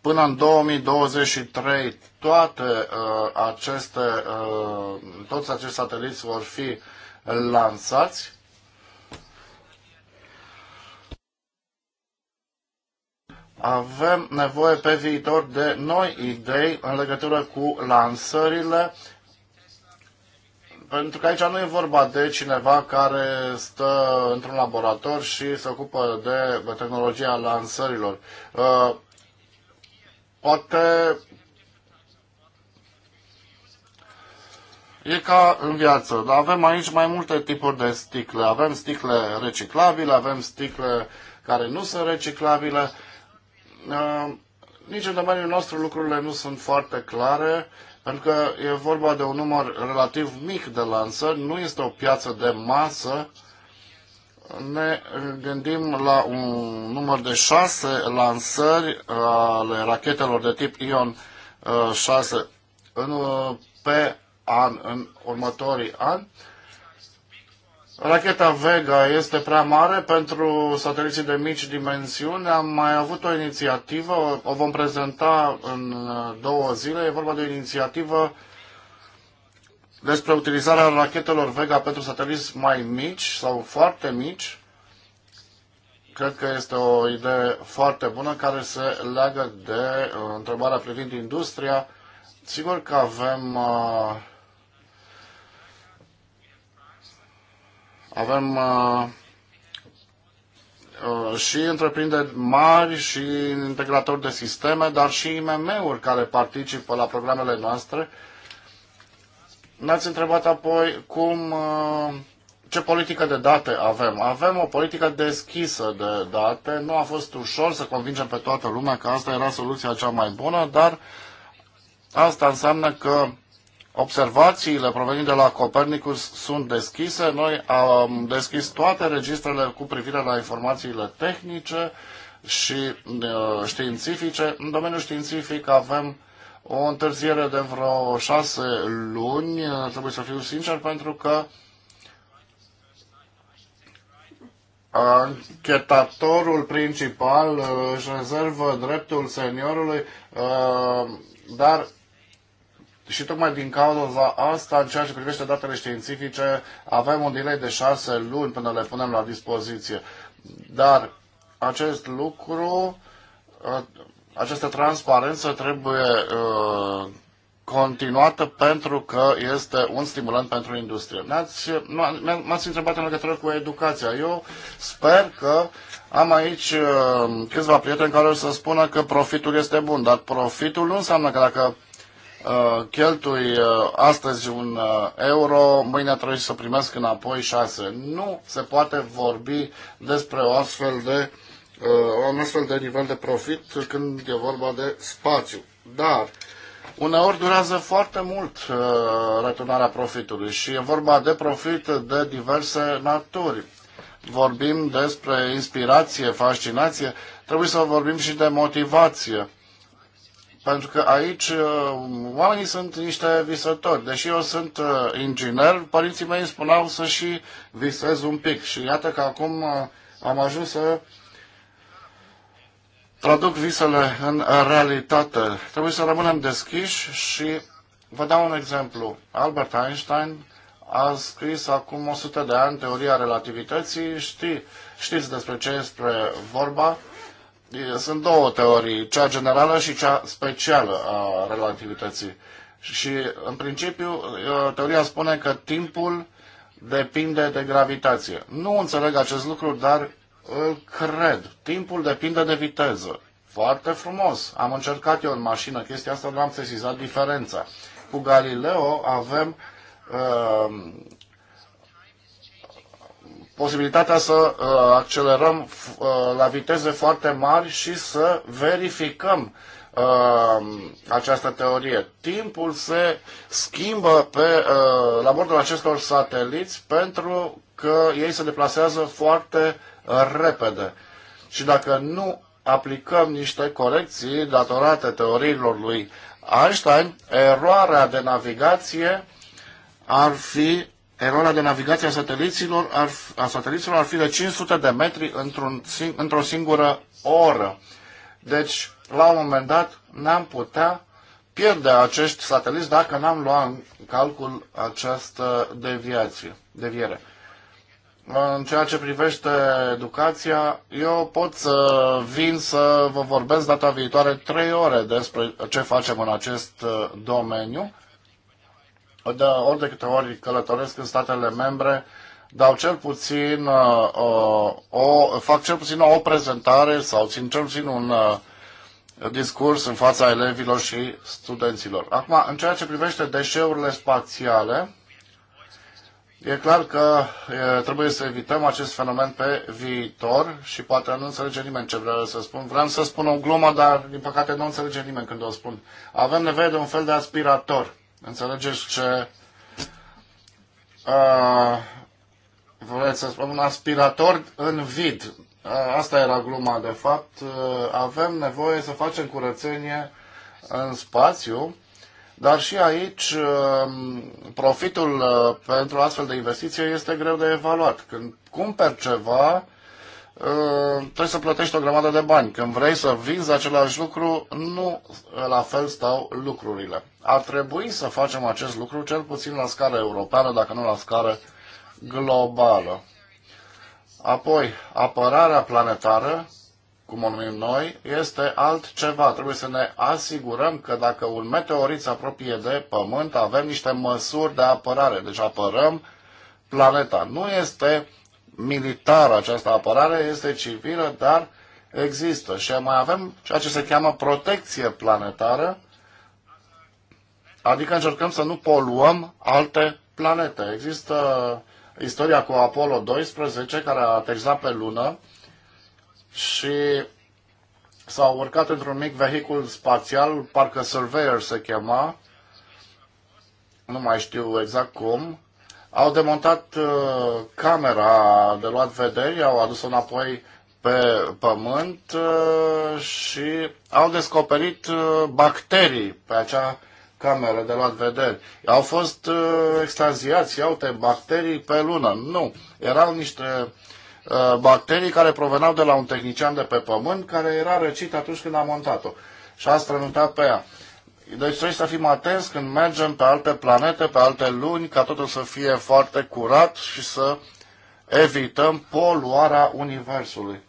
până în 2023, toate uh, aceste, uh, toți acești sateliți vor fi lansați. Avem nevoie pe viitor de noi idei în legătură cu lansările pentru că aici nu e vorba de cineva care stă într-un laborator și se ocupă de tehnologia lansărilor. Uh, poate E ca în viață, dar avem aici mai multe tipuri de sticle. Avem sticle reciclabile, avem sticle care nu sunt reciclabile. Uh, nici în domeniul nostru lucrurile nu sunt foarte clare pentru că e vorba de un număr relativ mic de lansări, nu este o piață de masă. Ne gândim la un număr de șase lansări ale rachetelor de tip Ion 6 uh, în, uh, pe an, în următorii ani Racheta Vega este prea mare pentru sateliții de mici dimensiuni. Am mai avut o inițiativă, o vom prezenta în două zile. E vorba de o inițiativă despre utilizarea rachetelor Vega pentru sateliți mai mici sau foarte mici. Cred că este o idee foarte bună care se leagă de uh, întrebarea privind industria. Sigur că avem uh, Avem uh, uh, și întreprinderi mari și integratori de sisteme, dar și IMM-uri care participă la programele noastre. Ne-ați întrebat apoi cum, uh, ce politică de date avem. Avem o politică deschisă de date. Nu a fost ușor să convingem pe toată lumea că asta era soluția cea mai bună, dar asta înseamnă că Observațiile provenind de la Copernicus sunt deschise. Noi am deschis toate registrele cu privire la informațiile tehnice și uh, științifice. În domeniul științific avem o întârziere de vreo șase luni, uh, trebuie să fiu sincer, pentru că anchetatorul principal uh, își rezervă dreptul seniorului, dar și tocmai din cauza asta, în ceea ce privește datele științifice, avem un delay de șase luni până le punem la dispoziție. Dar acest lucru, ă, această transparență trebuie ă, continuată pentru că este un stimulant pentru industrie. M-ați întrebat în legătură cu educația. Eu sper că am aici ă, câțiva prieteni care o să spună că profitul este bun, dar profitul nu înseamnă că dacă Uh, cheltui uh, astăzi un uh, euro, mâine trebuie să primesc înapoi șase. Nu se poate vorbi despre o astfel de, un astfel de nivel de profit când e vorba de spațiu. Dar uneori durează foarte mult returnarea profitului și e vorba de profit de diverse naturi. Vorbim despre inspirație, fascinație, trebuie să vorbim și de motivație pentru că aici uh, oamenii sunt niște visători. Deși eu sunt uh, inginer, părinții mei îmi spuneau să și visez un pic. Și iată că acum uh, am ajuns să traduc visele în realitate. Trebuie să rămânem deschiși și vă dau un exemplu. Albert Einstein a scris acum 100 de ani teoria relativității. Știi, știți despre ce este vorba. Sunt două teorii, cea generală și cea specială a relativității. Și, în principiu, teoria spune că timpul depinde de gravitație. Nu înțeleg acest lucru, dar îl cred. Timpul depinde de viteză. Foarte frumos. Am încercat eu în mașină chestia asta, nu am sesizat diferența. Cu Galileo avem uh, posibilitatea să uh, accelerăm uh, la viteze foarte mari și să verificăm uh, această teorie. Timpul se schimbă pe, uh, la bordul acestor sateliți pentru că ei se deplasează foarte uh, repede. Și dacă nu aplicăm niște corecții datorate teoriilor lui Einstein, eroarea de navigație ar fi eroarea de navigație a sateliților ar, a sateliților ar fi de 500 de metri într-un, într-o singură oră. Deci, la un moment dat, n-am putea pierde acești sateliți dacă n-am luat în calcul această deviație, deviere. În ceea ce privește educația, eu pot să vin să vă vorbesc data viitoare trei ore despre ce facem în acest uh, domeniu de ori de câte ori călătoresc în statele membre, dau cel puțin uh, uh, o, fac cel puțin o prezentare sau țin cel puțin un uh, discurs în fața elevilor și studenților. Acum, în ceea ce privește deșeurile spațiale, e clar că e, trebuie să evităm acest fenomen pe viitor și poate nu înțelege nimeni ce vreau să spun. Vreau să spun o glumă, dar din păcate nu înțelege nimeni când o spun. Avem nevoie de un fel de aspirator Înțelegeți ce uh, vreți să spun, un aspirator în vid. Uh, asta era gluma, de fapt. Uh, avem nevoie să facem curățenie în spațiu, dar și aici uh, profitul uh, pentru astfel de investiție este greu de evaluat. Când cumperi ceva, Ă, trebuie să plătești o grămadă de bani. Când vrei să vinzi același lucru, nu la fel stau lucrurile. Ar trebui să facem acest lucru cel puțin la scară europeană, dacă nu la scară globală. Apoi, apărarea planetară, cum o numim noi, este altceva. Trebuie să ne asigurăm că dacă un meteorit se apropie de Pământ, avem niște măsuri de apărare. Deci apărăm planeta. Nu este militară această apărare, este civilă, dar există. Și mai avem ceea ce se cheamă protecție planetară, adică încercăm să nu poluăm alte planete. Există istoria cu Apollo 12 care a aterizat pe lună și s-au urcat într-un mic vehicul spațial, parcă Surveyor se chema, nu mai știu exact cum, au demontat uh, camera de luat vederi, au adus-o înapoi pe pământ uh, și au descoperit uh, bacterii pe acea cameră de luat vederi. Au fost extaziați, iau-te, bacterii pe lună. Nu, erau niște bacterii care proveneau de la un tehnician de pe pământ care era răcit atunci când a montat-o. Și a strănutat pe ea. Deci trebuie să fim atenți când mergem pe alte planete, pe alte luni, ca totul să fie foarte curat și să evităm poluarea Universului.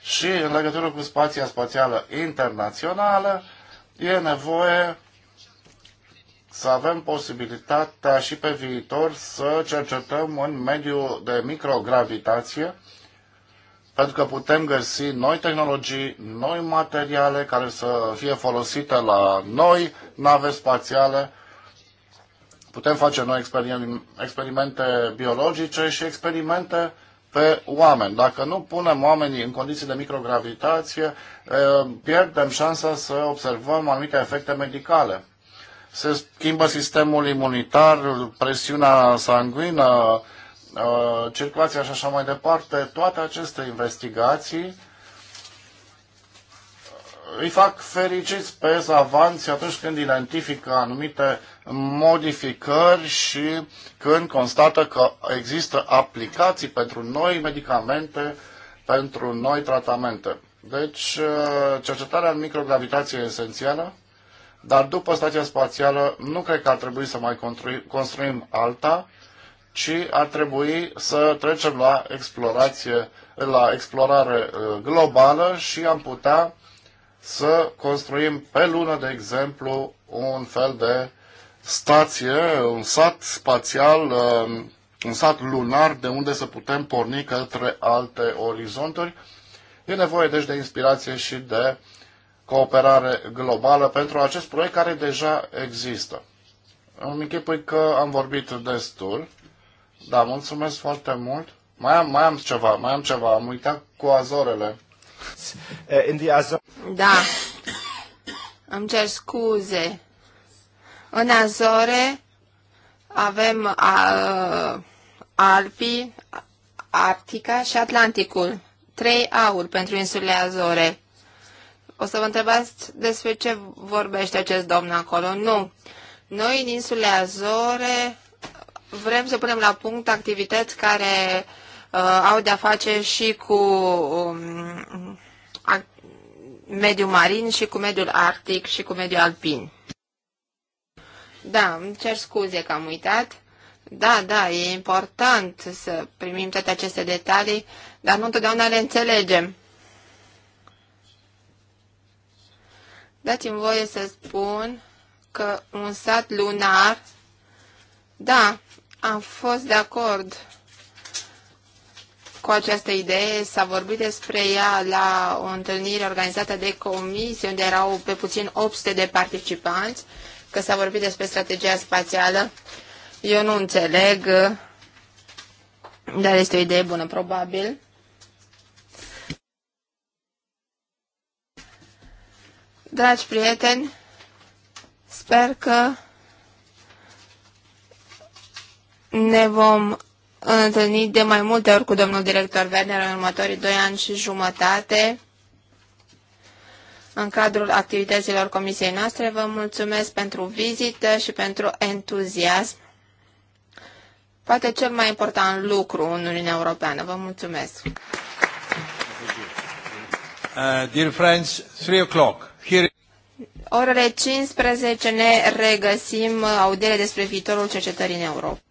Și în legătură cu spația spațială internațională, e nevoie să avem posibilitatea și pe viitor să cercetăm în mediul de microgravitație pentru că putem găsi noi tehnologii, noi materiale care să fie folosite la noi nave spațiale. Putem face noi experimente biologice și experimente pe oameni. Dacă nu punem oamenii în condiții de microgravitație, eh, pierdem șansa să observăm anumite efecte medicale. Se schimbă sistemul imunitar, presiunea sanguină, Uh, circulația și așa mai departe, toate aceste investigații uh, îi fac fericiți pe savanți atunci când identifică anumite modificări și când constată că există aplicații pentru noi medicamente, pentru noi tratamente. Deci, uh, cercetarea în microgravitație e esențială, dar după stația spațială nu cred că ar trebui să mai construim alta, ci ar trebui să trecem la explorație, la explorare uh, globală și am putea să construim pe lună, de exemplu, un fel de stație, un sat spațial, um, un sat lunar de unde să putem porni către alte orizonturi. E nevoie deci de inspirație și de cooperare globală pentru acest proiect care deja există. Îmi închipui că am vorbit destul. Da, mulțumesc foarte mult. Mai am, mai am ceva, mai am ceva. Am uitat cu Azorele. Eh, da. Îmi cer scuze. În Azore avem a, a, uh, Alpii, Arctica și Atlanticul. Trei auri pentru insulele Azore. O să vă întrebați despre ce vorbește acest domn acolo. Nu. Noi în insulele Azore vrem să punem la punct activități care uh, au de-a face și cu um, a, mediul marin și cu mediul arctic și cu mediul alpin. Da, îmi cer scuze că am uitat. Da, da, e important să primim toate aceste detalii, dar nu întotdeauna le înțelegem. Dați-mi voie să spun că un sat lunar, da, am fost de acord cu această idee, s-a vorbit despre ea la o întâlnire organizată de comisie, unde erau pe puțin 800 de participanți, că s-a vorbit despre strategia spațială. Eu nu înțeleg, dar este o idee bună, probabil. Dragi prieteni, sper că ne vom întâlni de mai multe ori cu domnul director Werner în următorii doi ani și jumătate în cadrul activităților comisiei noastre. Vă mulțumesc pentru vizită și pentru entuziasm. Poate cel mai important lucru în Uniunea Europeană. Vă mulțumesc. Uh, dear friends, 3 o'clock. Here... Orele 15 ne regăsim uh, audiere despre viitorul cercetării în Europa.